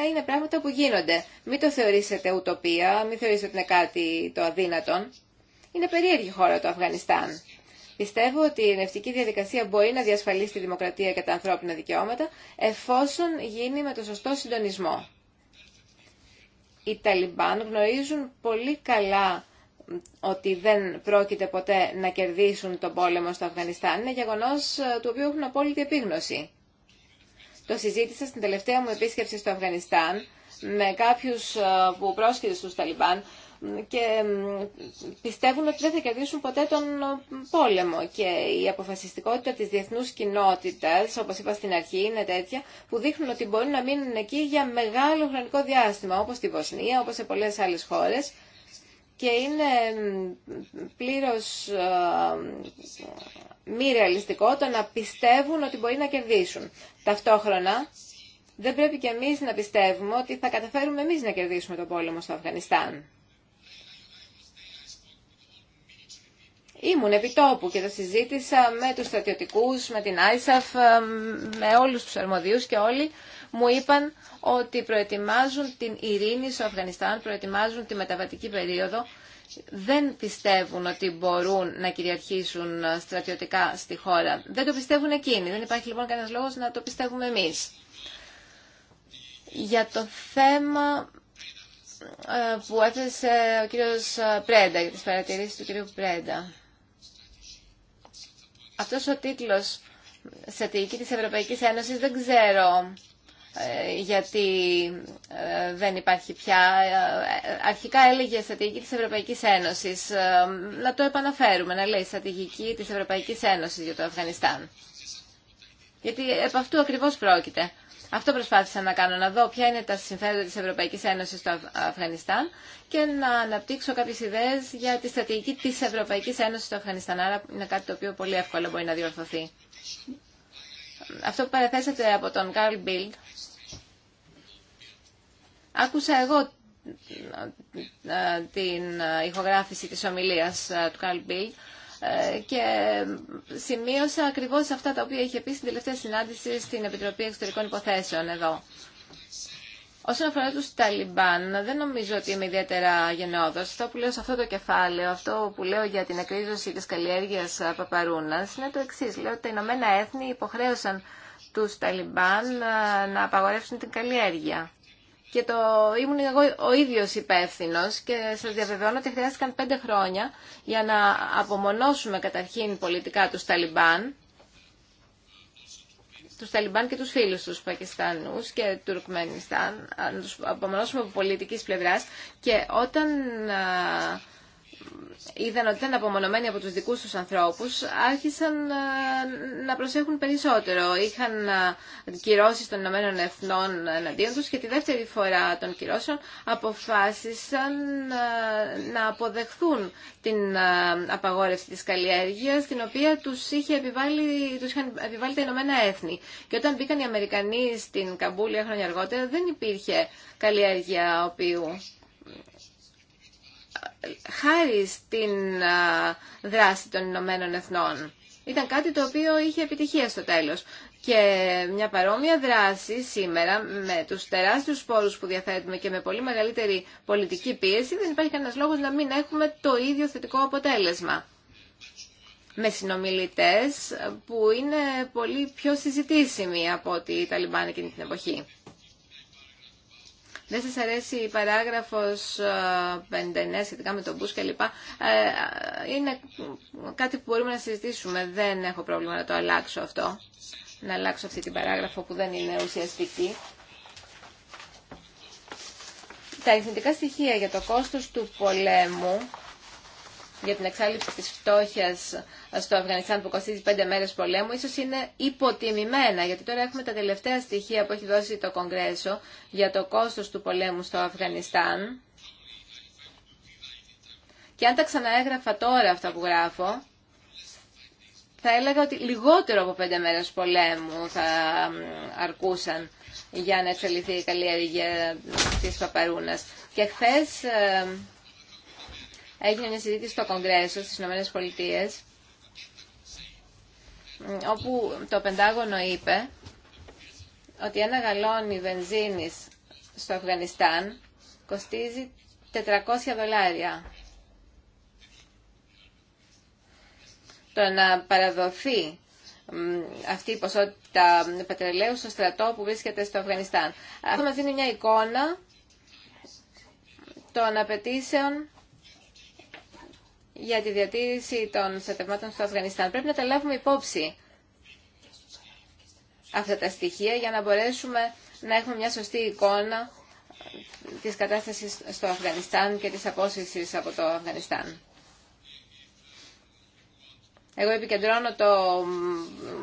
είναι πράγματα που γίνονται. Μην το θεωρήσετε ουτοπία, μην θεωρήσετε ότι είναι κάτι το αδύνατον. Είναι περίεργη χώρα το Αφγανιστάν. Πιστεύω ότι η ενευτική διαδικασία μπορεί να διασφαλίσει τη δημοκρατία και τα ανθρώπινα δικαιώματα εφόσον γίνει με το σωστό συντονισμό. Οι Ταλιμπάν γνωρίζουν πολύ καλά ότι δεν πρόκειται ποτέ να κερδίσουν τον πόλεμο στο Αφγανιστάν. Είναι γεγονός ε, του οποίου έχουν απόλυτη επίγνωση. Το συζήτησα στην τελευταία μου επίσκεψη στο Αφγανιστάν με κάποιους ε, που πρόσκειται στους Ταλιμπάν και πιστεύουν ότι δεν θα κερδίσουν ποτέ τον ε, πόλεμο και η αποφασιστικότητα της διεθνούς κοινότητας, όπως είπα στην αρχή, είναι τέτοια που δείχνουν ότι μπορεί να μείνουν εκεί για μεγάλο χρονικό διάστημα, όπως στη Βοσνία, όπως σε πολλές άλλες χώρες και είναι πλήρως ε, μη ρεαλιστικό το να πιστεύουν ότι μπορεί να κερδίσουν. Ταυτόχρονα, δεν πρέπει και εμείς να πιστεύουμε ότι θα καταφέρουμε εμείς να κερδίσουμε τον πόλεμο στο Αφγανιστάν. Ήμουν επί τόπου και το συζήτησα με τους στρατιωτικούς, με την ISAF, με όλους τους αρμοδίους και όλοι μου είπαν ότι προετοιμάζουν την ειρήνη στο Αφγανιστάν, προετοιμάζουν τη μεταβατική περίοδο δεν πιστεύουν ότι μπορούν να κυριαρχήσουν στρατιωτικά στη χώρα. Δεν το πιστεύουν εκείνοι. Δεν υπάρχει λοιπόν κανένας λόγος να το πιστεύουμε εμείς. Για το θέμα ε, που έθεσε ο κύριος ε, Πρέντα, για τις παρατηρήσεις του κύριου Πρέντα. Αυτός ο τίτλος «Στρατηγική της Ευρωπαϊκής Ένωσης» δεν ξέρω ε, γιατί ε, δεν υπάρχει πια. Ε, αρχικά έλεγε στρατηγική της Ευρωπαϊκής Ένωσης. Να το επαναφέρουμε, να λέει στρατηγική της Ευρωπαϊκής Ένωσης για το Αφγανιστάν. Γιατί επ' αυτού ακριβώς πρόκειται. Αυτό προσπάθησα να κάνω, να δω ποια είναι τα συμφέροντα της Ευρωπαϊκής Ένωσης στο Αφγανιστάν και να αναπτύξω κάποιες ιδέες για τη στρατηγική της Ευρωπαϊκής Ένωσης στο Αφγανιστάν. Άρα είναι κάτι το οποίο πολύ εύκολα μπορεί να διορθωθεί αυτό που παραθέσατε από τον Καρλ Μπίλντ, άκουσα εγώ ε, την ηχογράφηση της ομιλίας ε, του Καρλ Μπίλντ ε, και σημείωσα ακριβώς αυτά τα οποία είχε πει στην τελευταία συνάντηση στην Επιτροπή Εξωτερικών Υποθέσεων εδώ. Όσον αφορά τους Ταλιμπάν, δεν νομίζω ότι είμαι ιδιαίτερα γενναιόδος. Αυτό που λέω σε αυτό το κεφάλαιο, αυτό που λέω για την εκρίζωση της καλλιέργειας ε, Παπαρούνας, είναι το εξή. Λέω ότι τα Ηνωμένα Έθνη υποχρέωσαν τους Ταλιμπάν ε, να απαγορεύσουν την καλλιέργεια. Και το ήμουν εγώ ο ίδιος υπεύθυνο και σας διαβεβαιώνω ότι χρειάστηκαν πέντε χρόνια για να απομονώσουμε καταρχήν πολιτικά τους Ταλιμπάν τους Ταλιμπάν και τους φίλους τους Πακιστάνους και Τουρκμένισταν, να τους απομονώσουμε από πολιτικής πλευράς και όταν είδαν ότι ήταν απομονωμένοι από τους δικούς τους ανθρώπους, άρχισαν ε, να προσέχουν περισσότερο. Είχαν ε, κυρώσει των Ηνωμένων Εθνών εναντίον τους και τη δεύτερη φορά των κυρώσεων αποφάσισαν ε, να αποδεχθούν την απαγόρευση της καλλιέργειας, την οποία τους, είχε επιβάλει, τους είχαν επιβάλει τα Ηνωμένα Έθνη. Και όταν μπήκαν οι Αμερικανοί στην Καμπούλια χρόνια αργότερα, δεν υπήρχε καλλιέργεια οποίου χάρη στην δράση των Ηνωμένων Εθνών. Ήταν κάτι το οποίο είχε επιτυχία στο τέλος. Και μια παρόμοια δράση σήμερα με τους τεράστιους πόρους που διαθέτουμε και με πολύ μεγαλύτερη πολιτική πίεση δεν υπάρχει κανένας λόγος να μην έχουμε το ίδιο θετικό αποτέλεσμα. Με συνομιλητές που είναι πολύ πιο συζητήσιμοι από ότι οι Ταλιμπάν εκείνη την εποχή δεν σας αρέσει η παράγραφος 59 ε, σχετικά με τον Μπούς και λοιπά, ε, είναι κάτι που μπορούμε να συζητήσουμε. Δεν έχω πρόβλημα να το αλλάξω αυτό, να αλλάξω αυτή την παράγραφο που δεν είναι ουσιαστική. Τα ειθνικά στοιχεία για το κόστος του πολέμου για την εξάλληψη της φτώχειας στο Αφγανιστάν που κοστίζει πέντε μέρες πολέμου ίσως είναι υποτιμημένα γιατί τώρα έχουμε τα τελευταία στοιχεία που έχει δώσει το Κογκρέσο για το κόστος του πολέμου στο Αφγανιστάν και αν τα ξαναέγραφα τώρα αυτά που γράφω θα έλεγα ότι λιγότερο από πέντε μέρες πολέμου θα αρκούσαν για να εξελιχθεί η καλλιέργεια της Παπαρούνας. Και χθε ε, έγινε μια συζήτηση στο Κογκρέσο στις Ηνωμένες Πολιτείες όπου το Πεντάγωνο είπε ότι ένα γαλόνι βενζίνης στο Αφγανιστάν κοστίζει 400 δολάρια. Το να παραδοθεί αυτή η ποσότητα πετρελαίου στο στρατό που βρίσκεται στο Αφγανιστάν. Αυτό μας δίνει μια εικόνα των απαιτήσεων για τη διατήρηση των στρατευμάτων στο Αφγανιστάν. Πρέπει να τα λάβουμε υπόψη αυτά τα στοιχεία για να μπορέσουμε να έχουμε μια σωστή εικόνα της κατάστασης στο Αφγανιστάν και της απόσυρσης από το Αφγανιστάν. Εγώ επικεντρώνω το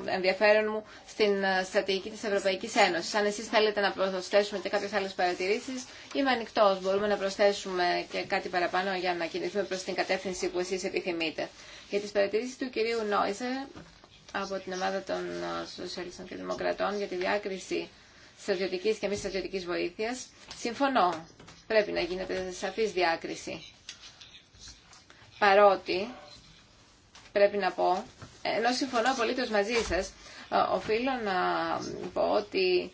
ενδιαφέρον μου στην ε, στρατηγική της Ευρωπαϊκής Ένωσης. Αν εσείς θέλετε να προσθέσουμε και κάποιες άλλες παρατηρήσεις, είμαι ανοιχτό. Μπορούμε να προσθέσουμε και κάτι παραπάνω για να κινηθούμε προς την κατεύθυνση που εσείς επιθυμείτε. Για τις παρατηρήσεις του κυρίου Νόιζε από την ομάδα των ε, Σοσιαλιστών και Δημοκρατών για τη διάκριση στρατιωτικής και μη στρατιωτικής βοήθειας, συμφωνώ. Πρέπει να γίνεται σαφής διάκριση. Παρότι πρέπει να πω, ενώ συμφωνώ απολύτως μαζί σας, ε, οφείλω να πω ότι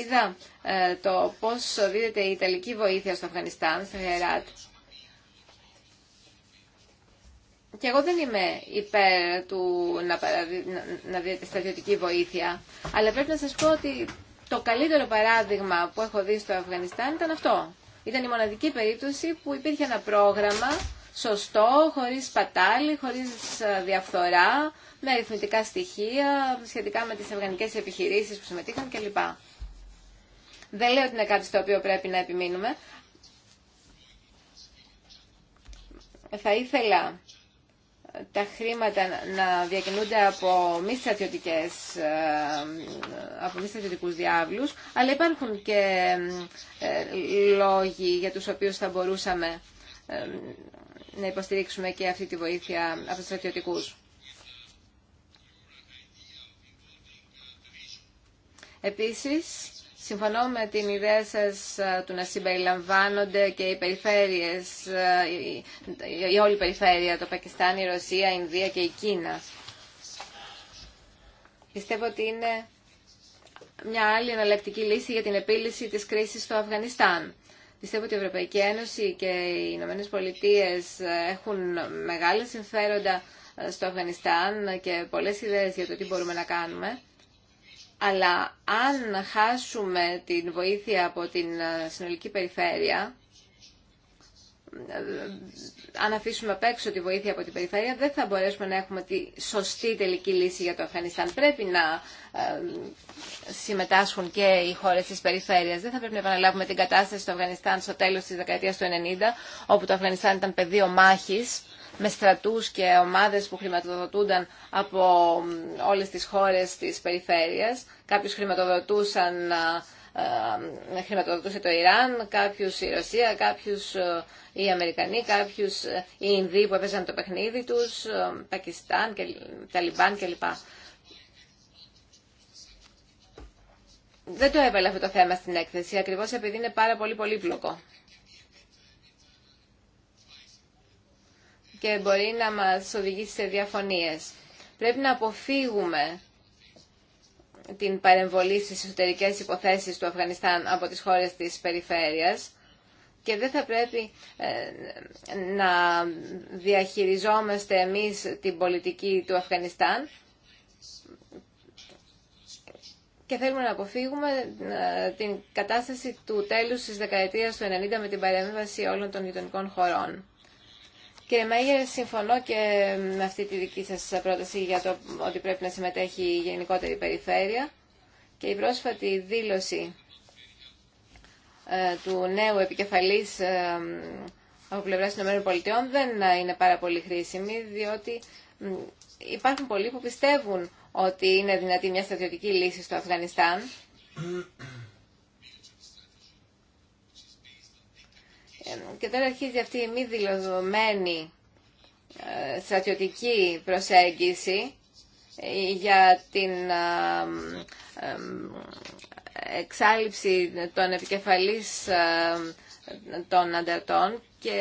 είδα ε, το πώς δίδεται η Ιταλική βοήθεια στο Αφγανιστάν, στο Χεράτ. Και εγώ δεν είμαι υπέρ του να, παραδει... να δίνετε στρατιωτική βοήθεια, αλλά πρέπει να σας πω ότι το καλύτερο παράδειγμα που έχω δει στο Αφγανιστάν ήταν αυτό. Ήταν η μοναδική περίπτωση που υπήρχε ένα πρόγραμμα σωστό, χωρίς πατάλη, χωρίς ε, διαφθορά, με αριθμητικά στοιχεία σχετικά με τις οργανικές επιχειρήσεις που συμμετείχαν κλπ. Δεν λέω ότι είναι κάτι στο οποίο πρέπει να επιμείνουμε. Θα ήθελα τα χρήματα να διακινούνται από μη στρατιωτικές, ε, από μη στρατιωτικούς διάβλους, αλλά υπάρχουν και ε, λόγοι για τους οποίους θα μπορούσαμε ε, να υποστηρίξουμε και αυτή τη βοήθεια από τους στρατιωτικούς. Επίσης, Συμφωνώ με την ιδέα σας ε, του να συμπεριλαμβάνονται και οι περιφέρειες, ε, η, όλη περιφέρεια, το Πακιστάν, η Ρωσία, η Ινδία και η Κίνα. Πιστεύω ότι είναι μια άλλη εναλλακτική λύση για την επίλυση της κρίσης στο Αφγανιστάν. Πιστεύω ότι η Ευρωπαϊκή Ένωση και οι Ηνωμένε Πολιτείε ε, έχουν μεγάλα συμφέροντα στο Αφγανιστάν και πολλές ιδέες για το τι μπορούμε να κάνουμε αλλά αν χάσουμε την βοήθεια από την ε, συνολική περιφέρεια, ε, αν αφήσουμε απ' έξω τη βοήθεια από την περιφέρεια, δεν θα μπορέσουμε να έχουμε τη σωστή τελική λύση για το Αφγανιστάν. Πρέπει να ε, συμμετάσχουν και οι χώρε τη περιφέρεια. Δεν θα πρέπει να επαναλάβουμε την κατάσταση στο Αφγανιστάν στο τέλο τη δεκαετία του 90, όπου το Αφγανιστάν ήταν πεδίο μάχη με στρατούς και ομάδες που χρηματοδοτούνταν από όλες τις χώρες της περιφέρειας. Κάποιους χρηματοδοτούσαν χρηματοδοτούσε το Ιράν, κάποιους η Ρωσία, κάποιους ε, οι Αμερικανοί, κάποιους ε, οι Ινδοί που έπαιζαν το παιχνίδι τους, ε, Πακιστάν, Ταλιμπάν κλπ. Δεν το έβαλα αυτό το θέμα στην έκθεση, ακριβώς επειδή είναι πάρα πολύ πολύπλοκο. και μπορεί να μας οδηγήσει σε διαφωνίες. Πρέπει να αποφύγουμε την παρεμβολή στις εσωτερικές υποθέσεις του Αφγανιστάν από τις χώρες της περιφέρειας και δεν θα πρέπει ε, να διαχειριζόμαστε εμείς την πολιτική του Αφγανιστάν και θέλουμε να αποφύγουμε ε, την κατάσταση του τέλους της δεκαετίας του 90 με την παρέμβαση όλων των γειτονικών χωρών. Κύριε Μέγερ, συμφωνώ και με αυτή τη δική σας πρόταση για το ότι πρέπει να συμμετέχει η γενικότερη περιφέρεια και η πρόσφατη δήλωση ε, του νέου επικεφαλής ε, από πλευράς των ΗΠΑ δεν είναι πάρα πολύ χρήσιμη, διότι υπάρχουν πολλοί που πιστεύουν ότι είναι δυνατή μια στρατιωτική λύση στο Αφγανιστάν και τώρα αρχίζει αυτή η μη δηλωμένη ε, στρατιωτική προσέγγιση ε, για την ε, εξάλληψη των επικεφαλής των ανταρτών και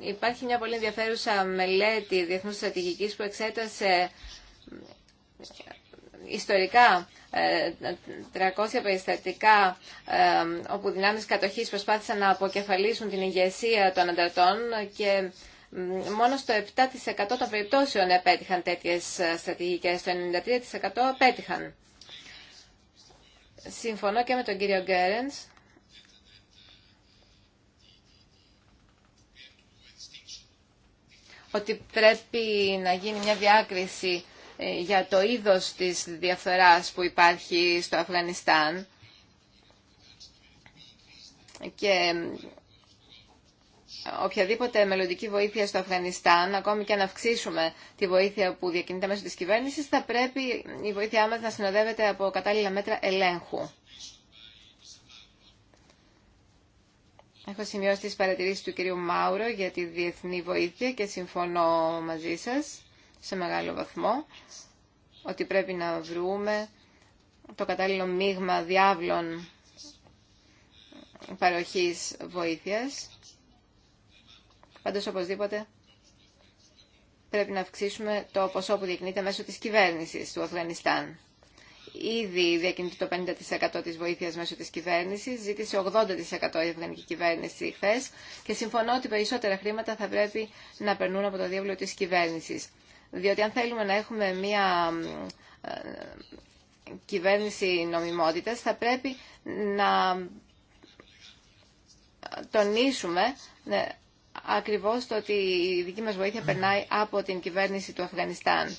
υπάρχει μια πολύ ενδιαφέρουσα μελέτη διεθνούς στρατηγικής που εξέτασε ιστορικά 300 ε, περιστατικά ε, όπου δυνάμεις κατοχής προσπάθησαν να αποκεφαλίσουν την ηγεσία των ανταρτών και μόνο στο 7% των περιπτώσεων επέτυχαν τέτοιες ε, στρατηγικές, το 93% απέτυχαν. Συμφωνώ και με τον κύριο Γκέρενς ότι πρέπει να γίνει μια διάκριση ε, για το είδος της διαφθοράς που υπάρχει στο Αφγανιστάν και οποιαδήποτε μελλοντική βοήθεια στο Αφγανιστάν, ακόμη και αν αυξήσουμε τη βοήθεια που διακινείται μέσω της κυβέρνησης, θα πρέπει η βοήθειά μας να συνοδεύεται από κατάλληλα μέτρα ελέγχου. Έχω σημειώσει τις παρατηρήσεις του κυρίου Μάουρο για τη διεθνή βοήθεια και συμφωνώ μαζί σας σε μεγάλο βαθμό, ότι πρέπει να βρούμε το κατάλληλο μείγμα διάβλων παροχής βοήθειας. Πάντως, οπωσδήποτε, πρέπει να αυξήσουμε το ποσό που διακινείται μέσω της κυβέρνησης του Αφγανιστάν. Ήδη διακινείται το 50% της βοήθειας μέσω της κυβέρνησης, ζήτησε 80% η αφγανική κυβέρνηση χθε και συμφωνώ ότι περισσότερα χρήματα θα πρέπει να περνούν από το διάβλο της κυβέρνησης. Διότι αν θέλουμε να έχουμε μια ε, κυβέρνηση νομιμότητας θα πρέπει να τονίσουμε ναι, ακριβώς το ότι η δική μας βοήθεια περνάει από την κυβέρνηση του Αφγανιστάν.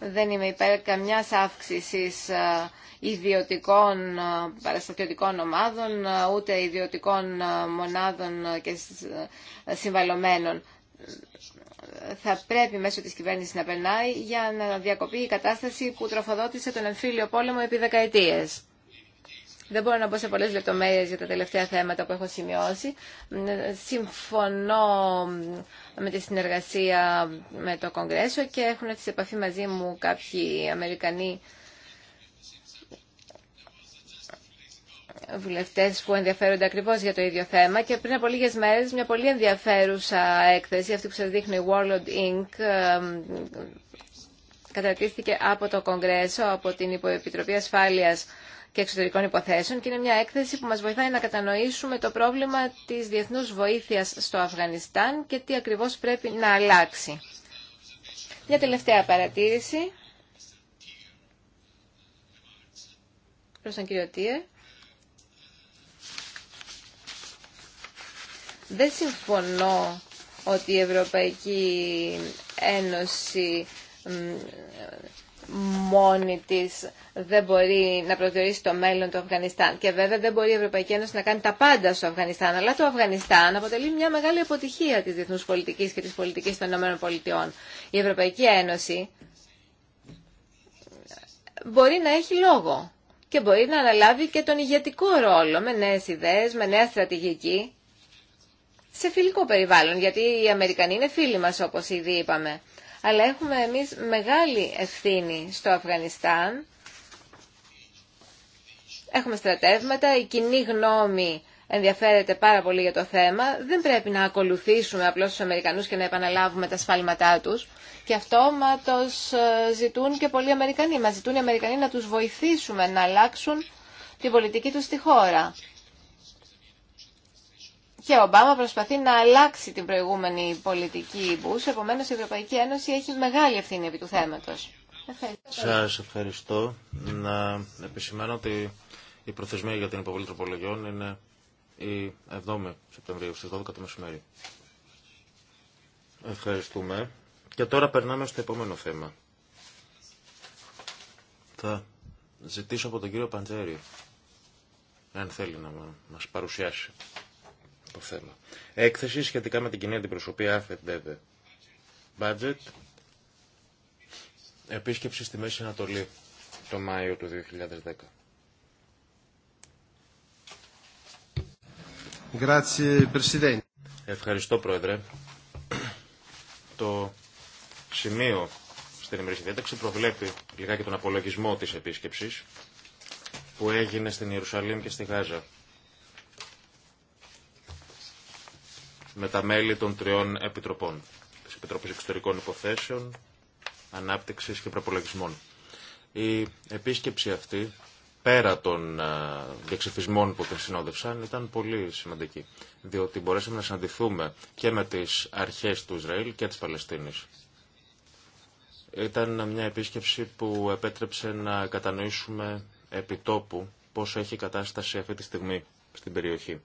Δεν είμαι υπέρ καμιάς αύξηση ε, ιδιωτικών ε, παραστατιωτικών ομάδων, ούτε ιδιωτικών μονάδων και συμβαλωμένων θα πρέπει μέσω της κυβέρνησης να περνάει για να διακοπεί η κατάσταση που τροφοδότησε τον εμφύλιο πόλεμο επί δεκαετίες. Δεν μπορώ να μπω σε πολλές λεπτομέρειες για τα τελευταία θέματα που έχω σημειώσει. Συμφωνώ με τη συνεργασία με το Κογκρέσο και έχουν έρθει επαφή μαζί μου κάποιοι Αμερικανοί βουλευτές που ενδιαφέρονται ακριβώς για το ίδιο θέμα και πριν από λίγες μέρες μια πολύ ενδιαφέρουσα έκθεση, αυτή που σα δείχνει η Warlord Inc., κατατίστηκε από το Κογκρέσο, από την Υποεπιτροπή Ασφάλειας και Εξωτερικών Υποθέσεων και είναι μια έκθεση που μας βοηθάει να κατανοήσουμε το πρόβλημα της διεθνούς βοήθειας στο Αφγανιστάν και τι ακριβώς πρέπει να αλλάξει. Μια τελευταία παρατήρηση προς τον κύριο Τιερ. Δεν συμφωνώ ότι η Ευρωπαϊκή Ένωση μόνη της δεν μπορεί να προσδιορίσει το μέλλον του Αφγανιστάν. Και βέβαια δεν μπορεί η Ευρωπαϊκή Ένωση να κάνει τα πάντα στο Αφγανιστάν. Αλλά το Αφγανιστάν αποτελεί μια μεγάλη αποτυχία της διεθνούς πολιτικής και της πολιτικής των ΗΠΑ. Η Ευρωπαϊκή Ένωση μπορεί να έχει λόγο και μπορεί να αναλάβει και τον ηγετικό ρόλο με νέες ιδέες, με νέα στρατηγική σε φιλικό περιβάλλον, γιατί οι Αμερικανοί είναι φίλοι μας όπως ήδη είπαμε. Αλλά έχουμε εμείς μεγάλη ευθύνη στο Αφγανιστάν. Έχουμε στρατεύματα, η κοινή γνώμη ενδιαφέρεται πάρα πολύ για το θέμα. Δεν πρέπει να ακολουθήσουμε απλώς τους Αμερικανούς και να επαναλάβουμε τα σφάλματά τους. Και αυτόματος ε, ζητούν και πολλοί Αμερικανοί. Μα ζητούν οι Αμερικανοί να τους βοηθήσουμε να αλλάξουν την πολιτική τους στη χώρα. Και ο Ομπάμα προσπαθεί να αλλάξει την προηγούμενη πολιτική Μπούς, επομένως η Ευρωπαϊκή Ένωση έχει μεγάλη ευθύνη επί του θέματος. Ευχαριστώ. Σας ευχαριστώ. Να επισημάνω ότι η προθεσμία για την υποβολή τροπολογιών είναι η 7η Σεπτεμβρίου στις 12 το μεσημέρι. Ευχαριστούμε. Και τώρα περνάμε στο επόμενο θέμα. Θα ζητήσω από τον κύριο Παντζέρη, αν θέλει να μας παρουσιάσει το θέμα. Έκθεση σχετικά με την κοινή αντιπροσωπεία αφεντεύε Budget. Επίσκεψη στη Μέση Ανατολή το Μάιο του 2010. Ευχαριστώ, Πρόεδρε. Το σημείο στην ημερήσια διάταξη προβλέπει λιγάκι τον απολογισμό της επίσκεψης που έγινε στην Ιερουσαλήμ και στη Γάζα. με τα μέλη των τριών επιτροπών. Της Επιτροπής Εξωτερικών Υποθέσεων, Ανάπτυξης και Προπολογισμών. Η επίσκεψη αυτή, πέρα των ε, διεξεφισμών που την συνόδευσαν, ήταν πολύ σημαντική. Διότι μπορέσαμε να συναντηθούμε και με τις αρχές του Ισραήλ και της Παλαιστίνης. Ήταν μια επίσκεψη που επέτρεψε να κατανοήσουμε επιτόπου πώς έχει κατάσταση αυτή τη στιγμή στην περιοχή.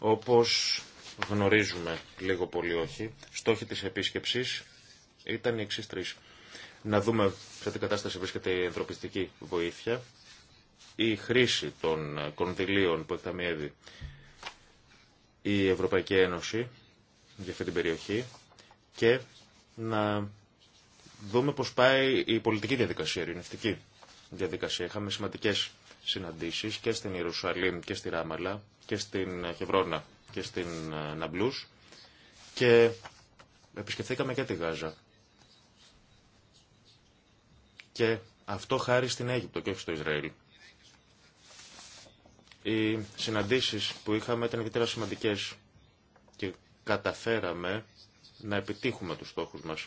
Όπως γνωρίζουμε λίγο πολύ όχι. Στόχοι της επίσκεψης ήταν οι εξής τρεις. Να δούμε σε τι κατάσταση βρίσκεται η ανθρωπιστική βοήθεια, η χρήση των κονδυλίων που εκταμιεύει η Ευρωπαϊκή Ένωση για αυτή την περιοχή και να δούμε πώς πάει η πολιτική διαδικασία, η ειρηνευτική διαδικασία. Είχαμε σημαντικές συναντήσεις και στην Ιερουσαλήμ και στη Ράμαλα και στην Χευρώνα και στην ε, Ναμπλούς και επισκεφθήκαμε και τη Γάζα. Και αυτό χάρη στην Αίγυπτο και όχι στο Ισραήλ. Οι συναντήσεις που είχαμε ήταν ιδιαίτερα σημαντικές και καταφέραμε να επιτύχουμε τους στόχους μας.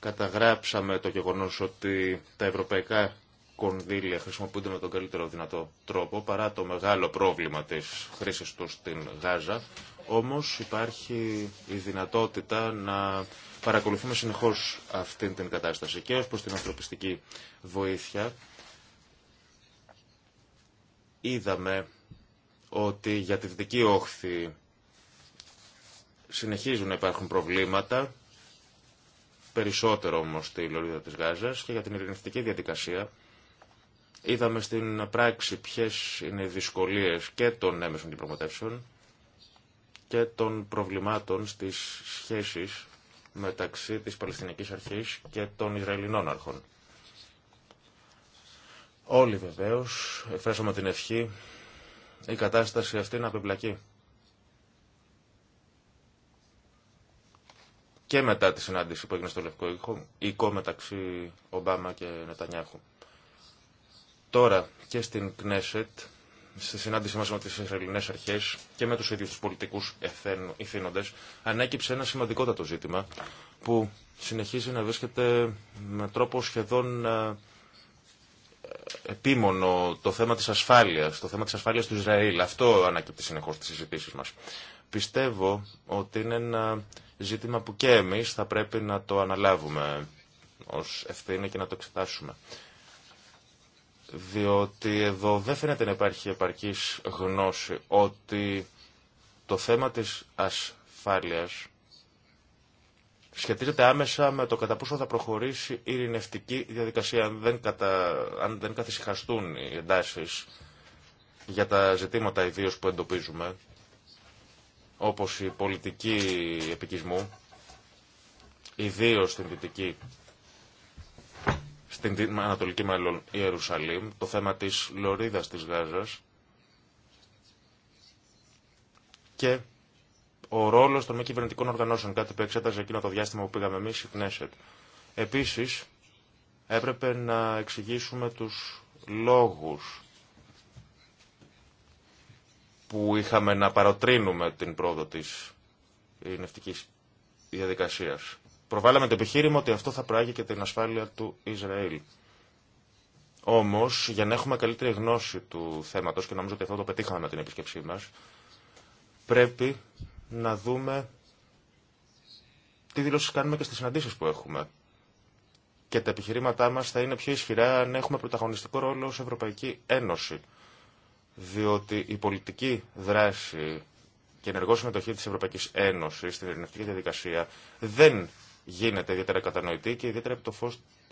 Καταγράψαμε το γεγονός ότι τα ευρωπαϊκά κονδύλια χρησιμοποιούνται με τον καλύτερο δυνατό τρόπο, παρά το μεγάλο πρόβλημα της χρήσης του στην Γάζα. Όμως υπάρχει η δυνατότητα να παρακολουθούμε συνεχώς αυτή την κατάσταση και ως προς την ανθρωπιστική βοήθεια. Είδαμε ότι για τη δυτική όχθη συνεχίζουν να υπάρχουν προβλήματα, περισσότερο όμως στη λωρίδα της Γάζας και για την ειρηνευτική διαδικασία Είδαμε στην πράξη ποιες είναι οι δυσκολίες και των έμεσων διπλωματεύσεων και των προβλημάτων στις σχέσεις μεταξύ της Παλαιστινικής Αρχής και των Ισραηλινών Αρχών. Όλοι βεβαίως εκφράσαμε την ευχή η κατάσταση αυτή να απεμπλακεί. Και μετά τη συνάντηση που έγινε στο Λευκό Οίκο μεταξύ Ομπάμα και Νετανιάχου. Τώρα και στην Κνέσετ, στη συνάντησή μας με τις Ισραηλινές Αρχές και με τους ίδιους τους πολιτικούς ευθύνοντες, ανέκυψε ένα σημαντικότατο ζήτημα που συνεχίζει να βρίσκεται με τρόπο σχεδόν ε, επίμονο το θέμα της ασφάλειας, το θέμα της ασφάλειας του Ισραήλ. Αυτό ανακύπτει συνεχώς τις συζητήσεις μας. Πιστεύω ότι είναι ένα ζήτημα που και εμείς θα πρέπει να το αναλάβουμε ως ευθύνη και να το εξετάσουμε διότι εδώ δεν φαίνεται να υπάρχει επαρκής γνώση ότι το θέμα της ασφάλειας σχετίζεται άμεσα με το κατά πόσο θα προχωρήσει η ειρηνευτική διαδικασία αν δεν, κατα... αν δεν οι εντάσεις για τα ζητήματα ιδίως που εντοπίζουμε όπως η πολιτική επικισμού ιδίως στην Δυτική στην Ανατολική Μάλλον Ιερουσαλήμ, το θέμα της Λωρίδας της Γάζας και ο ρόλος των μη κυβερνητικών οργανώσεων, κάτι που εξέταζε εκείνο το διάστημα που πήγαμε εμείς, η Κνέσετ. Επίσης, έπρεπε να εξηγήσουμε τους λόγους που είχαμε να παροτρύνουμε την πρόοδο της νευτικής διαδικασίας προβάλαμε το επιχείρημα ότι αυτό θα προάγει και την ασφάλεια του Ισραήλ. Όμω, για να έχουμε καλύτερη γνώση του θέματο, και νομίζω ότι αυτό το πετύχαμε με την επίσκεψή μα, πρέπει να δούμε τι δηλώσει κάνουμε και στι συναντήσει που έχουμε. Και τα επιχειρήματά μα θα είναι πιο ισχυρά αν έχουμε πρωταγωνιστικό ρόλο ω Ευρωπαϊκή Ένωση. Διότι η πολιτική δράση και ενεργό συμμετοχή τη Ευρωπαϊκή Ένωση στην ειρηνευτική διαδικασία δεν γίνεται ιδιαίτερα κατανοητή και ιδιαίτερα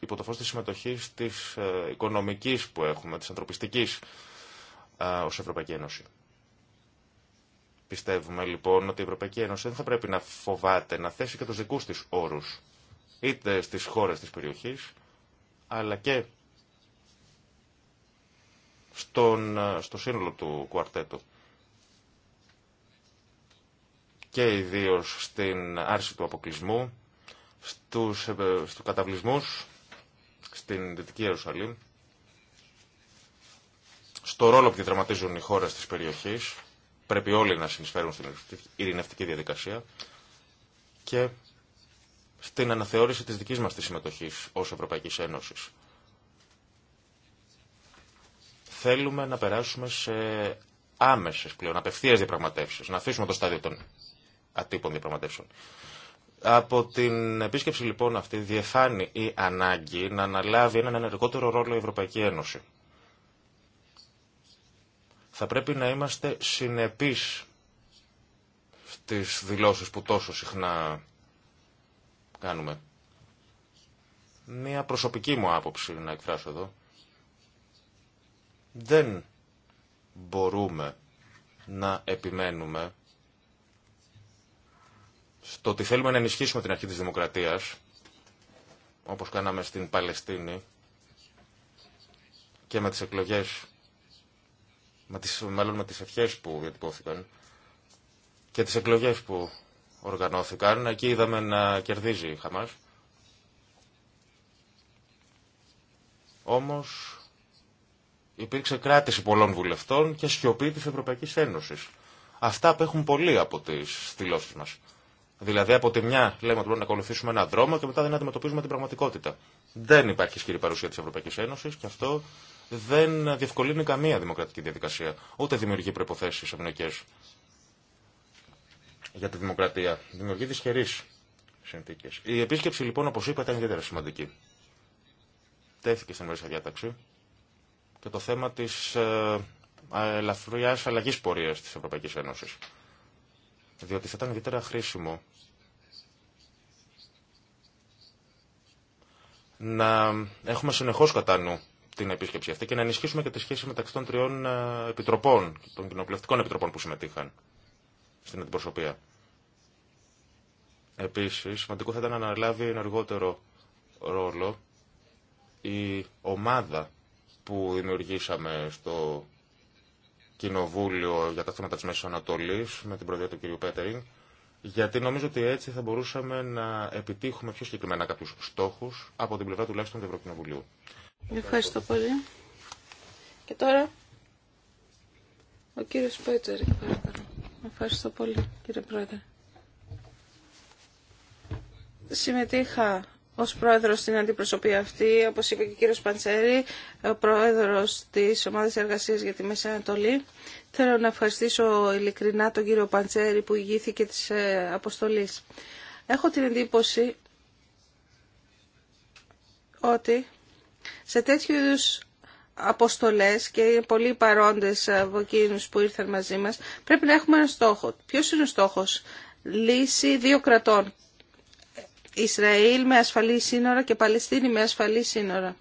υπό το φως, της συμμετοχής της ε, οικονομικής που έχουμε, της ανθρωπιστικής ε, ως Ευρωπαϊκή Ένωση. Πιστεύουμε λοιπόν ότι η Ευρωπαϊκή Ένωση δεν θα πρέπει να φοβάται να θέσει και τους δικούς της όρους είτε στις χώρες της περιοχής αλλά και στον, ε, στο σύνολο του κουαρτέτου και ιδίως στην άρση του αποκλεισμού στους, ε, στους καταβλισμούς στην Δυτική Ιερουσαλήμ, στο ρόλο που διαδραματίζουν οι χώρες της περιοχής, πρέπει όλοι να συνεισφέρουν στην ειρηνευτική διαδικασία και στην αναθεώρηση της δικής μας της συμμετοχής ως Ευρωπαϊκής Ένωσης. Θέλουμε να περάσουμε σε άμεσες πλέον, απευθείας διαπραγματεύσεις, να αφήσουμε το στάδιο των ατύπων διαπραγματεύσεων. Από την επίσκεψη λοιπόν αυτή διεφάνει η ανάγκη να αναλάβει έναν ενεργότερο ρόλο η Ευρωπαϊκή Ένωση. Θα πρέπει να είμαστε συνεπείς στις δηλώσεις που τόσο συχνά κάνουμε. Μία προσωπική μου άποψη να εκφράσω εδώ. Δεν μπορούμε να επιμένουμε στο ότι θέλουμε να ενισχύσουμε την αρχή της δημοκρατίας, όπως κάναμε στην Παλαιστίνη και με τις εκλογές, με τις, μάλλον με τις ευχές που διατυπώθηκαν και τις εκλογές που οργανώθηκαν, εκεί είδαμε να κερδίζει η Χαμάς. Όμως υπήρξε κράτηση πολλών βουλευτών και σιωπή της Ευρωπαϊκής Ένωσης. Αυτά απέχουν πολύ από τις στυλώσεις μας. Δηλαδή, από τη μια λέμε ότι πρέπει να ακολουθήσουμε έναν δρόμο και μετά δεν αντιμετωπίζουμε την πραγματικότητα. Δεν υπάρχει ισχυρή παρουσία τη Ευρωπαϊκή Ένωση και αυτό δεν διευκολύνει καμία δημοκρατική διαδικασία. Ούτε δημιουργεί προποθέσει ευνοϊκέ για τη δημοκρατία. Δημιουργεί δυσχερεί συνθήκε. Η επίσκεψη λοιπόν, όπω είπα, ήταν ιδιαίτερα σημαντική. Τέθηκε στην ημερήσια διάταξη και το θέμα τη ε, ε, ελαφριά αλλαγή πορεία τη Ευρωπαϊκή Ένωση διότι θα ήταν ιδιαίτερα χρήσιμο να έχουμε συνεχώς κατά νου την επίσκεψη αυτή και να ενισχύσουμε και τη σχέση μεταξύ των τριών ε, επιτροπών, των κοινοβουλευτικών επιτροπών που συμμετείχαν στην αντιπροσωπεία. Επίσης, σημαντικό θα ήταν να αναλάβει ενεργότερο ρόλο η ομάδα που δημιουργήσαμε στο Κοινοβούλιο για τα θέματα της Μέση Ανατολή με την προεδρία του κ. Πέτερινγκ γιατί νομίζω ότι έτσι θα μπορούσαμε να επιτύχουμε πιο συγκεκριμένα κάποιου στόχους από την πλευρά τουλάχιστον του Ευρωκοινοβουλίου. Ευχαριστώ πολύ. Και τώρα ο κύριος Πέτσερ, παρακαλώ. Ευχαριστώ πολύ κύριε Πρόεδρε. Συμμετείχα ως πρόεδρος στην αντιπροσωπή αυτή, όπως είπε και ο κύριος Παντσέρη, πρόεδρος της Ομάδας Εργασίας για τη Μέση Ανατολή. Θέλω να ευχαριστήσω ειλικρινά τον κύριο Παντσέρη που ηγήθηκε της ε, αποστολής. Έχω την εντύπωση ότι σε τέτοιου είδους αποστολές και είναι πολλοί παρόντες από που ήρθαν μαζί μας, πρέπει να έχουμε ένα στόχο. Ποιος είναι ο στόχος? Λύση δύο κρατών Ισραήλ με ασφαλή σύνορα και Παλαιστίνη με ασφαλή σύνορα.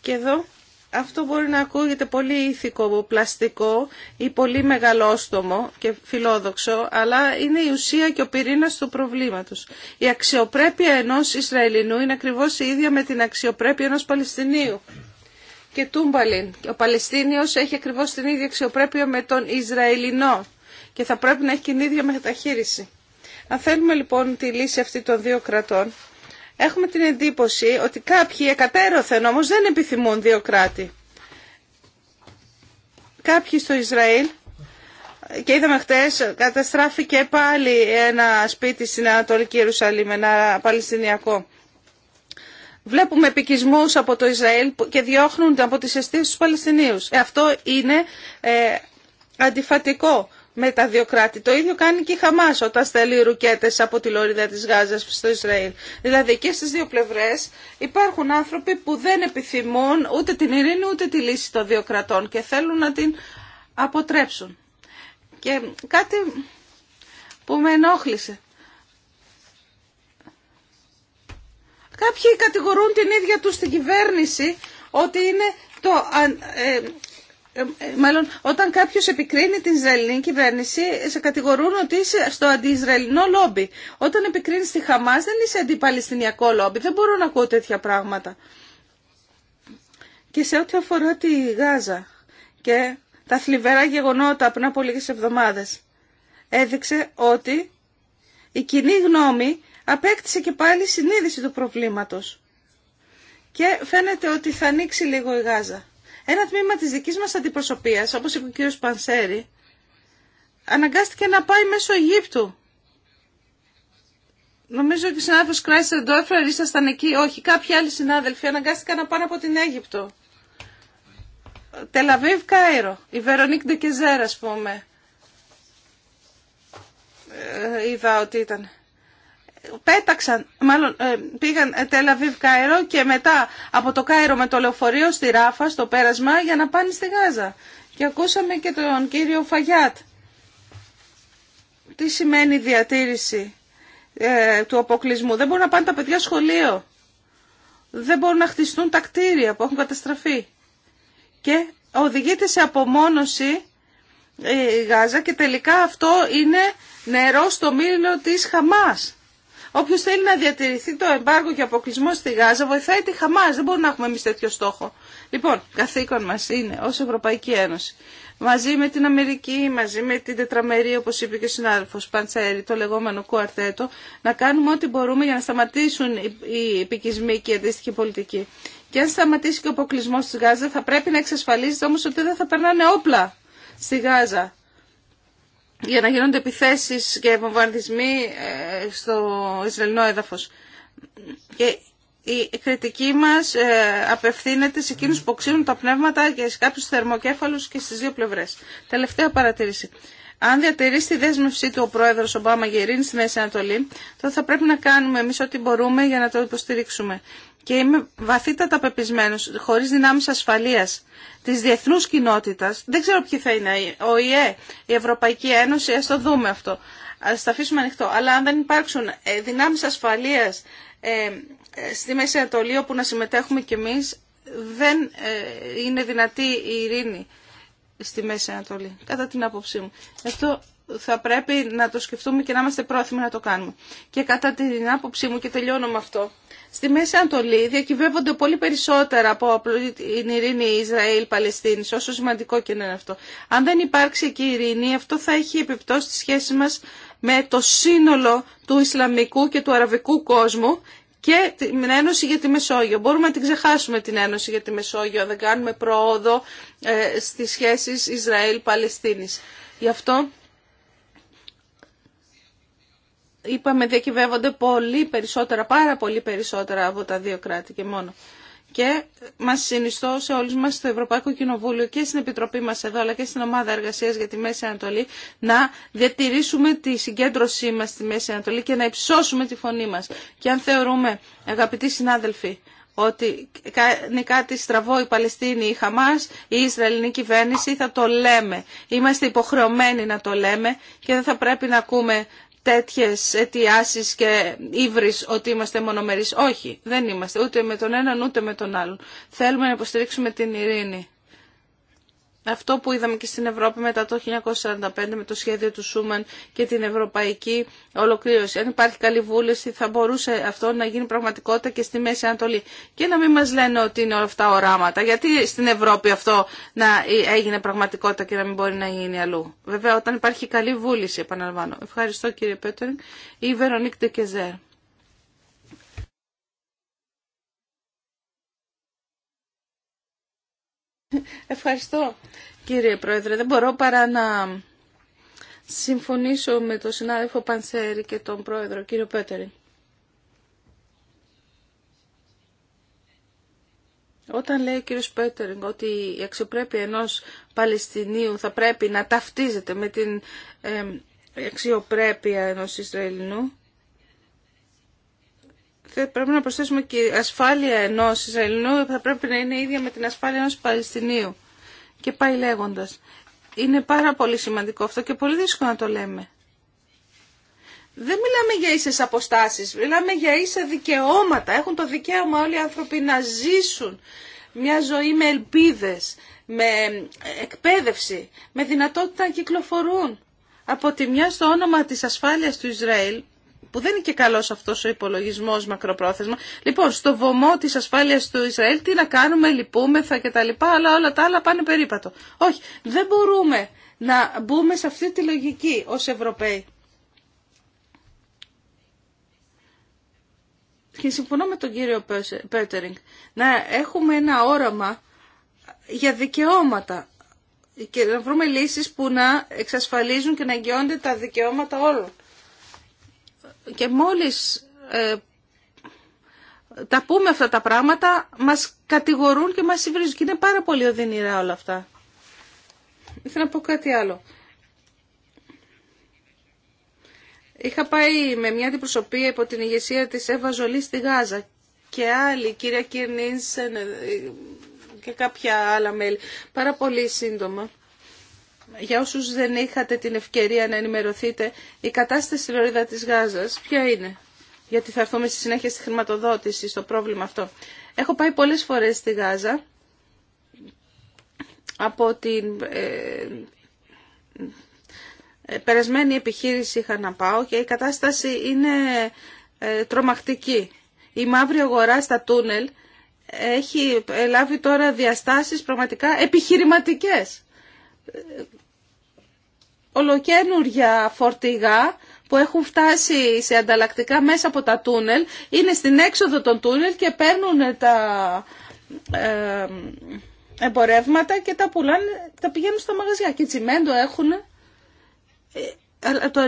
Και εδώ αυτό μπορεί να ακούγεται πολύ ήθικο, πλαστικό ή πολύ μεγαλόστομο και φιλόδοξο, αλλά είναι η ουσία και ο πυρήνας του προβλήματος. Η αξιοπρέπεια ενός Ισραηλινού είναι ακριβώς η ίδια με την αξιοπρέπεια ενός Παλαιστινίου. Και τούμπαλιν, ο Παλαιστίνιος έχει ακριβώς την ίδια αξιοπρέπεια με τον Ισραηλινό και θα πρέπει να έχει την ίδια μεταχείριση. Αν θέλουμε λοιπόν τη λύση αυτή των δύο κρατών, έχουμε την εντύπωση ότι κάποιοι εκατέρωθεν όμως δεν επιθυμούν δύο κράτη. Κάποιοι στο Ισραήλ και είδαμε χτες καταστράφηκε πάλι ένα σπίτι στην Ανατολική Ιερουσαλήμ, ένα Παλαιστινιακό. Βλέπουμε επικισμούς από το Ισραήλ και διώχνουν από τις αιστείες τους Παλαιστινίους. Ε, αυτό είναι ε, αντιφατικό με τα δύο κράτη. Το ίδιο κάνει και η Χαμάς όταν στέλνει ρουκέτες από τη λωρίδα της Γάζας στο Ισραήλ. Δηλαδή και στις δύο πλευρές υπάρχουν άνθρωποι που δεν επιθυμούν ούτε την ειρήνη ούτε τη λύση των δύο κρατών και θέλουν να την αποτρέψουν. Και κάτι που με ενόχλησε. Κάποιοι κατηγορούν την ίδια τους την κυβέρνηση ότι είναι το ε, ε, μάλλον όταν κάποιο επικρίνει την Ισραηλινή κυβέρνηση σε κατηγορούν ότι είσαι στο αντιισραηλινό λόμπι. Όταν επικρίνει τη Χαμάς δεν είσαι αντιπαλαιστινιακό λόμπι. Δεν μπορώ να ακούω τέτοια πράγματα. Και σε ό,τι αφορά τη Γάζα και τα θλιβερά γεγονότα πριν από λίγε εβδομάδες έδειξε ότι η κοινή γνώμη απέκτησε και πάλι συνείδηση του προβλήματος. Και φαίνεται ότι θα ανοίξει λίγο η Γάζα. Ένα τμήμα της δικής μας αντιπροσωπείας, όπως είπε ο κ. Πανσέρη, αναγκάστηκε να πάει μέσω Αιγύπτου. Νομίζω ότι ο συνάδελφος Κράισερ Ντόφρερ ήσασταν εκεί. Όχι, κάποιοι άλλοι συνάδελφοι αναγκάστηκαν να πάνε από την Αίγυπτο. Τελαβίβ Κάιρο, η Βερονίκ Ντεκεζέρα, ας πούμε. Ε, είδα ότι ήταν πέταξαν, μάλλον ε, πήγαν Τελαβίβ Κάιρο και μετά από το Κάιρο με το λεωφορείο στη Ράφα, στο πέρασμα, για να πάνε στη Γάζα. Και ακούσαμε και τον κύριο Φαγιάτ. Τι σημαίνει διατήρηση ε, του αποκλεισμού. Δεν μπορούν να πάνε τα παιδιά σχολείο. Δεν μπορούν να χτιστούν τα κτίρια που έχουν καταστραφεί. Και οδηγείται σε απομόνωση ε, η Γάζα και τελικά αυτό είναι νερό στο μήλο της Χαμάς. Όποιο θέλει να διατηρηθεί το εμπάργο και αποκλεισμό στη Γάζα βοηθάει τη Χαμά. Δεν μπορούμε να έχουμε εμεί τέτοιο στόχο. Λοιπόν, καθήκον μα είναι ω Ευρωπαϊκή Ένωση. Μαζί με την Αμερική, μαζί με την τετραμερή, όπω είπε και ο συνάδελφο Παντσέρη, το λεγόμενο κουαρτέτο, να κάνουμε ό,τι μπορούμε για να σταματήσουν οι επικισμοί και η αντίστοιχη πολιτική. Και αν σταματήσει και ο αποκλεισμό τη Γάζα, θα πρέπει να εξασφαλίζεται όμω ότι δεν θα περνάνε όπλα στη Γάζα για να γίνονται επιθέσεις και βομβαρδισμοί ε, στο Ισραηλινό έδαφος. Και η κριτική μας ε, απευθύνεται σε εκείνους που οξύνουν τα πνεύματα και σε κάποιους θερμοκέφαλους και στις δύο πλευρές. Τελευταία παρατήρηση. Αν διατηρεί τη δέσμευσή του ο πρόεδρο Ομπάμα για ειρήνη στη Μέση Ανατολή, τότε θα πρέπει να κάνουμε εμεί ό,τι μπορούμε για να το υποστηρίξουμε. Και είμαι βαθύτατα πεπισμένο, χωρί δυνάμει ασφαλεία τη διεθνού κοινότητα, δεν ξέρω ποιοι θα είναι, ο ΙΕ, η Ευρωπαϊκή Ένωση, α το δούμε αυτό. Α τα αφήσουμε ανοιχτό. Αλλά αν δεν υπάρξουν ε, δυνάμει ασφαλεία ε, στη Μέση Ανατολή όπου να συμμετέχουμε κι εμεί, δεν ε, είναι δυνατή η ειρήνη στη Μέση Ανατολή, κατά την άποψή μου. Αυτό θα πρέπει να το σκεφτούμε και να είμαστε πρόθυμοι να το κάνουμε. Και κατά την άποψή μου, και τελειώνω με αυτό, στη Μέση Ανατολή διακυβεύονται πολύ περισσότερα από την ειρήνη Ισραήλ-Παλαιστίνης, όσο σημαντικό και είναι αυτό. Αν δεν υπάρξει εκεί η ειρήνη, αυτό θα έχει επιπτώσει στη σχέση μα με το σύνολο του Ισλαμικού και του Αραβικού κόσμου και την Ένωση για τη Μεσόγειο. Μπορούμε να την ξεχάσουμε την Ένωση για τη Μεσόγειο, δεν κάνουμε πρόοδο ε, στις σχέσεις Ισραήλ-Παλαιστίνης. Γι' αυτό είπαμε διακυβεύονται πολύ περισσότερα, πάρα πολύ περισσότερα από τα δύο κράτη και μόνο και μας συνιστώ σε όλου μας στο Ευρωπαϊκό Κοινοβούλιο και στην Επιτροπή μας εδώ αλλά και στην Ομάδα Εργασίας για τη Μέση Ανατολή να διατηρήσουμε τη συγκέντρωσή μας στη Μέση Ανατολή και να υψώσουμε τη φωνή μας. Και αν θεωρούμε, αγαπητοί συνάδελφοι, ότι κάνει κάτι στραβό η Παλαιστίνη, η Χαμάς, η Ισραηλινή κυβέρνηση, θα το λέμε. Είμαστε υποχρεωμένοι να το λέμε και δεν θα πρέπει να ακούμε τέτοιες αιτιάσεις και ύβρις ότι είμαστε μονομερείς. Όχι, δεν είμαστε ούτε με τον έναν ούτε με τον άλλον. Θέλουμε να υποστηρίξουμε την ειρήνη αυτό που είδαμε και στην Ευρώπη μετά το 1945 με το σχέδιο του Σούμαν και την ευρωπαϊκή ολοκλήρωση. Αν υπάρχει καλή βούληση θα μπορούσε αυτό να γίνει πραγματικότητα και στη Μέση Ανατολή. Και να μην μας λένε ότι είναι όλα αυτά οράματα. Γιατί στην Ευρώπη αυτό να έγινε πραγματικότητα και να μην μπορεί να γίνει αλλού. Βέβαια όταν υπάρχει καλή βούληση επαναλαμβάνω. Ευχαριστώ κύριε Πέτρινγκ ή Βερονίκ Ντεκεζέρ. Ευχαριστώ κύριε Πρόεδρε. Δεν μπορώ παρά να συμφωνήσω με τον συνάδελφο Πανσέρη και τον Πρόεδρο κύριο Πέτερη. Όταν λέει ο κύριος Πέτερινγκ ότι η αξιοπρέπεια ενός Παλαιστινίου θα πρέπει να ταυτίζεται με την αξιοπρέπεια ενός Ισραηλινού, πρέπει να προσθέσουμε και η ασφάλεια ενός Ισραηλινού θα πρέπει να είναι ίδια με την ασφάλεια ενό Παλαιστινίου. Και πάει λέγοντα. Είναι πάρα πολύ σημαντικό αυτό και πολύ δύσκολο να το λέμε. Δεν μιλάμε για ίσες αποστάσεις, μιλάμε για ίσα δικαιώματα. Έχουν το δικαίωμα όλοι οι άνθρωποι να ζήσουν μια ζωή με ελπίδες, με εκπαίδευση, με δυνατότητα να κυκλοφορούν. Από τη μια στο όνομα της ασφάλειας του Ισραήλ που δεν είναι και καλό αυτός ο υπολογισμό μακροπρόθεσμα. Λοιπόν, στο βωμό τη ασφάλειας του Ισραήλ τι να κάνουμε, λυπούμεθα κτλ. αλλά όλα τα άλλα πάνε περίπατο. Όχι, δεν μπορούμε να μπούμε σε αυτή τη λογική ως Ευρωπαίοι. Και συμφωνώ με τον κύριο Πέτερινγκ να έχουμε ένα όραμα για δικαιώματα και να βρούμε λύσεις που να εξασφαλίζουν και να εγγυώνται τα δικαιώματα όλων και μόλις ε, τα πούμε αυτά τα πράγματα μας κατηγορούν και μας συμβρίζουν. και είναι πάρα πολύ οδυνηρά όλα αυτά. Ήθελα να πω κάτι άλλο. Είχα πάει με μια αντιπροσωπεία υπό την ηγεσία της Εύα Ζολή στη Γάζα και άλλοι, κυρία ε, και κάποια άλλα μέλη. Πάρα πολύ σύντομα για όσους δεν είχατε την ευκαιρία να ενημερωθείτε, η κατάσταση στη Λωρίδα της Γάζας ποια είναι. Γιατί θα έρθουμε στη συνέχεια στη χρηματοδότηση, στο πρόβλημα αυτό. Έχω πάει πολλές φορές στη Γάζα από την ε, ε, περασμένη επιχείρηση είχα να πάω και η κατάσταση είναι ε, τρομακτική. Η μαύρη αγορά στα τούνελ έχει λάβει τώρα διαστάσεις πραγματικά επιχειρηματικές ολοκένουργια φορτηγά που έχουν φτάσει σε ανταλλακτικά μέσα από τα τούνελ, είναι στην έξοδο των τούνελ και παίρνουν τα ε, εμπορεύματα και τα πουλάνε, τα πηγαίνουν στα μαγαζιά. Και τσιμέντο έχουν ε, αλλά το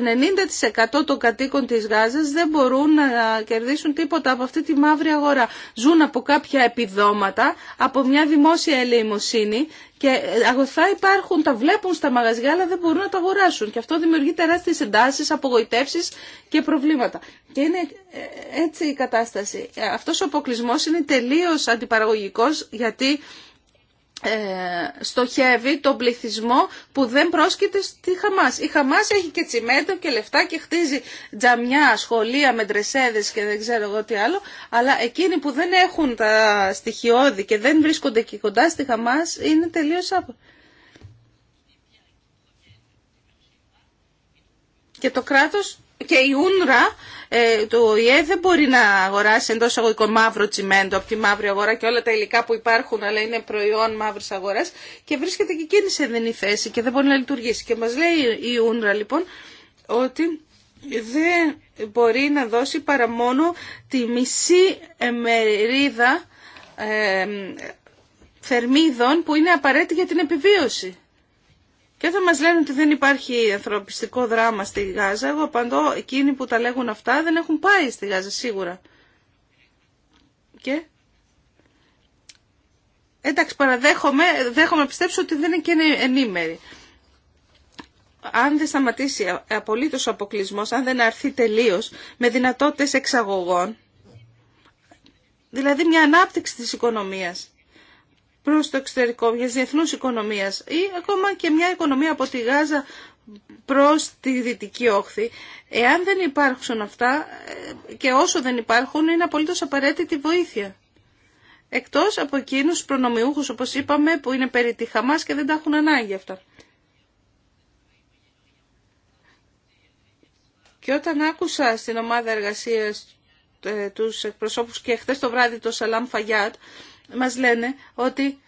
90% των κατοίκων της Γάζας δεν μπορούν να κερδίσουν τίποτα από αυτή τη μαύρη αγορά. Ζουν από κάποια επιδόματα, από μια δημόσια ελεημοσύνη και ε, αγωθά υπάρχουν, τα βλέπουν στα μαγαζιά αλλά δεν μπορούν να τα αγοράσουν και αυτό δημιουργεί τεράστιες εντάσεις, απογοητεύσεις και προβλήματα. Και είναι ε, έτσι η κατάσταση. Ε, αυτός ο αποκλεισμός είναι τελείως αντιπαραγωγικός γιατί ε, στοχεύει τον πληθυσμό που δεν πρόσκειται στη Χαμάς. Η Χαμάς έχει και τσιμέντο και λεφτά και χτίζει τζαμιά, σχολεία με και δεν ξέρω εγώ τι άλλο, αλλά εκείνοι που δεν έχουν τα στοιχειώδη και δεν βρίσκονται και κοντά στη Χαμάς είναι τελείως άπο. Και το κράτος και η Ούνρα ε, του ΟΗΕ δεν μπορεί να αγοράσει εντός αγωγικών μαύρο τσιμέντο από τη μαύρη αγορά και όλα τα υλικά που υπάρχουν αλλά είναι προϊόν μαύρη αγοράς και βρίσκεται και εκείνη σε δενή θέση και δεν μπορεί να λειτουργήσει. Και μας λέει η Ούνρα λοιπόν ότι δεν μπορεί να δώσει παρά μόνο τη μισή μερίδα ε, θερμίδων που είναι απαραίτητη για την επιβίωση. Και όταν μα λένε ότι δεν υπάρχει ανθρωπιστικό δράμα στη Γάζα, εγώ απαντώ, εκείνοι που τα λέγουν αυτά δεν έχουν πάει στη Γάζα σίγουρα. Και... Εντάξει, παραδέχομαι, δέχομαι να πιστέψω ότι δεν είναι και ενήμεροι. Αν δεν σταματήσει απολύτως ο αποκλεισμός, αν δεν αρθεί τελείως με δυνατότητες εξαγωγών, δηλαδή μια ανάπτυξη της οικονομίας, προς το εξωτερικό μια διεθνούς οικονομία ή ακόμα και μια οικονομία από τη Γάζα προς τη δυτική όχθη. Εάν δεν υπάρχουν αυτά ε, και όσο δεν υπάρχουν είναι απολύτως απαραίτητη βοήθεια. Εκτός από εκείνους προνομιούχους όπως είπαμε που είναι περί τη και δεν τα έχουν ανάγκη αυτά. Και όταν άκουσα στην ομάδα εργασίας ε, τους εκπροσώπους και χτες το βράδυ το Σαλάμ Φαγιάτ μας λένε ότι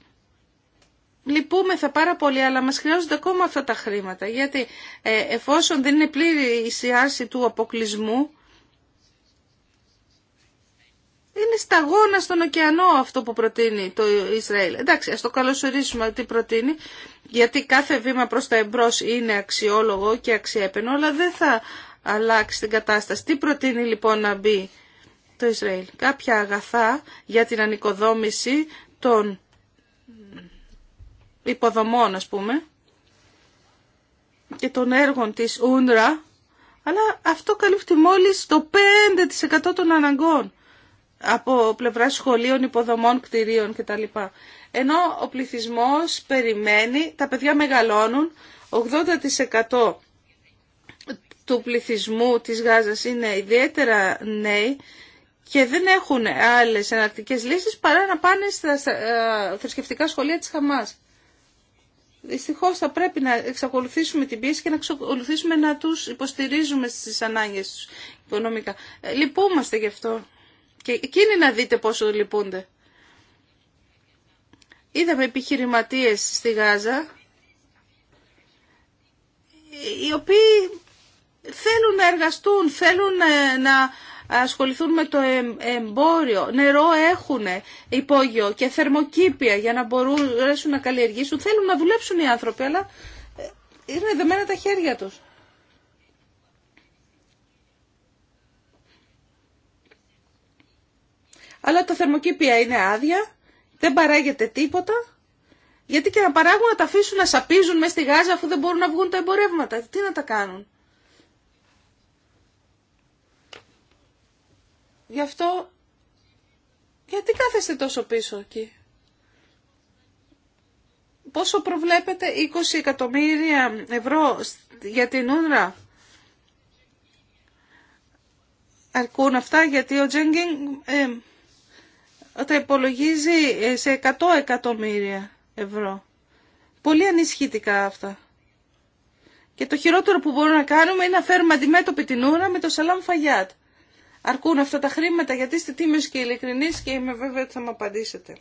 λυπούμεθα πάρα πολύ, αλλά μας χρειάζονται ακόμα αυτά τα χρήματα. Γιατί ε, εφόσον δεν είναι πλήρη η σιάση του αποκλεισμού, είναι σταγόνα στον ωκεανό αυτό που προτείνει το Ισραήλ. Εντάξει, ας το καλωσορίσουμε τι προτείνει, γιατί κάθε βήμα προς τα εμπρός είναι αξιόλογο και αξιέπαινο, αλλά δεν θα αλλάξει την κατάσταση. Τι προτείνει λοιπόν να μπει Κάποια αγαθά για την ανοικοδόμηση των υποδομών, ας πούμε, και των έργων της Ούντρα, αλλά αυτό καλύπτει μόλις το 5% των αναγκών από πλευρά σχολείων, υποδομών, κτηρίων κτλ. Ενώ ο πληθυσμός περιμένει, τα παιδιά μεγαλώνουν, 80% του πληθυσμού της Γάζας είναι ιδιαίτερα νέοι και δεν έχουν άλλες εναρκτικές λύσεις παρά να πάνε στα ε, θρησκευτικά σχολεία της Χαμάς. Δυστυχώ θα πρέπει να εξακολουθήσουμε την πίεση και να εξακολουθήσουμε να τους υποστηρίζουμε στις ανάγκες τους οικονομικά. Ε, λυπούμαστε γι' αυτό. Και εκείνοι να δείτε πόσο λυπούνται. Είδαμε επιχειρηματίες στη Γάζα, οι οποίοι θέλουν να εργαστούν, θέλουν ε, να ασχοληθούν με το εμπόριο, νερό έχουν υπόγειο και θερμοκήπια για να μπορούν να καλλιεργήσουν. Θέλουν να δουλέψουν οι άνθρωποι, αλλά ε, είναι δεμένα τα χέρια τους. Αλλά τα θερμοκήπια είναι άδεια, δεν παράγεται τίποτα. Γιατί και να παράγουν να τα αφήσουν να σαπίζουν μέσα στη γάζα αφού δεν μπορούν να βγουν τα εμπορεύματα. Τι να τα κάνουν. Γι' αυτό, γιατί κάθεστε τόσο πίσω εκεί. Πόσο προβλέπετε 20 εκατομμύρια ευρώ για την Ούνρα. Αρκούν αυτά γιατί ο Τζέγκινγκ ε, τα υπολογίζει ε, σε 100 εκατομμύρια ευρώ. Πολύ ανισχυτικά αυτά. Και το χειρότερο που μπορούμε να κάνουμε είναι να φέρουμε αντιμέτωπη την ούρα με το Σαλάμ Φαγιάτ αρκούν αυτά τα χρήματα, γιατί είστε τίμιος και ειλικρινής και είμαι βέβαια ότι θα μου απαντήσετε.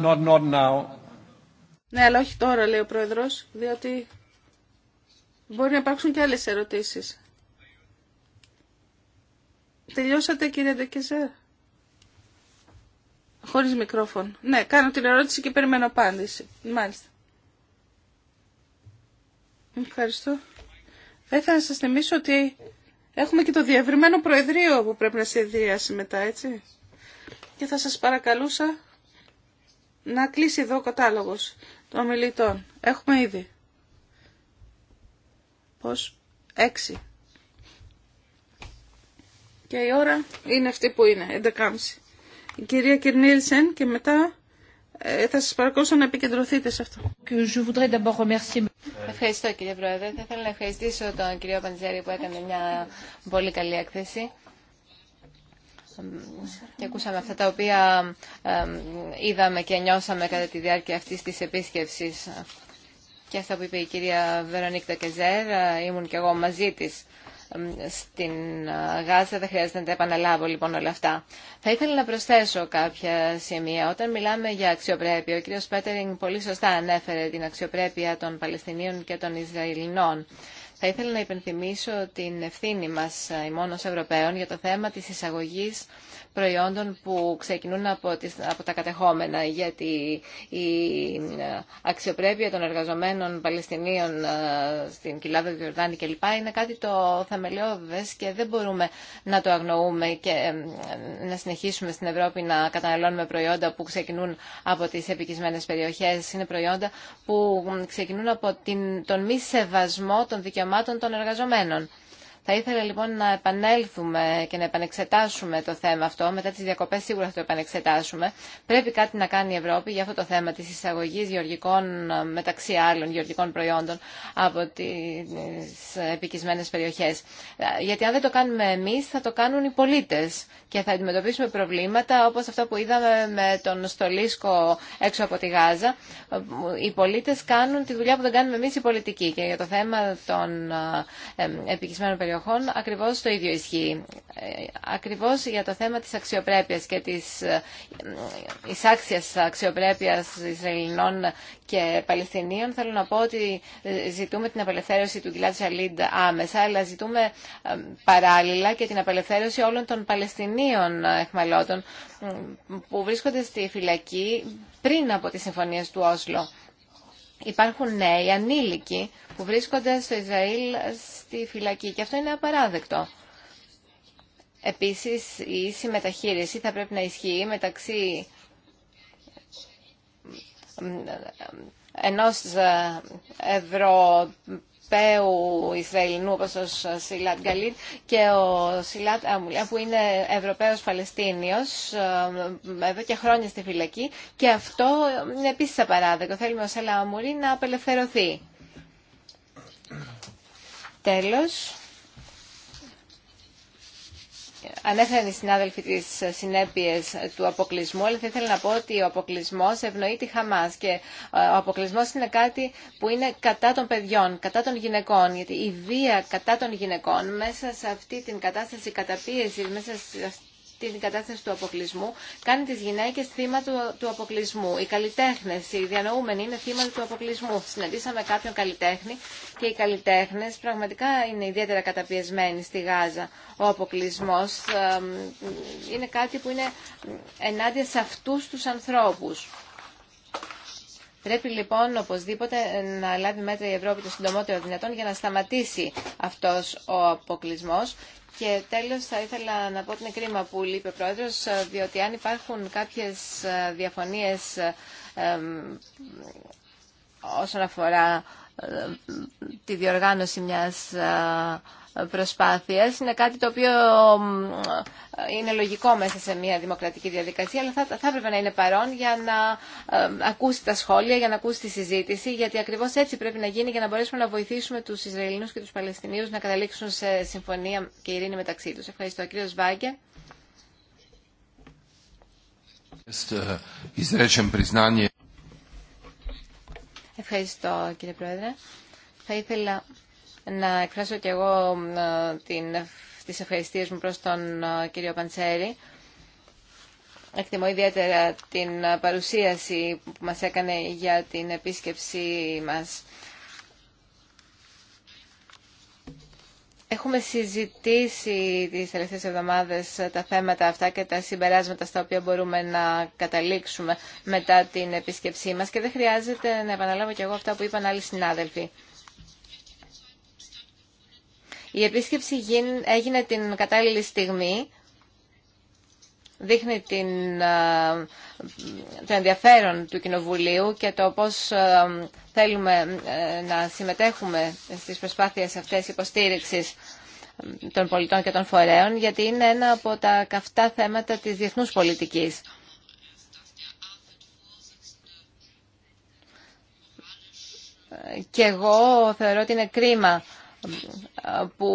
Not, not now. Ναι, αλλά όχι τώρα, λέει ο Πρόεδρος, διότι μπορεί να υπάρξουν και άλλες ερωτήσεις. Τελειώσατε, κύριε Δεκεζέ. Χωρίς μικρόφωνο. Ναι, κάνω την ερώτηση και περιμένω απάντηση. Μάλιστα. Ευχαριστώ. Θα ήθελα να σας θυμίσω ότι Έχουμε και το διευρυμένο προεδρείο που πρέπει να συνδυάσει μετά, έτσι. Και θα σας παρακαλούσα να κλείσει εδώ ο κατάλογος των ομιλητών. Έχουμε ήδη. Πώς. Έξι. Και η ώρα είναι αυτή που είναι, 11.30. Η κυρία Κυρνίλσεν και μετά ε, θα σας παρακολουθώ να επικεντρωθείτε σε αυτό. Ευχαριστώ κύριε Πρόεδρε. Θα ήθελα να ευχαριστήσω τον κύριο Παντζέρη που έκανε μια πολύ καλή έκθεση και ακούσαμε αυτά τα οποία είδαμε και νιώσαμε κατά τη διάρκεια αυτής της επίσκεψης και αυτά που είπε η κυρία Βερονίκτα Κεζέρ, ε, ήμουν και εγώ μαζί της στην ε, Γάζα. Δεν χρειάζεται να τα επαναλάβω λοιπόν όλα αυτά. Θα ήθελα να προσθέσω κάποια σημεία. Όταν μιλάμε για αξιοπρέπεια, ο κ. Πέτερινγκ πολύ σωστά ανέφερε την αξιοπρέπεια των Παλαιστινίων και των Ισραηλινών. Θα ήθελα να υπενθυμίσω την ευθύνη μας ε, ημών ως Ευρωπαίων για το θέμα της εισαγωγής προϊόντων που ξεκινούν από, τις, από τα κατεχόμενα, γιατί η ε, αξιοπρέπεια των εργαζομένων Παλαιστινίων ε, στην Κοιλάδα του Ιορδάνη κλπ. είναι κάτι το θεμελιώδες και δεν μπορούμε να το αγνοούμε και να συνεχίσουμε στην Ευρώπη να καταναλώνουμε προϊόντα που ξεκινούν από τις επικισμένες περιοχές. Είναι προϊόντα που ξεκινούν από την, τον μη σεβασμό των δικαιωμάτων δικαιωμάτων των εργαζομένων. Θα ήθελα λοιπόν να επανέλθουμε και να επανεξετάσουμε το θέμα αυτό. Μετά τι διακοπέ σίγουρα θα το επανεξετάσουμε. Πρέπει κάτι να κάνει η Ευρώπη για αυτό το θέμα τη εισαγωγή γεωργικών, μεταξύ άλλων γεωργικών προϊόντων από τι επικισμένε περιοχέ. Γιατί αν δεν το κάνουμε εμεί, θα το κάνουν οι πολίτε και θα αντιμετωπίσουμε προβλήματα όπω αυτά που είδαμε με τον στολίσκο έξω από τη Γάζα. Οι πολίτε κάνουν τη δουλειά που δεν κάνουμε εμεί οι πολιτικοί και για το θέμα των ε, ε, επικισμένων περιοχών περιοχών ακριβώς το ίδιο ισχύει. Ε, ακριβώς για το θέμα της αξιοπρέπειας και της ε, ε, εισάξιας αξιοπρέπειας Ισραηλινών και Παλαιστινίων θέλω να πω ότι ζητούμε την απελευθέρωση του Γκλάτ Σαλίντ άμεσα, αλλά ζητούμε παράλληλα και την απελευθέρωση όλων των Παλαιστινίων εχμαλώτων που βρίσκονται στη φυλακή πριν από τις συμφωνίες του Όσλο υπάρχουν νέοι ανήλικοι που βρίσκονται στο Ισραήλ στη φυλακή και αυτό είναι απαράδεκτο. Επίσης, η ίση μεταχείριση θα πρέπει να ισχύει μεταξύ ενός ε, ευρώ Ευρωπαίου Ισραηλινού όπως ο Σιλάτ Γκαλίτ και ο Σιλάτ Αμουλιά που είναι Ευρωπαίος Παλαιστίνιος ε, εδώ και χρόνια στη φυλακή και αυτό είναι επίσης απαράδεκτο. Θέλουμε ο Σελά Αμουλή να απελευθερωθεί. Τέλος. Ανέφεραν οι συνάδελφοι τι συνέπειε του αποκλεισμού, αλλά θα ήθελα να πω ότι ο αποκλεισμό ευνοεί τη Χαμά και ε, ο αποκλεισμό είναι κάτι που είναι κατά των παιδιών, κατά των γυναικών, γιατί η βία κατά των γυναικών μέσα σε αυτή την κατάσταση καταπίεση, μέσα σε την κατάσταση του αποκλεισμού, κάνει τις γυναίκες θύμα του, του αποκλεισμού. Οι καλλιτέχνες, οι διανοούμενοι είναι θύμα του αποκλεισμού. Συναντήσαμε κάποιον καλλιτέχνη και οι καλλιτέχνες πραγματικά είναι ιδιαίτερα καταπιεσμένοι στη Γάζα. Ο αποκλεισμός είναι κάτι που είναι ενάντια σε αυτούς τους ανθρώπους. Πρέπει λοιπόν οπωσδήποτε να λάβει μέτρα η Ευρώπη το συντομότερο δυνατόν για να σταματήσει αυτός ο αποκλεισμό και τέλος θα ήθελα να πω την κρίμα που λείπει ο Πρόεδρος, διότι αν υπάρχουν κάποιες ε, διαφωνίες ε, όσον αφορά ε, τη διοργάνωση μιας προσπάθειας. Είναι κάτι το οποίο είναι λογικό μέσα σε μια δημοκρατική διαδικασία, αλλά θα, θα έπρεπε να είναι παρόν για να ε, ακούσει τα σχόλια, για να ακούσει τη συζήτηση, γιατί ακριβώς έτσι πρέπει να γίνει για να μπορέσουμε να βοηθήσουμε τους Ισραηλινούς και τους Παλαιστινίους να καταλήξουν σε συμφωνία και ειρήνη μεταξύ τους. Ευχαριστώ. Κύριος Βάγκε. Ε, Ευχαριστώ κύριε Πρόεδρε. Θα ήθελα να εκφράσω κι εγώ ε, την, τις ευχαριστίες μου προς τον ε, κύριο Παντσέρη. Εκτιμώ ιδιαίτερα την ε, παρουσίαση που μας έκανε για την επίσκεψή μας. Έχουμε συζητήσει τις τελευταίες εβδομάδες τα θέματα αυτά και τα συμπεράσματα στα οποία μπορούμε να καταλήξουμε μετά την επίσκεψή μας και δεν χρειάζεται να επαναλάβω και εγώ αυτά που είπαν άλλοι συνάδελφοι. Η επίσκεψη έγινε την κατάλληλη στιγμή. Δείχνει την, ε, το ενδιαφέρον του Κοινοβουλίου και το πώς ε, θέλουμε ε, να συμμετέχουμε στις προσπάθειες αυτές υποστήριξης των πολιτών και των φορέων, γιατί είναι ένα από τα καυτά θέματα της διεθνούς πολιτικής. Και εγώ θεωρώ ότι είναι κρίμα που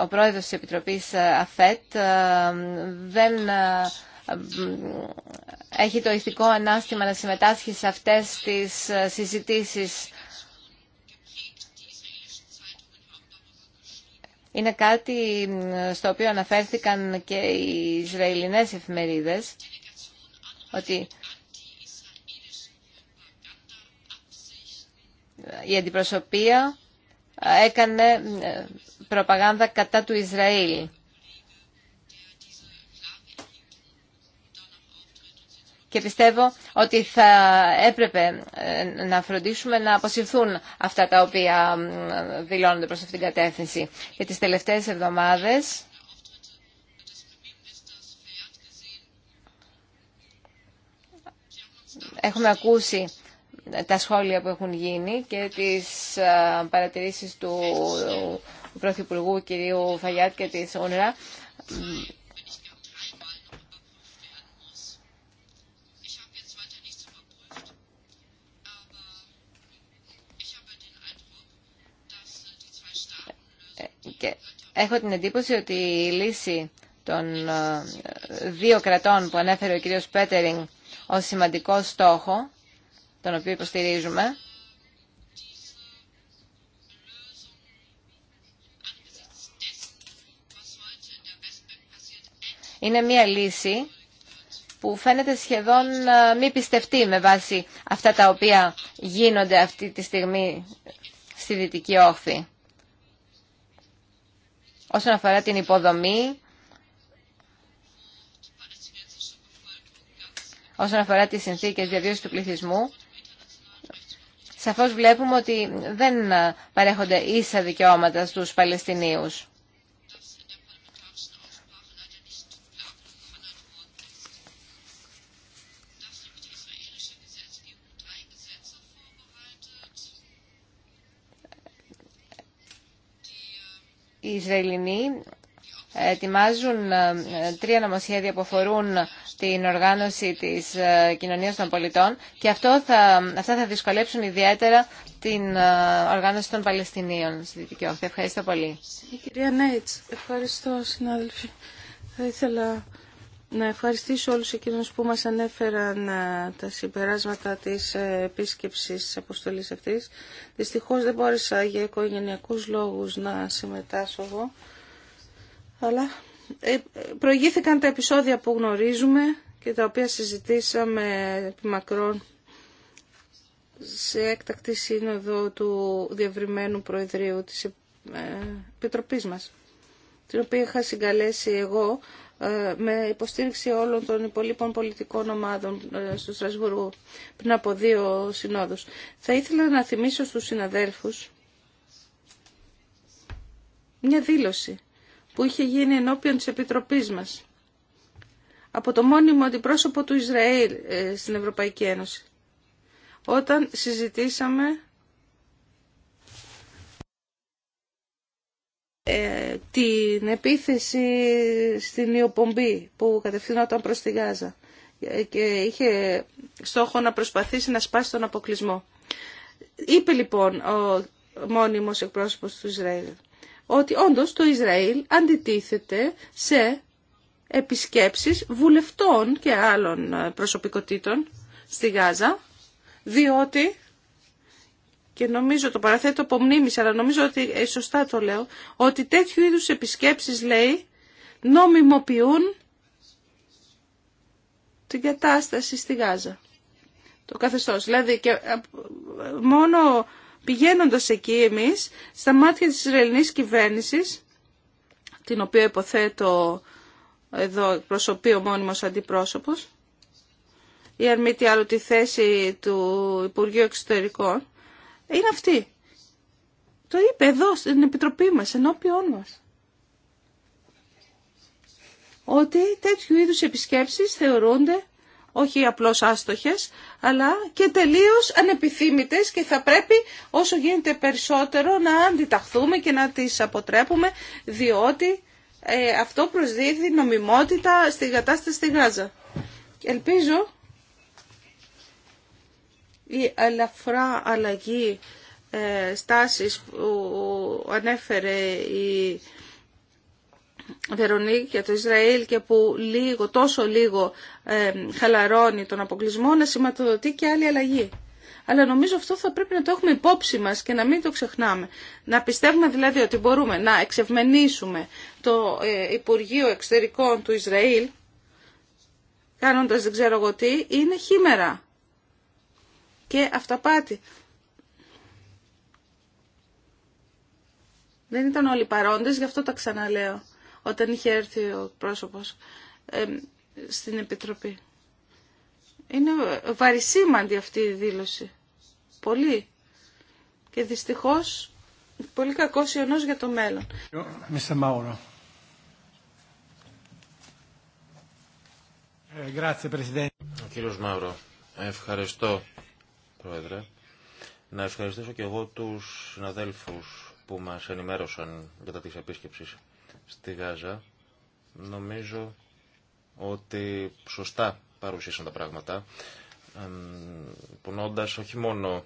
ο πρόεδρος της Επιτροπής ε, ΑΦΕΤ ε, δεν ε, έχει το ηθικό ανάστημα να συμμετάσχει σε αυτές τις συζητήσεις. Είναι κάτι στο οποίο αναφέρθηκαν και οι Ισραηλινές εφημερίδες, ότι η αντιπροσωπεία έκανε ε, προπαγάνδα κατά του Ισραήλ. Και πιστεύω ότι θα έπρεπε ε, να φροντίσουμε να αποσυρθούν αυτά τα οποία ε, δηλώνονται προς αυτήν την κατεύθυνση. Και τις τελευταίες εβδομάδες έχουμε ακούσει τα σχόλια που έχουν γίνει και τις παρατηρήσεις του Πρωθυπουργού κυρίου Φαγιάτ και της ΟΝΡΑ. έχω την εντύπωση ότι η λύση των δύο κρατών που ανέφερε ο κύριος Πέτερινγκ ως σημαντικό στόχο τον οποίο υποστηρίζουμε, είναι μια λύση που φαίνεται σχεδόν ε, μη πιστευτή με βάση αυτά τα οποία γίνονται αυτή τη στιγμή στη Δυτική Όχθη. Όσον αφορά την υποδομή, όσον αφορά τις συνθήκες διαβίωσης του πληθυσμού, σαφώς βλέπουμε ότι δεν παρέχονται ίσα δικαιώματα στους Παλαιστινίους. Οι Ισραηλινοί ετοιμάζουν ε, τρία νομοσχέδια που αφορούν στην οργάνωση της ε, κοινωνίας των πολιτών και αυτό θα, αυτά θα δυσκολέψουν ιδιαίτερα την ε, οργάνωση των Παλαιστινίων στη Δυτική Όχθη. Ευχαριστώ πολύ. Η κυρία Νέιτς, ευχαριστώ συνάδελφοι. Θα ήθελα να ευχαριστήσω όλους εκείνους που μας ανέφεραν ε, τα συμπεράσματα της επίσκεψης της αποστολής αυτής. Δυστυχώς δεν μπόρεσα για οικογενειακούς λόγους να συμμετάσω εγώ, αλλά ε, προηγήθηκαν τα επεισόδια που γνωρίζουμε και τα οποία συζητήσαμε επί μακρόν σε έκτακτη σύνοδο του διευρυμένου Προεδρείου της ε, Επιτροπής μας, την οποία είχα συγκαλέσει εγώ ε, με υποστήριξη όλων των υπολείπων πολιτικών ομάδων στο Στρασβούργο πριν από δύο συνόδους. Θα ήθελα να θυμίσω στους συναδέλφους μια δήλωση που είχε γίνει ενώπιον της Επιτροπής μας από το μόνιμο αντιπρόσωπο του Ισραήλ ε, στην Ευρωπαϊκή Ένωση. Όταν συζητήσαμε ε, την επίθεση στην Ιωπομπή που κατευθυνόταν προς τη Γάζα ε, και είχε στόχο να προσπαθήσει να σπάσει τον αποκλεισμό. Είπε λοιπόν ο μόνιμος εκπρόσωπος του Ισραήλ ότι όντως το Ισραήλ αντιτίθεται σε επισκέψεις βουλευτών και άλλων ε, προσωπικότητων στη Γάζα, διότι, και νομίζω το παραθέτω από μνήμης, αλλά νομίζω ότι ε, σωστά το λέω, ότι τέτοιου είδους επισκέψεις, λέει, νομιμοποιούν την κατάσταση στη Γάζα. Το καθεστώς. Δηλαδή, και ε, μόνο πηγαίνοντας εκεί εμείς, στα μάτια της Ισραηλινής κυβέρνησης, την οποία υποθέτω εδώ προσωπεί ο μόνιμος αντιπρόσωπος, ή αν μη τι άλλο τη θέση του Υπουργείου Εξωτερικών, είναι αυτή. Το είπε εδώ στην Επιτροπή μας, ενώπιόν μας. Ότι τέτοιου είδους επισκέψεις θεωρούνται όχι απλώς άστοχες, αλλά και τελείως ανεπιθύμητες και θα πρέπει όσο γίνεται περισσότερο να αντιταχθούμε και να τις αποτρέπουμε, διότι ε, αυτό προσδίδει νομιμότητα στη κατάσταση στη Γάζα. Ελπίζω η ελαφρά αλλαγή ε, στάσης που ανέφερε η Βερονίκη το Ισραήλ και που λίγο, τόσο λίγο ε, χαλαρώνει τον αποκλεισμό να σηματοδοτεί και άλλη αλλαγή. Αλλά νομίζω αυτό θα πρέπει να το έχουμε υπόψη μας και να μην το ξεχνάμε. Να πιστεύουμε δηλαδή ότι μπορούμε να εξευμενήσουμε το ε, Υπουργείο Εξωτερικών του Ισραήλ κάνοντας δεν ξέρω εγώ τι, είναι χήμερα και αυταπάτη. Δεν ήταν όλοι παρόντες, γι' αυτό τα ξαναλέω όταν είχε έρθει ο πρόσωπος στην Επιτροπή. Είναι βαρισίμαντη αυτή η δήλωση. Πολύ. Και δυστυχώς πολύ κακός ιονός για το μέλλον. Ε, ο κύριος Μαύρο, ευχαριστώ Πρόεδρε. Να ευχαριστήσω και εγώ τους συναδέλφους που μας ενημέρωσαν για τα της στη Γάζα, νομίζω ότι σωστά παρουσίασαν τα πράγματα, πονώντα όχι μόνο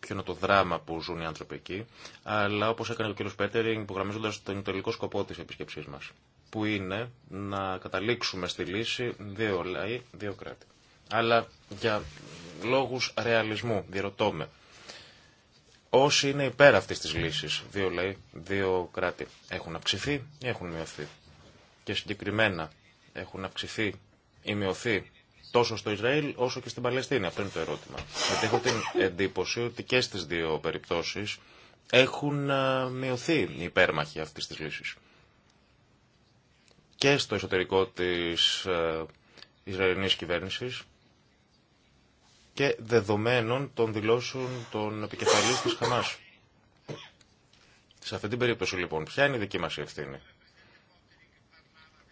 ποιο είναι το δράμα που ζουν οι άνθρωποι εκεί, αλλά όπως έκανε ο κ. Πέτερινγκ, υπογραμμίζοντας τον τελικό σκοπό της επισκέψής μας, που είναι να καταλήξουμε στη λύση δύο λαοί, δύο κράτη. Αλλά για λόγους ρεαλισμού, διερωτώ με, όσοι είναι υπέρ αυτή τη λύση. Δύο, λέει, δύο κράτη έχουν αυξηθεί ή έχουν μειωθεί. Και συγκεκριμένα έχουν αυξηθεί ή μειωθεί τόσο στο Ισραήλ όσο και στην Παλαιστίνη. Αυτό είναι το ερώτημα. Γιατί έχω την εντύπωση ότι και στι δύο περιπτώσει έχουν μειωθεί οι υπέρμαχοι αυτή τη λύση. Και στο εσωτερικό τη Ισραηλινής κυβέρνηση και δεδομένων των δηλώσεων των επικεφαλής της Χαμάς. Σε αυτή την περίπτωση λοιπόν, ποια είναι η δική μας ευθύνη.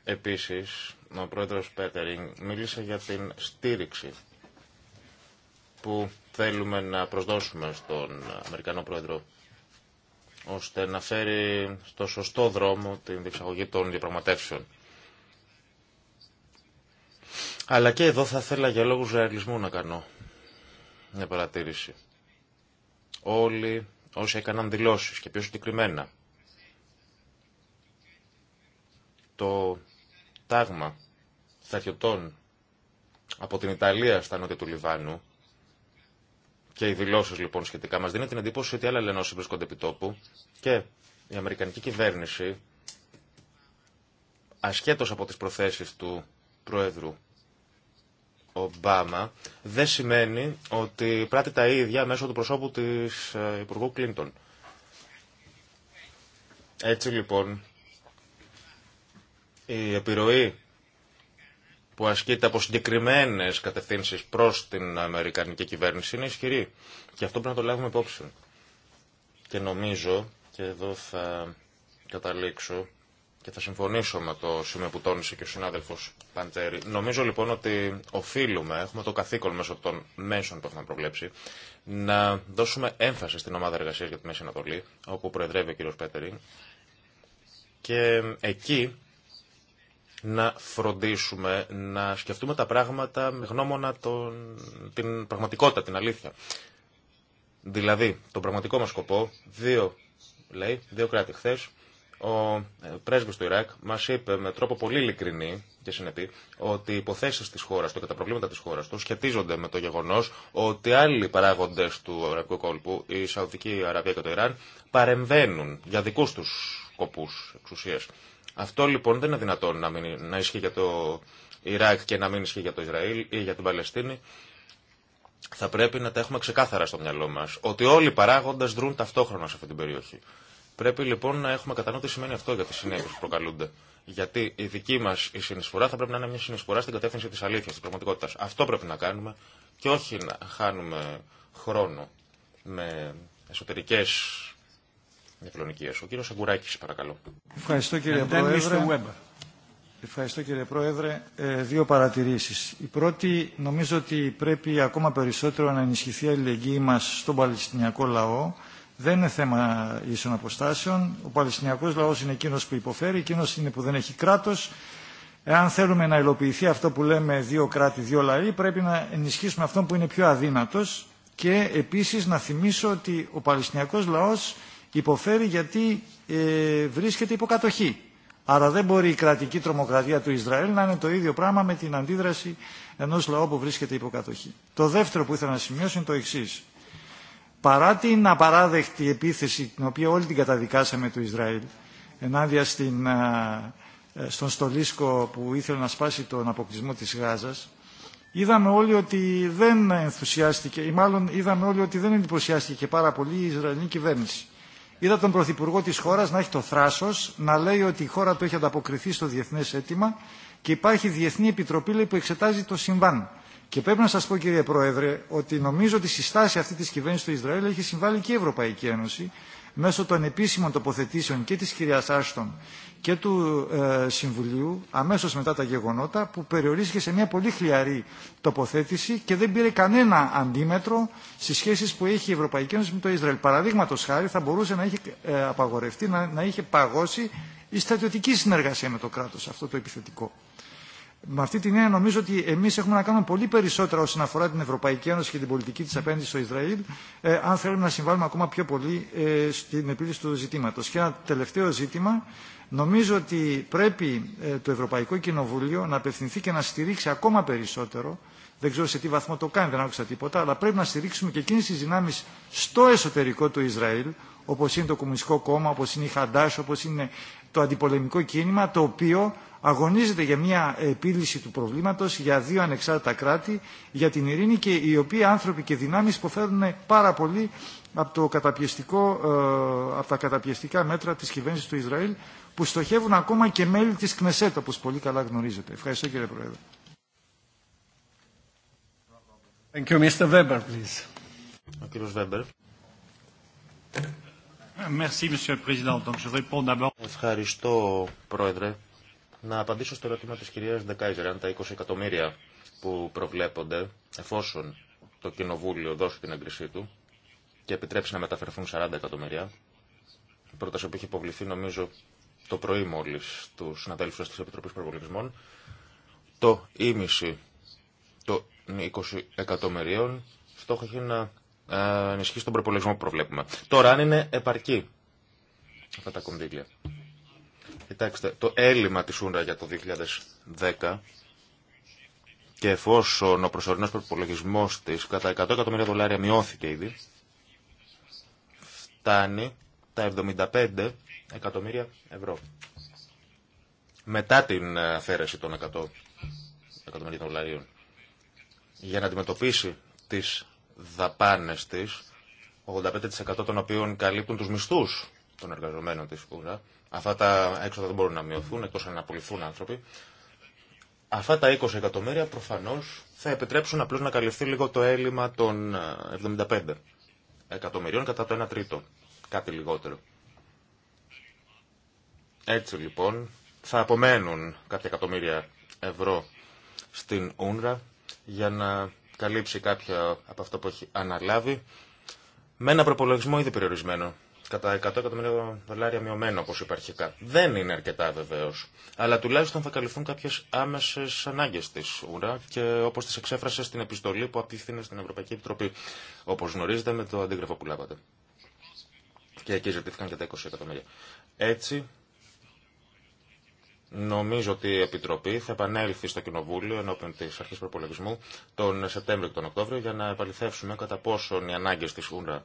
Επίσης, ο πρόεδρος Πέτερινγκ μίλησε για την στήριξη που θέλουμε να προσδώσουμε στον Αμερικανό πρόεδρο ώστε να φέρει στο σωστό δρόμο την διεξαγωγή των διαπραγματεύσεων. Αλλά και εδώ θα ήθελα για λόγους ρεαλισμού να κάνω μια παρατήρηση. Όλοι όσοι έκαναν δηλώσεις και πιο συγκεκριμένα το τάγμα στρατιωτών από την Ιταλία στα νότια του Λιβάνου και οι δηλώσεις λοιπόν σχετικά μας δίνει την εντύπωση ότι άλλα λένε βρίσκονται επί τόπου και η Αμερικανική κυβέρνηση ασχέτως από τις προθέσεις του Πρόεδρου Ομπάμα δεν σημαίνει ότι πράττει τα ίδια μέσω του προσώπου της ε, Υπουργού Κλίντον. Έτσι λοιπόν, η επιρροή που ασκείται από συγκεκριμένε κατευθύνσεις προς την Αμερικανική κυβέρνηση είναι ισχυρή. Και αυτό πρέπει να το λάβουμε υπόψη. Και νομίζω, και εδώ θα καταλήξω, και θα συμφωνήσω με το σημείο που τόνισε και ο συνάδελφο Παντέρη. Νομίζω λοιπόν ότι οφείλουμε, έχουμε το καθήκον μέσω των μέσων που έχουμε προβλέψει, να δώσουμε έμφαση στην ομάδα εργασία για τη Μέση Ανατολή, όπου προεδρεύει ο κ. Πέτερη, και εκεί να φροντίσουμε να σκεφτούμε τα πράγματα με γνώμονα τον, την πραγματικότητα, την αλήθεια. Δηλαδή, τον πραγματικό μας σκοπό, δύο, λέει, δύο κράτη χθες, ο ε, πρέσβη του Ιράκ μα είπε με τρόπο πολύ ειλικρινή και συνεπή ότι οι υποθέσει τη χώρα του και τα προβλήματα τη χώρα του σχετίζονται με το γεγονό ότι άλλοι παράγοντε του Ιρακού κόλπου, η Σαουδική Αραβία και το Ιράν, παρεμβαίνουν για δικού του σκοπού εξουσία. Αυτό λοιπόν δεν είναι δυνατόν να, μην, να ισχύει για το Ιράκ και να μην ισχύει για το Ισραήλ ή για την Παλαιστίνη. Θα πρέπει να τα έχουμε ξεκάθαρα στο μυαλό μα ότι όλοι οι παράγοντε δρούν ταυτόχρονα σε αυτή την περιοχή. Πρέπει λοιπόν να έχουμε κατά νου σημαίνει αυτό για τι συνέπειε που προκαλούνται. Γιατί η δική μα η συνεισφορά θα πρέπει να είναι μια συνεισφορά στην κατεύθυνση τη αλήθεια, τη πραγματικότητα. Αυτό πρέπει να κάνουμε και όχι να χάνουμε χρόνο με εσωτερικέ διακλονικίε. Ο κύριο Αγκουράκη, παρακαλώ. Ευχαριστώ κύριε Πρόεδρε. Ευχαριστώ κύριε Πρόεδρε. Ε, δύο παρατηρήσεις. Η πρώτη, νομίζω ότι πρέπει ακόμα περισσότερο να ενισχυθεί η αλληλεγγύη μας στον Παλαιστινιακό λαό δεν είναι θέμα ίσων αποστάσεων. Ο Παλαιστινιακός λαός είναι εκείνος που υποφέρει, εκείνος είναι που δεν έχει κράτος. Εάν θέλουμε να υλοποιηθεί αυτό που λέμε δύο κράτη, δύο λαοί, πρέπει να ενισχύσουμε αυτό που είναι πιο αδύνατος και επίσης να θυμίσω ότι ο Παλαιστινιακός λαός υποφέρει γιατί ε, βρίσκεται υποκατοχή. Άρα δεν μπορεί η κρατική τρομοκρατία του Ισραήλ να είναι το ίδιο πράγμα με την αντίδραση ενός λαού που βρίσκεται υποκατοχή. Το δεύτερο που ήθελα να σημειώσω είναι το εξή παρά την απαράδεκτη επίθεση την οποία όλοι την καταδικάσαμε του Ισραήλ ενάντια στην, ε, ε, στον στολίσκο που ήθελε να σπάσει τον αποκλεισμό της Γάζας είδαμε όλοι ότι δεν ενθουσιάστηκε ή μάλλον είδαμε όλοι ότι δεν εντυπωσιάστηκε και πάρα πολύ η Ισραηλινή κυβέρνηση. Είδα τον Πρωθυπουργό της χώρας να έχει το θράσος, να λέει ότι η χώρα του έχει ανταποκριθεί στο διεθνές αίτημα υπάρχει Διεθνή Επιτροπή λέει, που εξετάζει το συμβάν. Και πρέπει να σα πω κύριε Πρόεδρε ότι νομίζω ότι στη στάση αυτή τη κυβέρνηση του Ισραήλ έχει συμβάλει και η Ευρωπαϊκή Ένωση μέσω των επίσημων τοποθετήσεων και τη κυρίας Άστον και του ε, Συμβουλίου αμέσως μετά τα γεγονότα που περιορίστηκε σε μια πολύ χλιαρή τοποθέτηση και δεν πήρε κανένα αντίμετρο στις σχέσεις που έχει η Ευρωπαϊκή Ένωση με το Ισραήλ. Παραδείγματος χάρη θα μπορούσε να είχε ε, απαγορευτεί, να, να είχε παγώσει η στρατιωτική συνεργασία με το κράτος αυτό το επιθετικό. Με αυτή την έννοια νομίζω ότι εμεί έχουμε να κάνουμε πολύ περισσότερα όσον αφορά την Ευρωπαϊκή Ένωση και την πολιτική τη απέναντι στο Ισραήλ, ε, αν θέλουμε να συμβάλλουμε ακόμα πιο πολύ ε, στην επίλυση του ζητήματο. Και ένα τελευταίο ζήτημα. Νομίζω ότι πρέπει ε, το Ευρωπαϊκό Κοινοβούλιο να απευθυνθεί και να στηρίξει ακόμα περισσότερο. Δεν ξέρω σε τι βαθμό το κάνει, δεν άκουσα τίποτα, αλλά πρέπει να στηρίξουμε και εκείνε τι δυνάμει στο εσωτερικό του Ισραήλ, όπω είναι το Κομμουνιστικό Κόμμα, όπω είναι η Χαντά, όπω είναι το αντιπολεμικό κίνημα το οποίο αγωνίζεται για μια επίλυση του προβλήματος για δύο ανεξάρτητα κράτη, για την ειρήνη και οι οποίοι άνθρωποι και δυνάμεις υποφέρουν πάρα πολύ από, το καταπιεστικό, ε, από τα καταπιεστικά μέτρα της κυβέρνησης του Ισραήλ που στοχεύουν ακόμα και μέλη της Κνεσέτα, όπως πολύ καλά γνωρίζετε. Ευχαριστώ κύριε Πρόεδρε. Thank you, Mr. Weber, please. Weber. Ευχαριστώ, Πρόεδρε. Να απαντήσω στο ερώτημα της κυρίας Ντεκάιζερ, αν τα 20 εκατομμύρια που προβλέπονται, εφόσον το Κοινοβούλιο δώσει την έγκρισή του και επιτρέψει να μεταφερθούν 40 εκατομμύρια, η πρόταση που έχει υποβληθεί νομίζω το πρωί μόλι του συναδέλφου τη Επιτροπή Προπολογισμών, το ίμιση των 20 εκατομμυρίων στόχο έχει να ε, ενισχύσει τον προπολογισμό που προβλέπουμε. Τώρα, αν είναι επαρκή αυτά τα κονδύλια. Κοιτάξτε, το έλλειμμα της Ούρα για το 2010 και εφόσον ο προσωρινός προπολογισμό της κατά 100 εκατομμύρια δολάρια μειώθηκε ήδη, φτάνει τα 75 εκατομμύρια ευρώ. Μετά την αφαίρεση των 100 εκατομμυρίων δολαρίων. Για να αντιμετωπίσει τις δαπάνες της, 85% των οποίων καλύπτουν τους μισθούς των εργαζομένων της ΟΥΡΑ. Αυτά τα έξοδα δεν μπορούν να μειωθούν, εκτός αν απολυθούν άνθρωποι. Αυτά τα 20 εκατομμύρια προφανώς θα επιτρέψουν απλώς να καλυφθεί λίγο το έλλειμμα των 75 ε, εκατομμυρίων κατά το 1 τρίτο, κάτι λιγότερο. Έτσι λοιπόν θα απομένουν κάποια εκατομμύρια ευρώ στην Ούνρα για να καλύψει κάποια από αυτό που έχει αναλάβει με ένα προπολογισμό ήδη περιορισμένο. Κατά 100 εκατομμύρια δολάρια μειωμένο όπω υπάρχει Δεν είναι αρκετά βεβαίω. Αλλά τουλάχιστον θα καλυφθούν κάποιε άμεσε ανάγκε τη ΟΥΡΑ και όπω τι εξέφρασε στην επιστολή που απίθυνε στην Ευρωπαϊκή Επιτροπή. Όπω γνωρίζετε με το αντίγραφο που λάβατε. Και εκεί ζητήθηκαν και τα 20 εκατομμύρια. Έτσι Νομίζω ότι η Επιτροπή θα επανέλθει στο Κοινοβούλιο ενώπιον τη αρχή προπολογισμού τον Σεπτέμβριο και τον Οκτώβριο για να επαληθεύσουμε κατά πόσον οι ανάγκε τη ΟΥΝΡΑ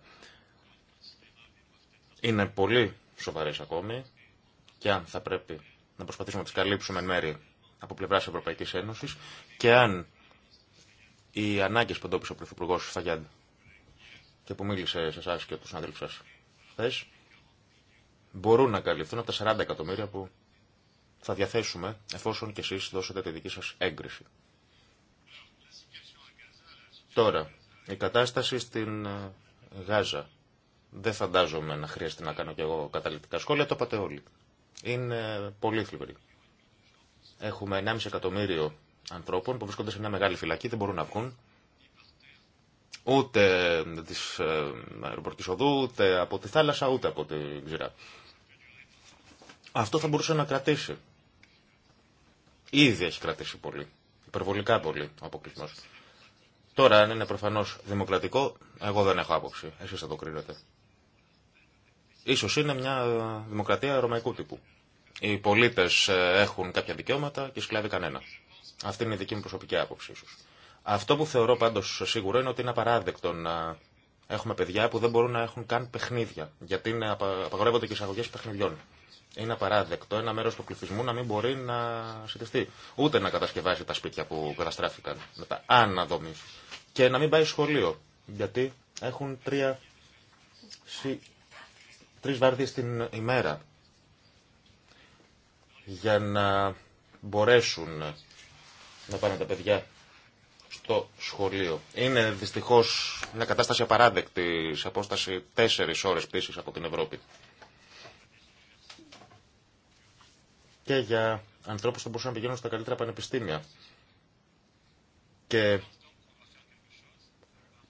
είναι πολύ σοβαρέ ακόμη και αν θα πρέπει να προσπαθήσουμε να τι καλύψουμε εν μέρη από πλευρά Ευρωπαϊκή Ένωση και αν οι ανάγκε που εντόπισε ο Πρωθυπουργό Φαγιάντ και που μίλησε σε εσά και του συναδέλφου σα χθε μπορούν να καλυφθούν από τα 40 εκατομμύρια που θα διαθέσουμε εφόσον και εσείς δώσετε τη δική σας έγκριση. Τώρα, η κατάσταση στην ε, Γάζα. Δεν φαντάζομαι να χρειάζεται να κάνω κι εγώ καταληκτικά σχόλια, το είπατε όλοι. Είναι πολύ θλιβερή. Έχουμε 1,5 εκατομμύριο ανθρώπων που βρίσκονται σε μια μεγάλη φυλακή, δεν μπορούν να βγουν. Ούτε τη ε, αεροπορική ούτε από τη θάλασσα, ούτε από την ξηρά. Αυτό θα μπορούσε να κρατήσει Ήδη έχει κρατήσει πολύ. Υπερβολικά πολύ ο αποκλεισμό. Τώρα, αν είναι προφανώ δημοκρατικό, εγώ δεν έχω άποψη. Εσεί θα το κρίνετε. Σω είναι μια δημοκρατία ρωμαϊκού τύπου. Οι πολίτε ε, έχουν κάποια δικαιώματα και σκλάβει κανένα. Αυτή είναι η δική μου προσωπική άποψη, ίσω. Αυτό που θεωρώ πάντω σίγουρο είναι ότι είναι απαράδεκτο να έχουμε παιδιά που δεν μπορούν να έχουν καν παιχνίδια. Γιατί απαγορεύονται και εισαγωγέ παιχνιδιών. Είναι απαράδεκτο ένα μέρο του πληθυσμού να μην μπορεί να συντηρηθεί. Ούτε να κατασκευάσει τα σπίτια που καταστράφηκαν με τα άναδομη. Και να μην πάει σχολείο. Γιατί έχουν τρία. Τρεις βάρδιες την ημέρα για να μπορέσουν να πάνε τα παιδιά στο σχολείο. Είναι δυστυχώς μια κατάσταση απαράδεκτη σε απόσταση 4 ώρες πτήσης από την Ευρώπη. και για ανθρώπους που μπορούσαν να πηγαίνουν στα καλύτερα πανεπιστήμια. Και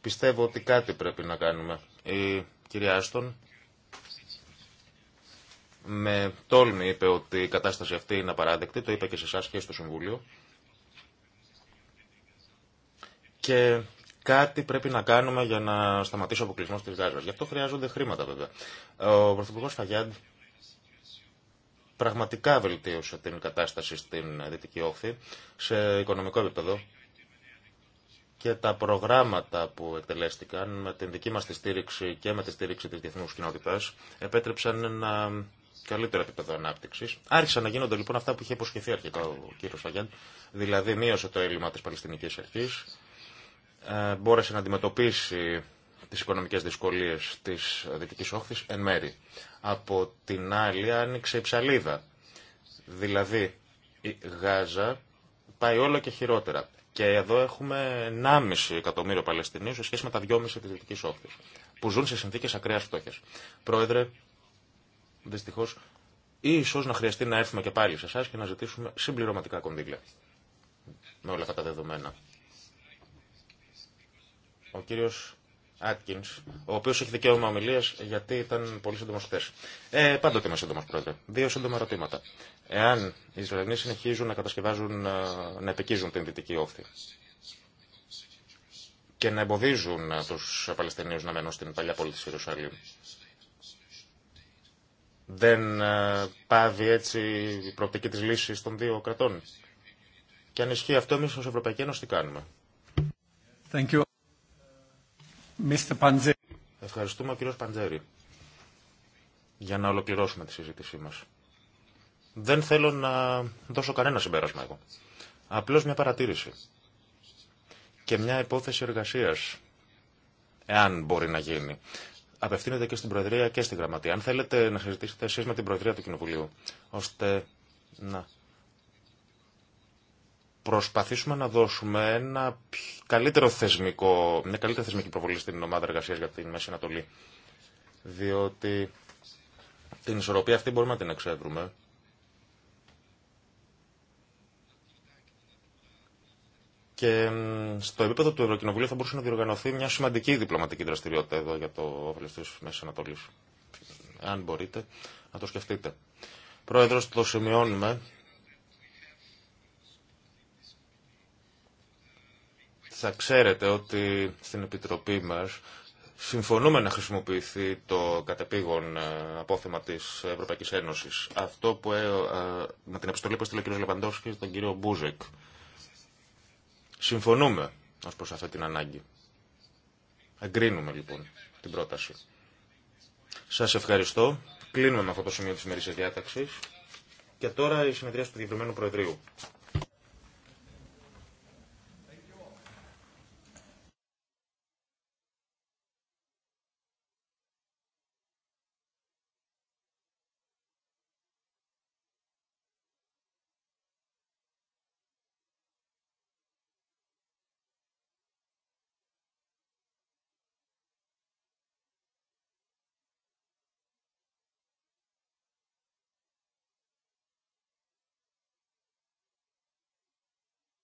πιστεύω ότι κάτι πρέπει να κάνουμε. Η κυρία Άστον με τόλμη είπε ότι η κατάσταση αυτή είναι απαράδεκτη, το είπε και σε εσά και στο Συμβούλιο. Και κάτι πρέπει να κάνουμε για να σταματήσει ο αποκλεισμό τη Γάζα. Γι' αυτό χρειάζονται χρήματα βέβαια. Ο Πρωθυπουργό Φαγιάντ πραγματικά βελτίωσε την κατάσταση στην Δυτική Όχθη σε οικονομικό επίπεδο και τα προγράμματα που εκτελέστηκαν με την δική μας τη στήριξη και με τη στήριξη της διεθνούς κοινότητας επέτρεψαν ένα καλύτερο επίπεδο ανάπτυξη. Άρχισαν να γίνονται λοιπόν αυτά που είχε υποσχεθεί αρχικά ο κύριο Φαγιάν. Δηλαδή, μείωσε το έλλειμμα τη Παλαιστινική Αρχή, ε, μπόρεσε να αντιμετωπίσει τι οικονομικέ δυσκολίε τη δυτική όχθη εν μέρη. Από την άλλη άνοιξε η ψαλίδα. Δηλαδή η Γάζα πάει όλο και χειρότερα. Και εδώ έχουμε 1,5 εκατομμύριο Παλαιστινίου σε σχέση με τα 2,5 τη Δυτική Όχθη, που ζουν σε συνθήκε ακραία φτώχεια. Πρόεδρε, δυστυχώ, ίσω να χρειαστεί να έρθουμε και πάλι σε εσά και να ζητήσουμε συμπληρωματικά κονδύλια. Με όλα αυτά τα δεδομένα. Ο ο οποίο έχει δικαίωμα ομιλία γιατί ήταν πολύ σύντομο χθε. Ε, πάντοτε είμαι σύντομο, πρόεδρε. Δύο σύντομα ερωτήματα. Εάν οι Ισραηλοί συνεχίζουν να κατασκευάζουν, ε, να επικίζουν την δυτική όχθη και να εμποδίζουν ε, του Παλαιστινίου να μένουν στην παλιά πόλη τη Ιερουσαλήμ, δεν ε, πάβει έτσι η προοπτική τη λύση των δύο κρατών. Και αν ισχύει αυτό, εμεί ω Ευρωπαϊκή Ένωση τι κάνουμε. Thank you. Mr. Ευχαριστούμε, κύριο Παντζέρη, για να ολοκληρώσουμε τη συζήτησή μας. Δεν θέλω να δώσω κανένα συμπέρασμα εγώ. Απλώς μια παρατήρηση και μια υπόθεση εργασίας, εάν μπορεί να γίνει. Απευθύνεται και στην Προεδρία και στην Γραμματεία. Αν θέλετε να συζητήσετε εσείς με την Προεδρία του Κοινοβουλίου, ώστε να προσπαθήσουμε να δώσουμε ένα καλύτερο θεσμικό, μια καλύτερη θεσμική προβολή στην ομάδα εργασία για την Μέση Ανατολή. Διότι την ισορροπία αυτή μπορούμε να την εξεύρουμε. Και στο επίπεδο του Ευρωκοινοβουλίου θα μπορούσε να διοργανωθεί μια σημαντική διπλωματική δραστηριότητα εδώ για το όφελο τη Μέση Ανατολή. Αν μπορείτε να το σκεφτείτε. Πρόεδρος, το σημειώνουμε. Θα ξέρετε ότι στην Επιτροπή μας συμφωνούμε να χρησιμοποιηθεί το κατεπήγον ε, απόθεμα της Ευρωπαϊκής Ένωσης. Αυτό που ε, ε, με την επιστολή που έστειλε ο κ. και τον κ. Μπούζεκ. Συμφωνούμε ως προς αυτή την ανάγκη. Εγκρίνουμε λοιπόν την πρόταση. Σας ευχαριστώ. Κλείνουμε με αυτό το σημείο της ημερής διάταξης. Και τώρα η συνεδρία του Διευρυμένου Προεδρείου.